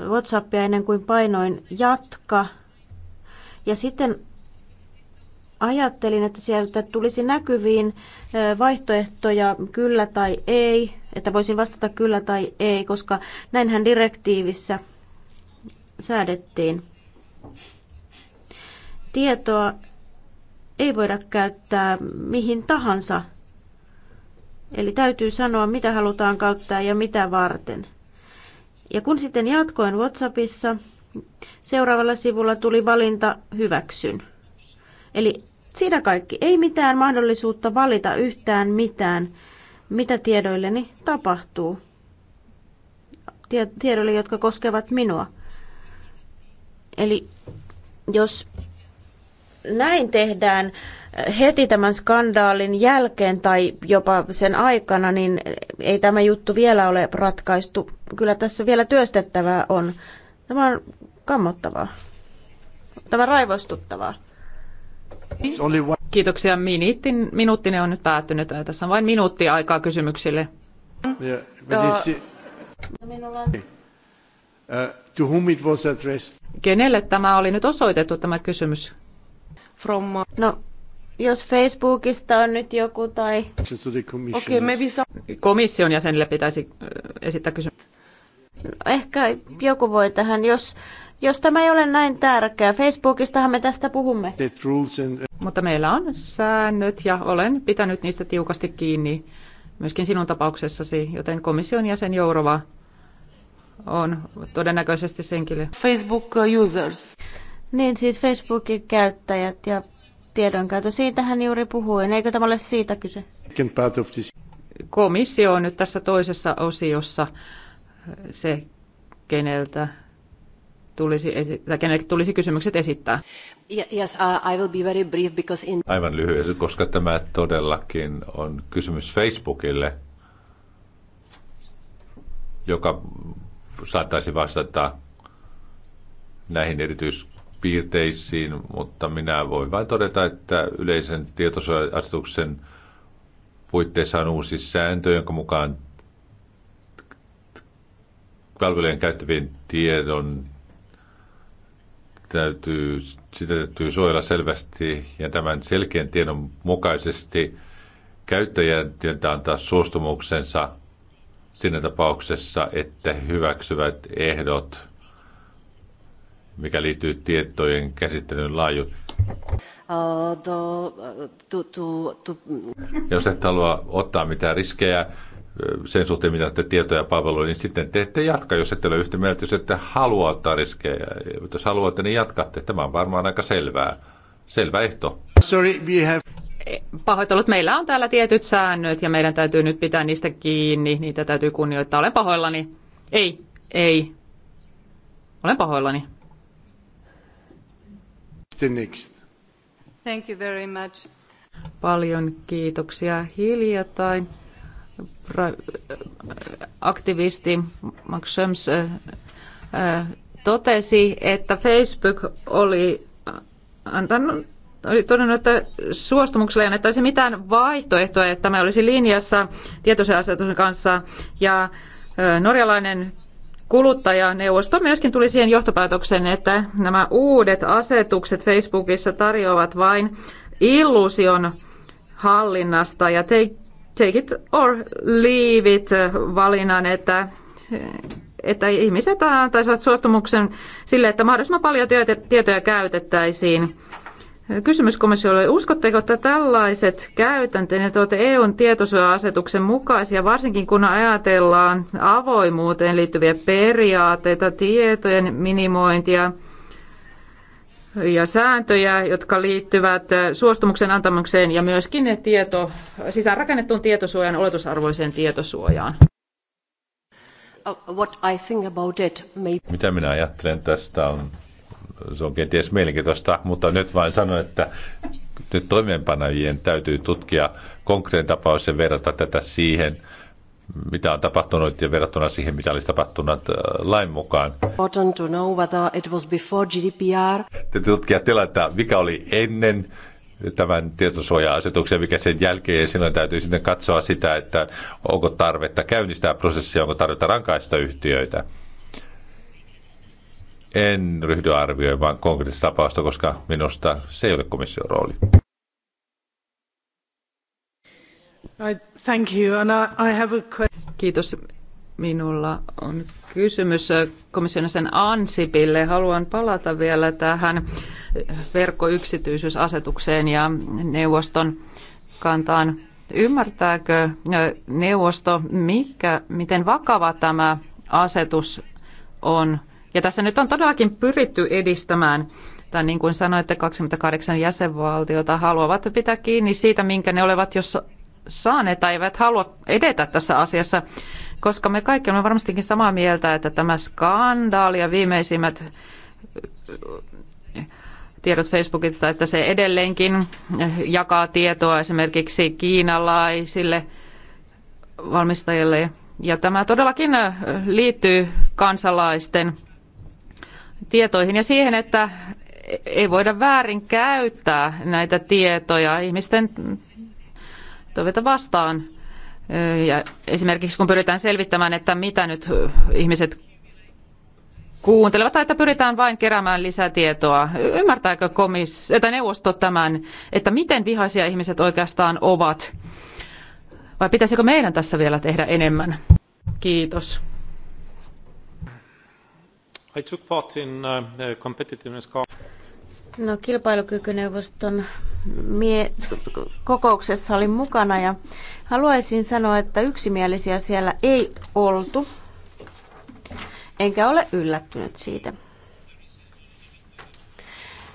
D: WhatsAppia ennen kuin painoin jatka. Ja sitten ajattelin, että sieltä tulisi näkyviin vaihtoehtoja kyllä tai ei, että voisin vastata kyllä tai ei, koska näinhän direktiivissä säädettiin. Tietoa ei voida käyttää mihin tahansa. Eli täytyy sanoa, mitä halutaan käyttää ja mitä varten. Ja kun sitten jatkoin WhatsAppissa, seuraavalla sivulla tuli valinta hyväksyn. Eli siinä kaikki. Ei mitään mahdollisuutta valita yhtään mitään, mitä tiedoilleni tapahtuu. Tiedoille, jotka koskevat minua. Eli jos näin tehdään heti tämän skandaalin jälkeen tai jopa sen aikana, niin ei tämä juttu vielä ole ratkaistu. Kyllä tässä vielä työstettävää on. Tämä on kammottavaa. Tämä on raivostuttavaa.
B: Kiitoksia. Minuutin, minuuttinen on nyt päättynyt. Tässä on vain minuutti aikaa kysymyksille.
D: Yeah,
A: uh,
B: Kenelle tämä oli nyt osoitettu tämä kysymys?
D: from... Uh, no, jos Facebookista on nyt joku tai...
B: Okay, maybe some... Komission jäsenille pitäisi esittää kysymys.
D: ehkä joku voi tähän, jos, jos tämä ei ole näin tärkeä. Facebookistahan me tästä puhumme.
B: And... Uh, Mutta meillä on säännöt ja olen pitänyt niistä tiukasti kiinni myöskin sinun tapauksessasi, joten komission jäsen Jourova on
D: todennäköisesti senkille. Facebook users. Niin, siis Facebookin käyttäjät ja tiedonkäytö. Siitähän juuri puhui. Eikö tämä ole siitä kyse?
B: Komissio on nyt tässä toisessa osiossa se, keneltä tulisi, tai keneltä tulisi kysymykset esittää.
D: Yes, I will be very brief because in...
C: Aivan lyhyesti, koska tämä todellakin on kysymys Facebookille, joka saattaisi vastata näihin erityis piirteisiin, mutta minä voin vain todeta, että yleisen tietosuoja-asetuksen puitteissa on uusi sääntö, jonka mukaan palvelujen käyttävien tiedon täytyy, sitä täytyy suojella selvästi ja tämän selkeän tiedon mukaisesti käyttäjän tietää antaa suostumuksensa siinä tapauksessa, että hyväksyvät ehdot mikä liittyy tietojen käsittelyn laajuuteen. Jos et halua ottaa mitään riskejä sen suhteen, mitä te tietoja palveluja, niin sitten te ette jatka, jos ette ole yhtä mieltä, jos ette halua ottaa riskejä. Jos haluatte, niin jatkatte. Tämä on varmaan aika selvää. Selvä ehto.
A: Sorry, we have...
B: E, pahoittelut, meillä on täällä tietyt säännöt ja meidän täytyy nyt pitää niistä kiinni. Niitä täytyy kunnioittaa. Olen pahoillani. Ei, ei. Olen pahoillani.
A: The next.
B: Thank you very much. Paljon kiitoksia. Hiljattain äh, aktivisti Max Schöms äh, äh, totesi, että Facebook oli antanut oli todennut, että suostumuksella ei annettaisi mitään vaihtoehtoja että tämä olisi linjassa tietoisen asetuksen kanssa. Ja norjalainen Kuluttajaneuvosto myöskin tuli siihen johtopäätökseen, että nämä uudet asetukset Facebookissa tarjoavat vain illusion hallinnasta ja take, take it or leave it valinnan, että että ihmiset antaisivat suostumuksen sille, että mahdollisimman paljon tietoja käytettäisiin Kysymys komissiolle, uskotteko, että tällaiset käytänteet ovat EUn tietosuoja-asetuksen mukaisia, varsinkin kun ajatellaan avoimuuteen liittyviä periaatteita, tietojen minimointia ja sääntöjä, jotka liittyvät suostumuksen antamiseen ja myöskin tieto, sisäänrakennettuun tietosuojan oletusarvoiseen tietosuojaan? Uh, what I think about it, maybe.
C: Mitä minä ajattelen tästä on se on kenties mielenkiintoista, mutta nyt vain sanon, että nyt toimeenpanajien täytyy tutkia konkreettinen tapaus ja verrata tätä siihen, mitä on tapahtunut ja verrattuna siihen, mitä olisi tapahtunut äh, lain mukaan.
D: To know it was before GDPR.
C: Täytyy tutkia tilannetta, mikä oli ennen tämän tietosuoja-asetuksen, mikä sen jälkeen, ja silloin täytyy sitten katsoa sitä, että onko tarvetta käynnistää prosessia, onko tarvetta rankaista yhtiöitä en ryhdy arvioimaan konkreettista tapausta, koska minusta se ei ole komission rooli. Thank you.
B: And I have a Kiitos. Minulla on kysymys komission sen Ansipille. Haluan palata vielä tähän verkkoyksityisyysasetukseen ja neuvoston kantaan. Ymmärtääkö neuvosto, mikä, miten vakava tämä asetus on? Ja tässä nyt on todellakin pyritty edistämään tai niin kuin sanoitte, 28 jäsenvaltiota haluavat pitää kiinni siitä, minkä ne olevat jos saaneet tai eivät halua edetä tässä asiassa, koska me kaikki olemme varmastikin samaa mieltä, että tämä skandaali ja viimeisimmät äh, tiedot Facebookista, että se edelleenkin jakaa tietoa esimerkiksi kiinalaisille valmistajille. Ja tämä todellakin äh, liittyy kansalaisten tietoihin ja siihen, että ei voida väärin käyttää näitä tietoja ihmisten toiveita vastaan. Ja esimerkiksi kun pyritään selvittämään, että mitä nyt ihmiset kuuntelevat, tai että pyritään vain keräämään lisätietoa. Ymmärtääkö komis- että neuvosto tämän, että miten vihaisia ihmiset oikeastaan ovat? Vai pitäisikö meidän tässä vielä tehdä enemmän? Kiitos.
C: I took part in uh, competitiveness
D: No, kilpailukykyneuvoston mie- kokouksessa olin mukana ja haluaisin sanoa, että yksimielisiä siellä ei oltu, enkä ole yllättynyt siitä.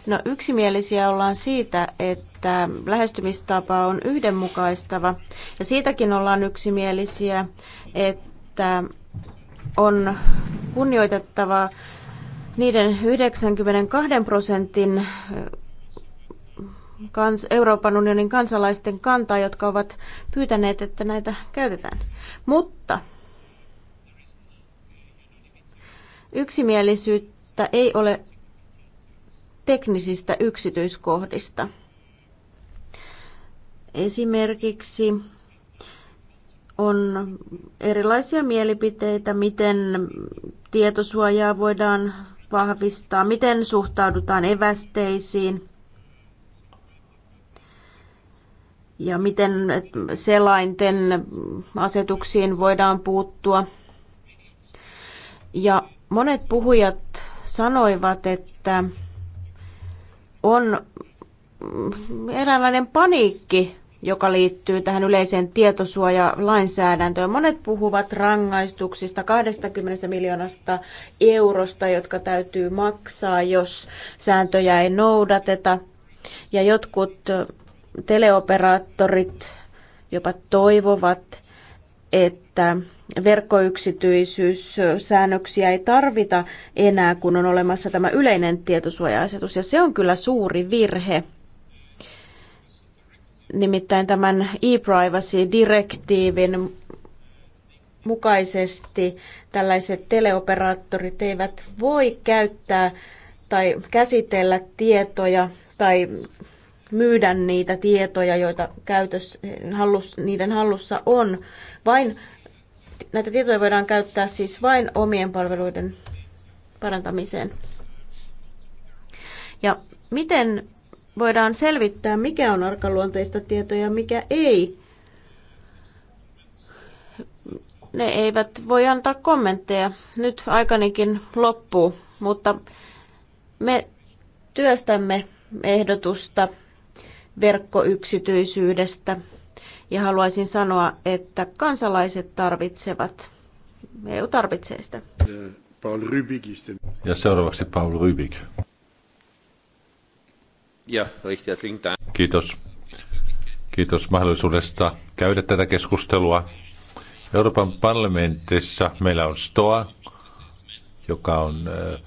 D: No, yksimielisiä ollaan siitä, että lähestymistapa on yhdenmukaistava ja siitäkin ollaan yksimielisiä, että on kunnioitettava niiden 92 prosentin kans, Euroopan unionin kansalaisten kantaa, jotka ovat pyytäneet, että näitä käytetään. Mutta yksimielisyyttä ei ole teknisistä yksityiskohdista. Esimerkiksi on erilaisia mielipiteitä, miten tietosuojaa voidaan vahvistaa, miten suhtaudutaan evästeisiin ja miten selainten asetuksiin voidaan puuttua. Ja monet puhujat sanoivat, että on eräänlainen paniikki joka liittyy tähän yleiseen tietosuojalainsäädäntöön. Monet puhuvat rangaistuksista 20 miljoonasta eurosta, jotka täytyy maksaa, jos sääntöjä ei noudateta. Ja jotkut teleoperaattorit jopa toivovat, että verkkoyksityisyyssäännöksiä ei tarvita enää, kun on olemassa tämä yleinen tietosuoja-asetus. Ja se on kyllä suuri virhe nimittäin tämän e-privacy-direktiivin mukaisesti tällaiset teleoperaattorit eivät voi käyttää tai käsitellä tietoja tai myydä niitä tietoja, joita käytös, hallus, niiden hallussa on. Vain, näitä tietoja voidaan käyttää siis vain omien palveluiden parantamiseen. Ja miten voidaan selvittää, mikä on arkaluonteista tietoa ja mikä ei. Ne eivät voi antaa kommentteja. Nyt aikanikin loppuu, mutta me työstämme ehdotusta verkkoyksityisyydestä ja haluaisin sanoa, että kansalaiset tarvitsevat, EU tarvitsee sitä.
C: Ja seuraavaksi Paul Rybik. Ja, Kiitos. Kiitos mahdollisuudesta käydä tätä keskustelua. Euroopan parlamentissa meillä on STOA, joka on äh,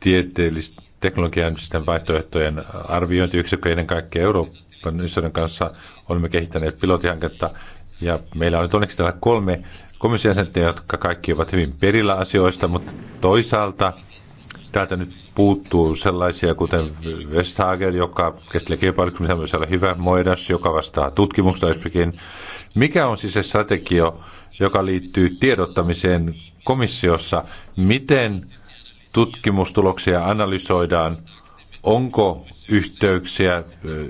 C: tieteellistä teknologian vaihtoehtojen arviointiyksikkö ennen kaikkea Euroopan ystävän kanssa. Olemme kehittäneet pilotihanketta ja meillä on nyt onneksi täällä kolme komission jotka kaikki ovat hyvin perillä asioista, mutta toisaalta täältä nyt puuttuu sellaisia, kuten Vestager, joka kestelee kilpailukykyä, myös hyvä, Moedas, joka vastaa tutkimusta Mikä on siis se strategia, joka liittyy tiedottamiseen komissiossa? Miten tutkimustuloksia analysoidaan? Onko yhteyksiä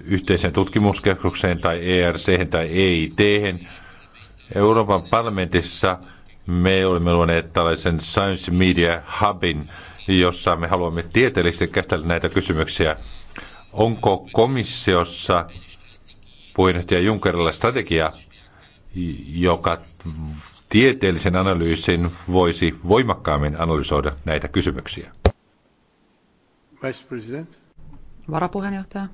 C: yhteiseen tutkimuskeskukseen tai ERC tai EIT? -hän? Euroopan parlamentissa me olemme luoneet tällaisen Science Media Hubin, jossa me haluamme tieteellisesti käsitellä näitä kysymyksiä. Onko komissiossa puheenjohtaja Junckerilla strategia, joka tieteellisen analyysin voisi voimakkaammin analysoida näitä kysymyksiä?
A: Vice President. Varapuheenjohtaja.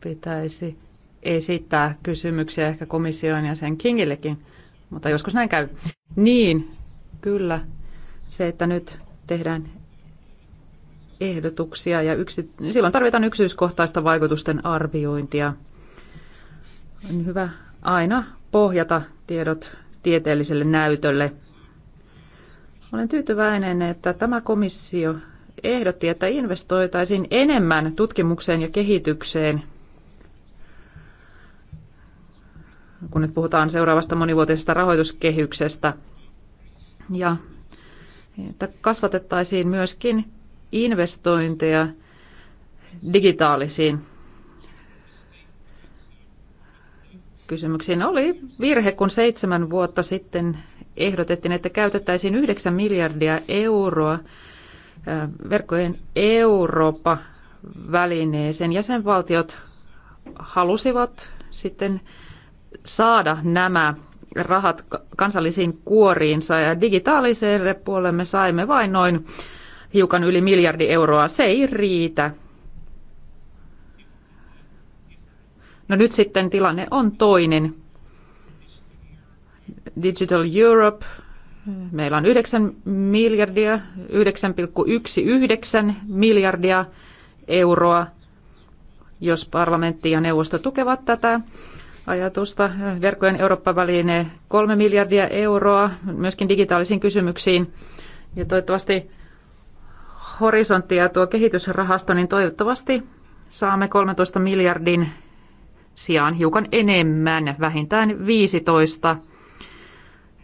B: Pitäisi esittää kysymyksiä ehkä komission ja sen Kingillekin mutta joskus näin käy. Niin, kyllä. Se, että nyt tehdään ehdotuksia ja yksi, silloin tarvitaan yksityiskohtaista vaikutusten arviointia. On hyvä aina pohjata tiedot tieteelliselle näytölle. Olen tyytyväinen, että tämä komissio ehdotti, että investoitaisiin enemmän tutkimukseen ja kehitykseen – kun nyt puhutaan seuraavasta monivuotisesta rahoituskehyksestä. Ja että kasvatettaisiin myöskin investointeja digitaalisiin kysymyksiin. Oli virhe, kun seitsemän vuotta sitten ehdotettiin, että käytettäisiin 9 miljardia euroa verkkojen Eurooppa-välineeseen. Jäsenvaltiot halusivat sitten saada nämä rahat kansallisiin kuoriinsa ja digitaaliselle puolelle me saimme vain noin hiukan yli miljardi euroa. Se ei riitä. No nyt sitten tilanne on toinen. Digital Europe, meillä on 9 miljardia, 9,19 miljardia euroa, jos parlamentti ja neuvosto tukevat tätä ajatusta. Verkkojen Eurooppa-väline kolme miljardia euroa myöskin digitaalisiin kysymyksiin. Ja toivottavasti horisontti ja tuo kehitysrahasto, niin toivottavasti saamme 13 miljardin sijaan hiukan enemmän, vähintään 15,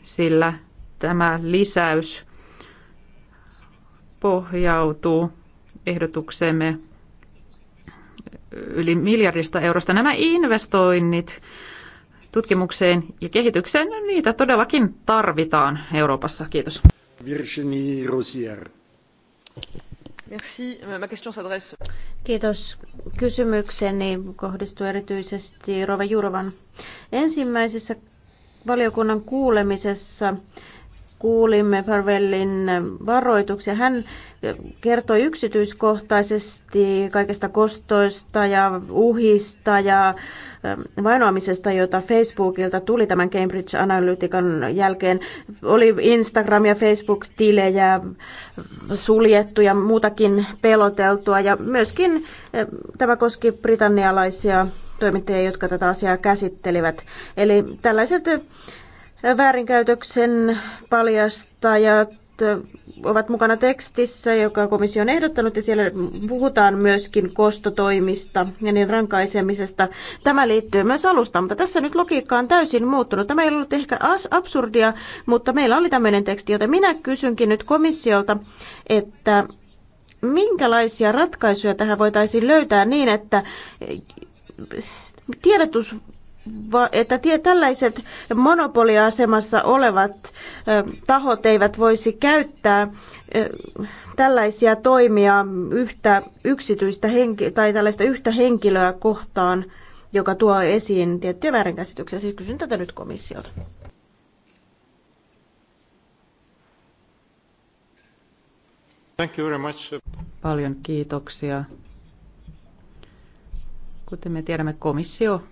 B: sillä tämä lisäys pohjautuu ehdotuksemme yli miljardista eurosta. Nämä investoinnit tutkimukseen ja kehitykseen, niitä todellakin tarvitaan Euroopassa. Kiitos.
A: Virginie Rosier.
D: Merci. Ma question s'adresse. Kiitos. Kysymykseni kohdistuu erityisesti Rova Jurvan. Ensimmäisessä valiokunnan kuulemisessa kuulimme Farvellin varoituksia. Hän kertoi yksityiskohtaisesti kaikista kostoista ja uhista ja ähm, vainoamisesta, jota Facebookilta tuli tämän Cambridge Analytican jälkeen. Oli Instagram- ja Facebook-tilejä suljettu ja muutakin peloteltua ja myöskin ähm, tämä koski britannialaisia toimittajia, jotka tätä asiaa käsittelivät. Eli tällaiset äh, Väärinkäytöksen paljastajat ovat mukana tekstissä, joka komissio on ehdottanut, ja siellä puhutaan myöskin kostotoimista ja niin rankaisemisesta. Tämä liittyy myös alustaan, mutta tässä nyt logiikka on täysin muuttunut. Tämä ei ollut ehkä absurdia, mutta meillä oli tämmöinen teksti, joten minä kysynkin nyt komissiolta, että minkälaisia ratkaisuja tähän voitaisiin löytää niin, että tiedotus että tällaiset monopoliasemassa olevat tahot eivät voisi käyttää tällaisia toimia yhtä yksityistä henki- tai tällaista yhtä henkilöä kohtaan, joka tuo esiin tiettyjä väärinkäsityksiä. Siis kysyn tätä nyt komissiolta.
A: Thank you very much.
B: Paljon kiitoksia. Kuten me tiedämme, komissio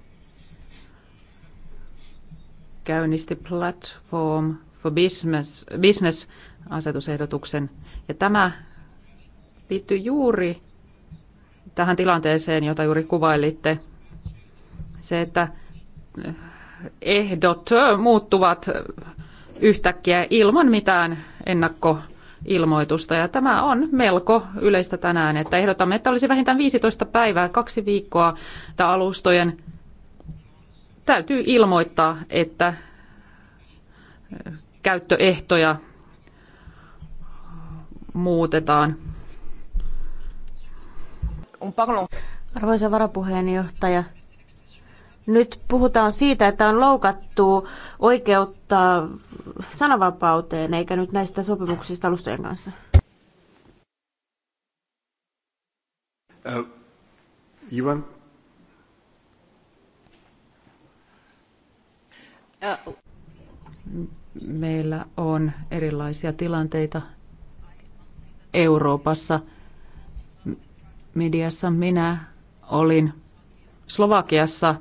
B: käynnisti Platform for Business, business asetusehdotuksen. Ja tämä liittyy juuri tähän tilanteeseen, jota juuri kuvailitte. Se, että ehdot muuttuvat yhtäkkiä ilman mitään ennakkoilmoitusta. Ja tämä on melko yleistä tänään, että ehdotamme, että olisi vähintään 15 päivää, kaksi viikkoa, alustojen täytyy ilmoittaa, että käyttöehtoja muutetaan.
D: Arvoisa varapuheenjohtaja, nyt puhutaan siitä, että on loukattu oikeutta sananvapauteen, eikä nyt näistä sopimuksista alustojen kanssa.
A: Uh, Ivan, Meillä
B: on erilaisia tilanteita Euroopassa. Mediassa minä olin Slovakiassa.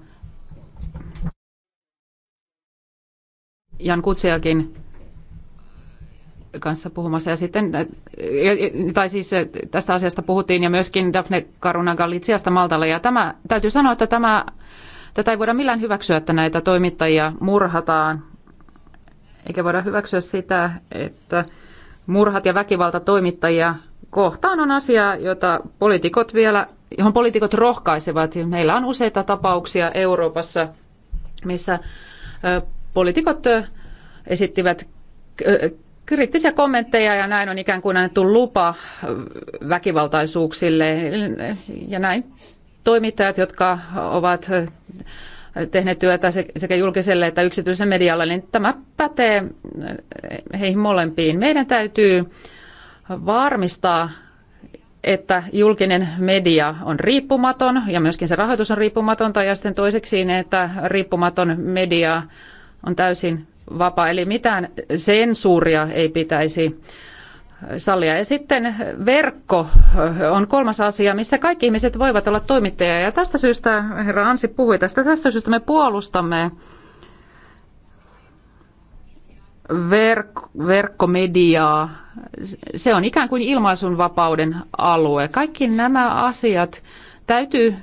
B: Jan Kutsiakin kanssa puhumassa. Ja sitten, tai siis tästä asiasta puhuttiin ja myöskin Daphne Karuna Galitsiasta Maltalla. Ja tämä, täytyy sanoa, että tämä Tätä ei voida millään hyväksyä, että näitä toimittajia murhataan, eikä voida hyväksyä sitä, että murhat ja väkivalta toimittajia kohtaan on asia, jota poliitikot vielä, johon poliitikot rohkaisevat. Meillä on useita tapauksia Euroopassa, missä poliitikot esittivät kriittisiä kommentteja ja näin on ikään kuin annettu lupa väkivaltaisuuksille ja näin toimittajat, jotka ovat tehneet työtä sekä julkiselle että yksityiselle medialle, niin tämä pätee heihin molempiin. Meidän täytyy varmistaa, että julkinen media on riippumaton ja myöskin se rahoitus on riippumatonta ja sitten toiseksi niin, että riippumaton media on täysin vapaa. Eli mitään sensuuria ei pitäisi sallia. Ja sitten verkko on kolmas asia, missä kaikki ihmiset voivat olla toimittajia. Ja tästä syystä, herra Ansi puhui tästä, tästä syystä me puolustamme verk- verkkomediaa. Se on ikään kuin ilmaisunvapauden alue. Kaikki nämä asiat täytyy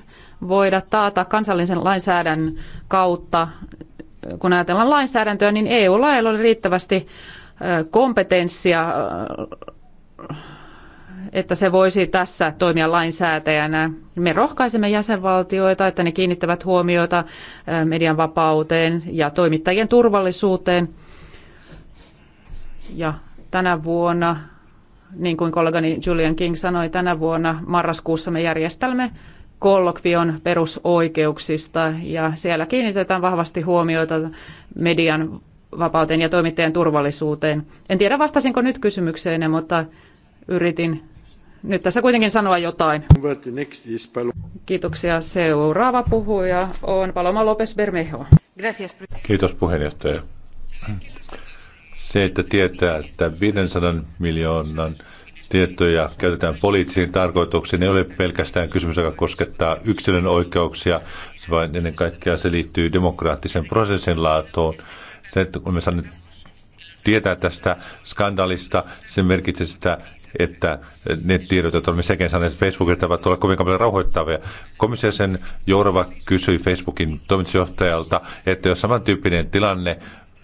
B: voida taata kansallisen lainsäädännön kautta. Kun ajatellaan lainsäädäntöä, niin EU-lailla oli riittävästi kompetenssia, että se voisi tässä toimia lainsäätäjänä. Me rohkaisemme jäsenvaltioita, että ne kiinnittävät huomiota median vapauteen ja toimittajien turvallisuuteen. Ja tänä vuonna, niin kuin kollegani Julian King sanoi, tänä vuonna marraskuussa me järjestämme kollokvion perusoikeuksista ja siellä kiinnitetään vahvasti huomiota median vapauteen ja toimittajan turvallisuuteen. En tiedä vastasinko nyt kysymykseen, mutta yritin nyt tässä kuitenkin sanoa jotain. Kiitoksia. Seuraava puhuja on Paloma López Bermejo.
C: Kiitos puheenjohtaja. Se, että tietää, että 500 miljoonan tietoja käytetään poliittisiin tarkoituksiin, ei ole pelkästään kysymys, joka koskettaa yksilön oikeuksia, vaan ennen kaikkea se liittyy demokraattisen prosessin laatuun se, kun me saamme tietää tästä skandaalista, se merkitsee sitä, että ne tiedot, joita olemme sekin saaneet Facebookilta, ovat ole kovin paljon rauhoittavia. sen Jourova kysyi Facebookin toimitusjohtajalta, että jos samantyyppinen tilanne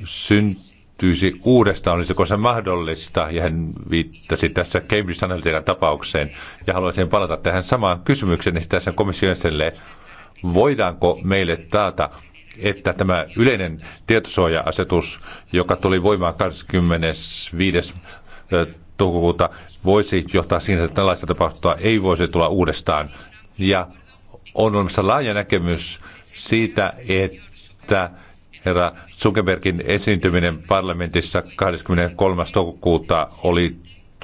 C: syntyisi uudestaan, olisiko se mahdollista, ja hän viittasi tässä Cambridge Analytica tapaukseen, ja haluaisin palata tähän samaan kysymykseen, niin tässä komission jäsenelle, voidaanko meille taata että tämä yleinen tietosuoja-asetus, joka tuli voimaan 25. toukokuuta, voisi johtaa siihen, että tällaista tapahtumaa ei voisi tulla uudestaan. Ja on olemassa laaja näkemys siitä, että herra Zuckerbergin esiintyminen parlamentissa 23. toukokuuta oli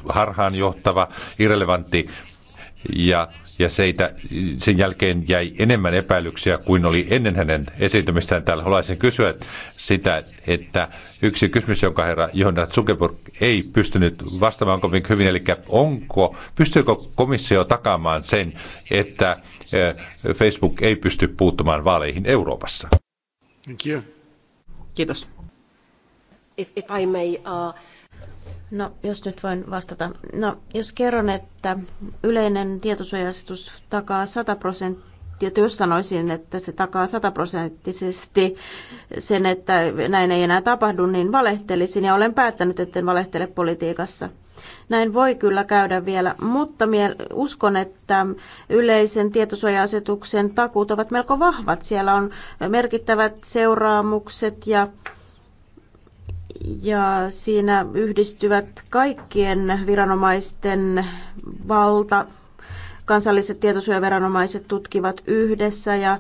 C: harhaanjohtava, irrelevantti ja, ja seitä, sen jälkeen jäi enemmän epäilyksiä kuin oli ennen hänen esiintymistään täällä. Haluaisin kysyä sitä, että yksi kysymys, jonka herra Johanna Zuckerberg ei pystynyt vastaamaan kovin hyvin, eli onko, pystyykö komissio takaamaan sen, että eh, Facebook ei pysty puuttumaan vaaleihin Euroopassa? Kiitos.
D: If, if I may, uh... No, jos nyt voin vastata. No, jos kerron, että yleinen tietosuojasetus takaa 100 prosenttia, jos sanoisin, että se takaa 100 prosenttisesti sen, että näin ei enää tapahdu, niin valehtelisin ja olen päättänyt, etten valehtele politiikassa. Näin voi kyllä käydä vielä, mutta uskon, että yleisen tietosuoja-asetuksen takuut ovat melko vahvat. Siellä on merkittävät seuraamukset ja ja siinä yhdistyvät kaikkien viranomaisten valta. Kansalliset tietosuojaviranomaiset tutkivat yhdessä ja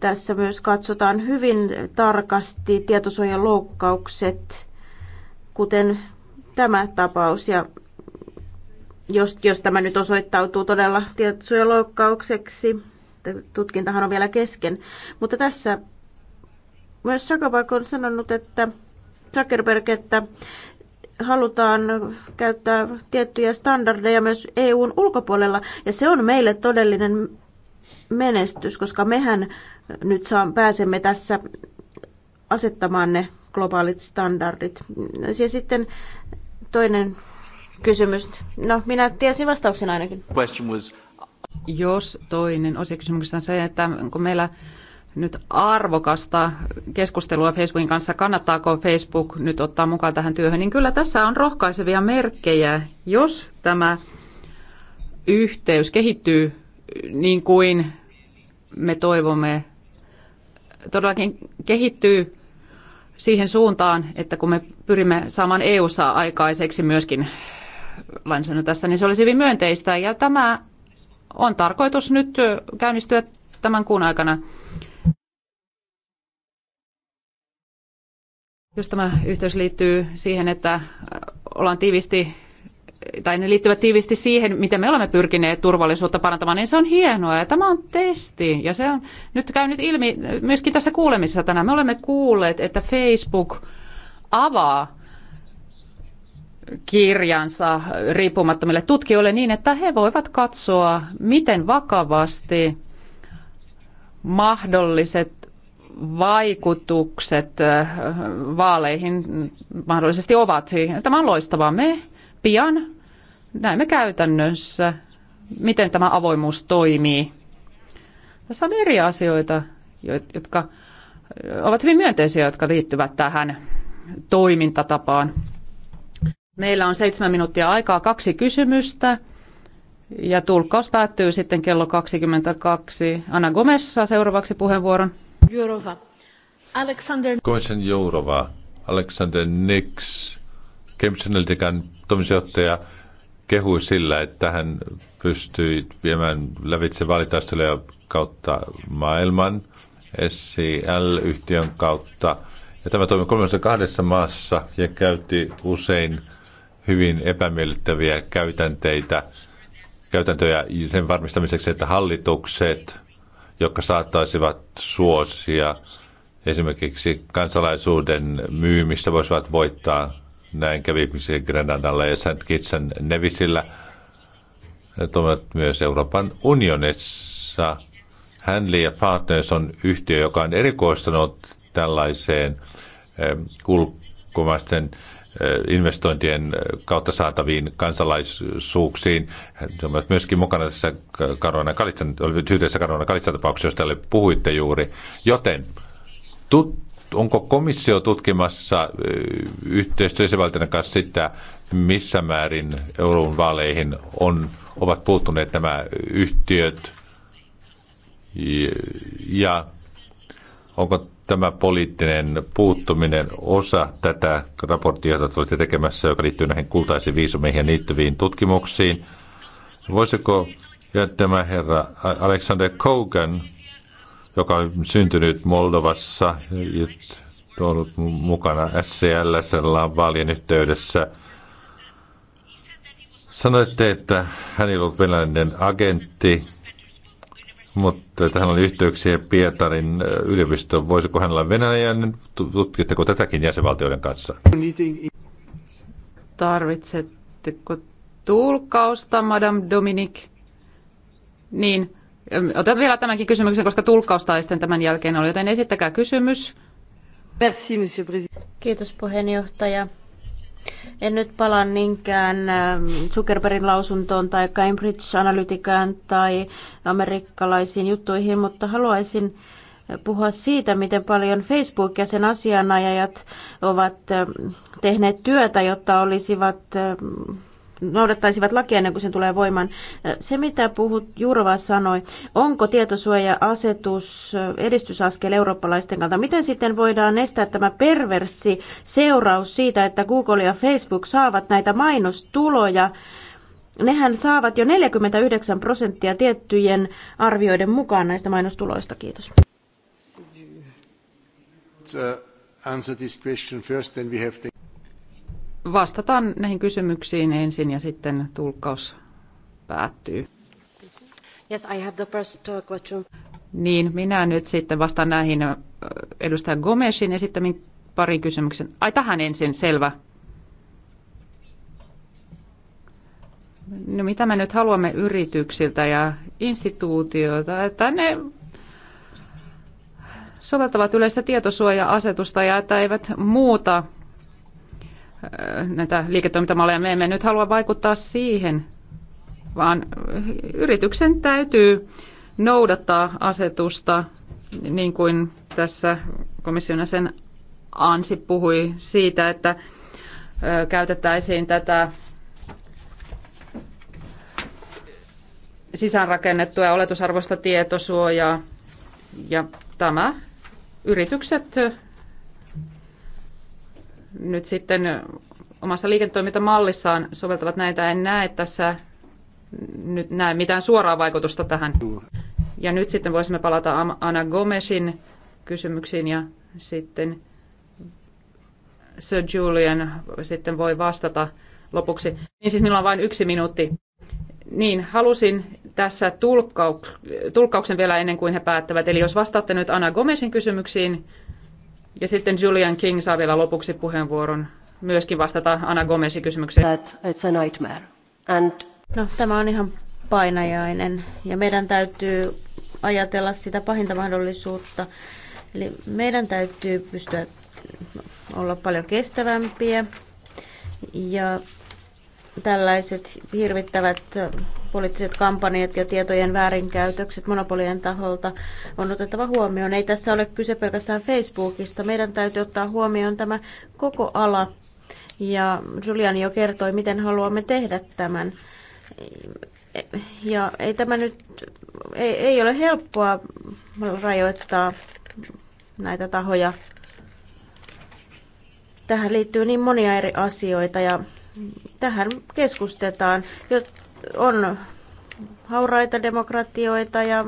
D: tässä myös katsotaan hyvin tarkasti tietosuojan loukkaukset, kuten tämä tapaus. Ja jos, jos tämä nyt osoittautuu todella tietosuojaloukkaukseksi, tutkintahan on vielä kesken, mutta tässä myös Sakabak on sanonut, että Zuckerberg, että halutaan käyttää tiettyjä standardeja myös EUn ulkopuolella. Ja se on meille todellinen menestys, koska mehän nyt saan, pääsemme tässä asettamaan ne globaalit standardit. Ja sitten toinen kysymys. No, minä tiesin vastauksen ainakin.
B: Question was... Jos toinen osa kysymyksestä on se, että kun meillä nyt arvokasta keskustelua Facebookin kanssa, kannattaako Facebook nyt ottaa mukaan tähän työhön, niin kyllä tässä on rohkaisevia merkkejä, jos tämä yhteys kehittyy niin kuin me toivomme, todellakin kehittyy siihen suuntaan, että kun me pyrimme saamaan eu aikaiseksi myöskin lainsäädäntö tässä, niin se olisi hyvin myönteistä. Ja tämä on tarkoitus nyt käynnistyä tämän kuun aikana. Jos tämä yhteys liittyy siihen, että äh, ollaan tiivisti tai ne liittyvät tiivisti siihen, miten me olemme pyrkineet turvallisuutta parantamaan, niin se on hienoa ja tämä on testi. Ja se on nyt käynyt ilmi äh, myöskin tässä kuulemisessa tänään. Me olemme kuulleet, että Facebook avaa kirjansa riippumattomille tutkijoille niin, että he voivat katsoa, miten vakavasti mahdolliset vaikutukset vaaleihin mahdollisesti ovat. Tämä on loistavaa. Me pian näemme käytännössä, miten tämä avoimuus toimii. Tässä on eri asioita, jotka ovat hyvin myönteisiä, jotka liittyvät tähän toimintatapaan. Meillä on seitsemän minuuttia aikaa kaksi kysymystä. Ja tulkkaus päättyy sitten kello 22. Anna Gomes saa seuraavaksi puheenvuoron.
D: Jourova. Alexander...
C: Koisen Jourova, Alexander Nix, Cambridge Analytican toimitusjohtaja, kehui sillä, että hän pystyi viemään lävitse valitaisteluja kautta maailman, SCL-yhtiön kautta. Ja tämä toimi 32 maassa ja käytti usein hyvin epämiellyttäviä käytänteitä, käytäntöjä sen varmistamiseksi, että hallitukset – jotka saattaisivat suosia esimerkiksi kansalaisuuden myymistä voisivat voittaa. Näin kävi Grenadalla ja St. Kitsen Nevisillä. Tuomat myös Euroopan unionissa. ja Partners on yhtiö, joka on erikoistunut tällaiseen eh, ulkomaisten Eh, investointien eh, kautta saataviin kansalaisuuksiin. Se on myöskin mukana tässä Karolina Kalitsan, yhdessä Karolina Kalitsan tapauksessa, josta tälle puhuitte juuri. Joten tut, onko komissio tutkimassa eh, yhteistyösivältänä kanssa sitä, missä määrin EUn vaaleihin on, ovat puuttuneet nämä yhtiöt ja onko tämä poliittinen puuttuminen osa tätä raporttia, jota olette tekemässä, joka liittyy näihin kultaisiin viisumeihin ja liittyviin tutkimuksiin. Voisiko tämä herra Alexander Kogan, joka on syntynyt Moldovassa, ollut mukana SCL vaalien yhteydessä, Sanoitte, että hän ei ollut venäläinen agentti, mutta tähän oli yhteyksiä Pietarin yliopistoon. Voisiko hän olla Venäjän? Tutkitteko tätäkin jäsenvaltioiden kanssa?
B: Tarvitsetteko tulkausta, Madame Dominic? Niin, otan vielä tämänkin kysymyksen, koska tulkausta ei sitten tämän jälkeen ole, joten
D: esittäkää kysymys. Merci, Kiitos puheenjohtaja. En nyt palaa niinkään ähm, Zuckerbergin lausuntoon tai Cambridge Analyticaan tai amerikkalaisiin juttuihin, mutta haluaisin äh, puhua siitä, miten paljon Facebook ja sen asianajajat ovat ähm, tehneet työtä, jotta olisivat ähm, noudattaisivat lakia ennen kuin sen tulee voimaan. Se, mitä puhut Jurva sanoi, onko tietosuoja-asetus edistysaskel eurooppalaisten kanssa? Miten sitten voidaan estää tämä perverssi seuraus siitä, että Google ja Facebook saavat näitä mainostuloja? Nehän saavat jo 49 prosenttia tiettyjen arvioiden mukaan näistä mainostuloista. Kiitos.
A: answer this question first, then we have the
B: vastataan näihin kysymyksiin ensin ja sitten tulkkaus päättyy.
D: Yes, I have the first uh, question.
B: Niin, minä nyt sitten vastaan näihin edustaja Gomesin esittämiin pari kysymyksen. Ai tähän ensin, selvä. No mitä me nyt haluamme yrityksiltä ja instituutioilta, että ne soveltavat yleistä tietosuoja-asetusta ja että eivät muuta näitä liiketoimintamalleja. Me emme nyt halua vaikuttaa siihen, vaan yrityksen täytyy noudattaa asetusta, niin kuin tässä komission sen Ansi puhui siitä, että käytettäisiin tätä sisäänrakennettua ja oletusarvoista tietosuojaa. Ja tämä yritykset nyt sitten omassa liiketoimintamallissaan soveltavat näitä. En näe tässä nyt näe mitään suoraa vaikutusta tähän. Ja nyt sitten voisimme palata Ana Gomesin kysymyksiin ja sitten Sir Julian sitten voi vastata lopuksi. Niin siis minulla on vain yksi minuutti. Niin, halusin tässä tulkkauksen vielä ennen kuin he päättävät. Eli jos vastaatte nyt Ana Gomesin kysymyksiin, ja sitten Julian King saa vielä lopuksi puheenvuoron myöskin vastata Anna Gomesin kysymykseen. That it's a nightmare.
D: And... No, tämä on ihan painajainen ja meidän täytyy ajatella sitä pahinta mahdollisuutta. Eli meidän täytyy pystyä no, olla paljon kestävämpiä ja tällaiset hirvittävät poliittiset kampanjat ja tietojen väärinkäytökset monopolien taholta on otettava huomioon. Ei tässä ole kyse pelkästään Facebookista. Meidän täytyy ottaa huomioon tämä koko ala. Ja Julian jo kertoi, miten haluamme tehdä tämän. Ja ei tämä nyt, ei, ei ole helppoa rajoittaa näitä tahoja. Tähän liittyy niin monia eri asioita ja tähän keskustetaan, on hauraita demokratioita ja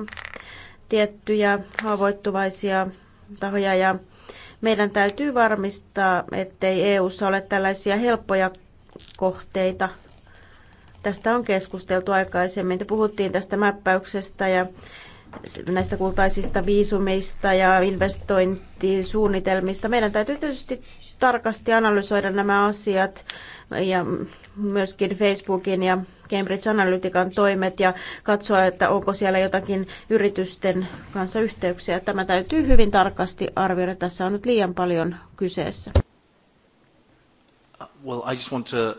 D: tiettyjä haavoittuvaisia tahoja ja meidän täytyy varmistaa, ettei EU EU-ssa ole tällaisia helppoja kohteita. Tästä on keskusteltu aikaisemmin. Te puhuttiin tästä mäppäyksestä ja näistä kultaisista viisumista ja investointisuunnitelmista. Meidän täytyy tietysti tarkasti analysoida nämä asiat ja myöskin Facebookin ja Cambridge Analytican toimet ja katsoa, että onko siellä jotakin yritysten kanssa yhteyksiä. Tämä täytyy hyvin tarkasti arvioida. Tässä on nyt liian paljon kyseessä.
E: Uh, well, I just want to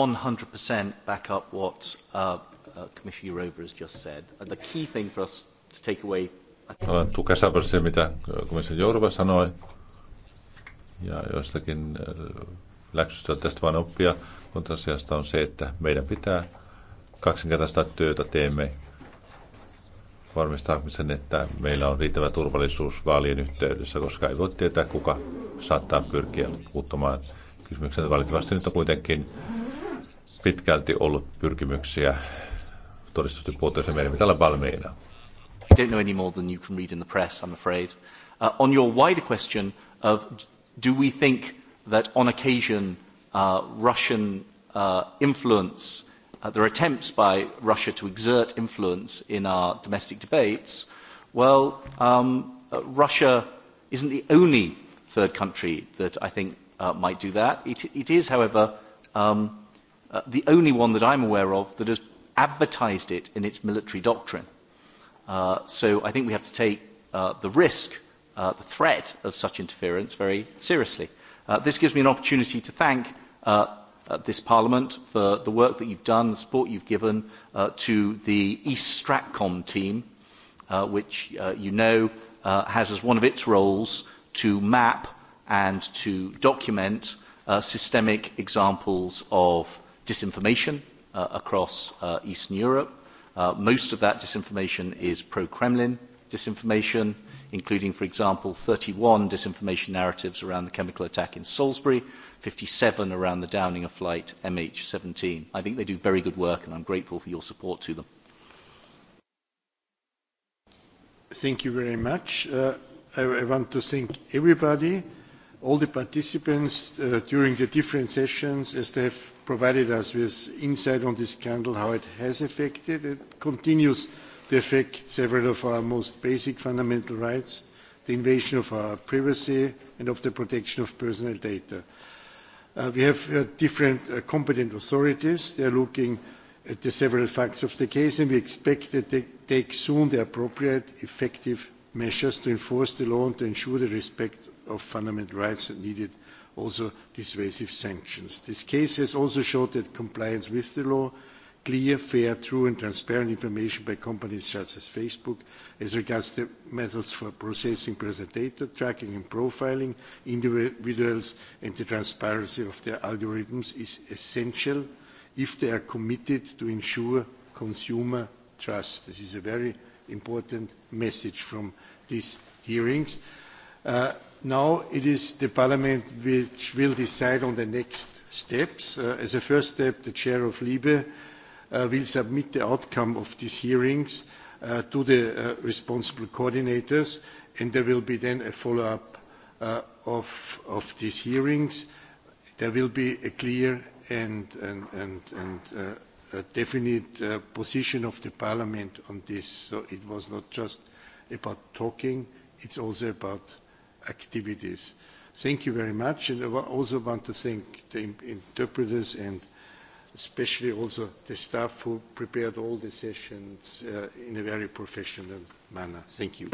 E: uh, 100% back up what uh, uh, Commissioner Rover has just said. And uh, the key thing for us to take away...
C: Olen tukessa se, mitä komissio uh, Jourova sanoi, ja joistakin läksystä tästä vain oppia mutta asiasta on se, että meidän pitää kaksinkertaista työtä teemme varmistaa sen, että meillä on riittävä turvallisuus vaalien yhteydessä, koska ei voi tietää, kuka saattaa pyrkiä puuttumaan kysymykseen. Valitettavasti nyt on kuitenkin pitkälti ollut pyrkimyksiä todistusti puutteeseen. Meidän pitää olla valmiina.
E: I don't know any more than you can read in the press, I'm afraid. Uh, on your wider question of do we think that on occasion Uh, Russian uh, influence, uh, there are attempts by Russia to exert influence in our domestic debates, well, um, Russia isn't the only third country that I think might do that. It, it is, however, um, the only one that I'm aware of that has advertised it in its military doctrine. Uh, so I think we have to take uh, the risk, uh, the threat of such interference very seriously. this gives me an opportunity to thank uh, this Parliament for the work that you've done, the support you've given uh, to the East Stratcom team, uh, which uh, you know uh, has as one of its roles to map and to document uh, systemic examples of disinformation uh, across uh, Eastern Europe. Uh, most of that disinformation is pro-Kremlin disinformation. Uh, including, for example, 31 disinformation narratives around the chemical attack in Salisbury, 57 around the downing of flight MH17. I think they do very good work, and I'm grateful for your support to them.
A: Thank you very much. Uh, I, I want to thank everybody, all the participants uh, during the different sessions, as they have provided us with insight on this scandal, how it has affected, it continues to affect several of our most basic fundamental rights, the invasion of our privacy and of the protection of personal data. Uh, we have uh, different uh, competent authorities. They are looking at the several facts of the case, and we expect that they take soon the appropriate, effective measures to enforce the law and to ensure the respect of fundamental rights and needed also dissuasive sanctions. This case has also showed that compliance with the law clear, fair, true and transparent information by companies such as Facebook as regards the methods for processing personal data, tracking and profiling individuals and the transparency of their algorithms is essential if they are committed to ensure consumer trust. This is a very important message from these hearings. Uh, now it is the Parliament which will decide on the next steps. Uh, as a first step, the Chair of LIBE uh, will submit the outcome of these hearings uh, to the uh, responsible coordinators, and there will be then a follow-up uh, of, of these hearings. There will be a clear and, and, and, and uh, a definite position of the parliament on this. So it was not just about talking, it's also about activities. Thank you very much, and I also want to thank the interpreters and especially also the staff who prepared all the sessions uh, in a very professional manner. Thank you.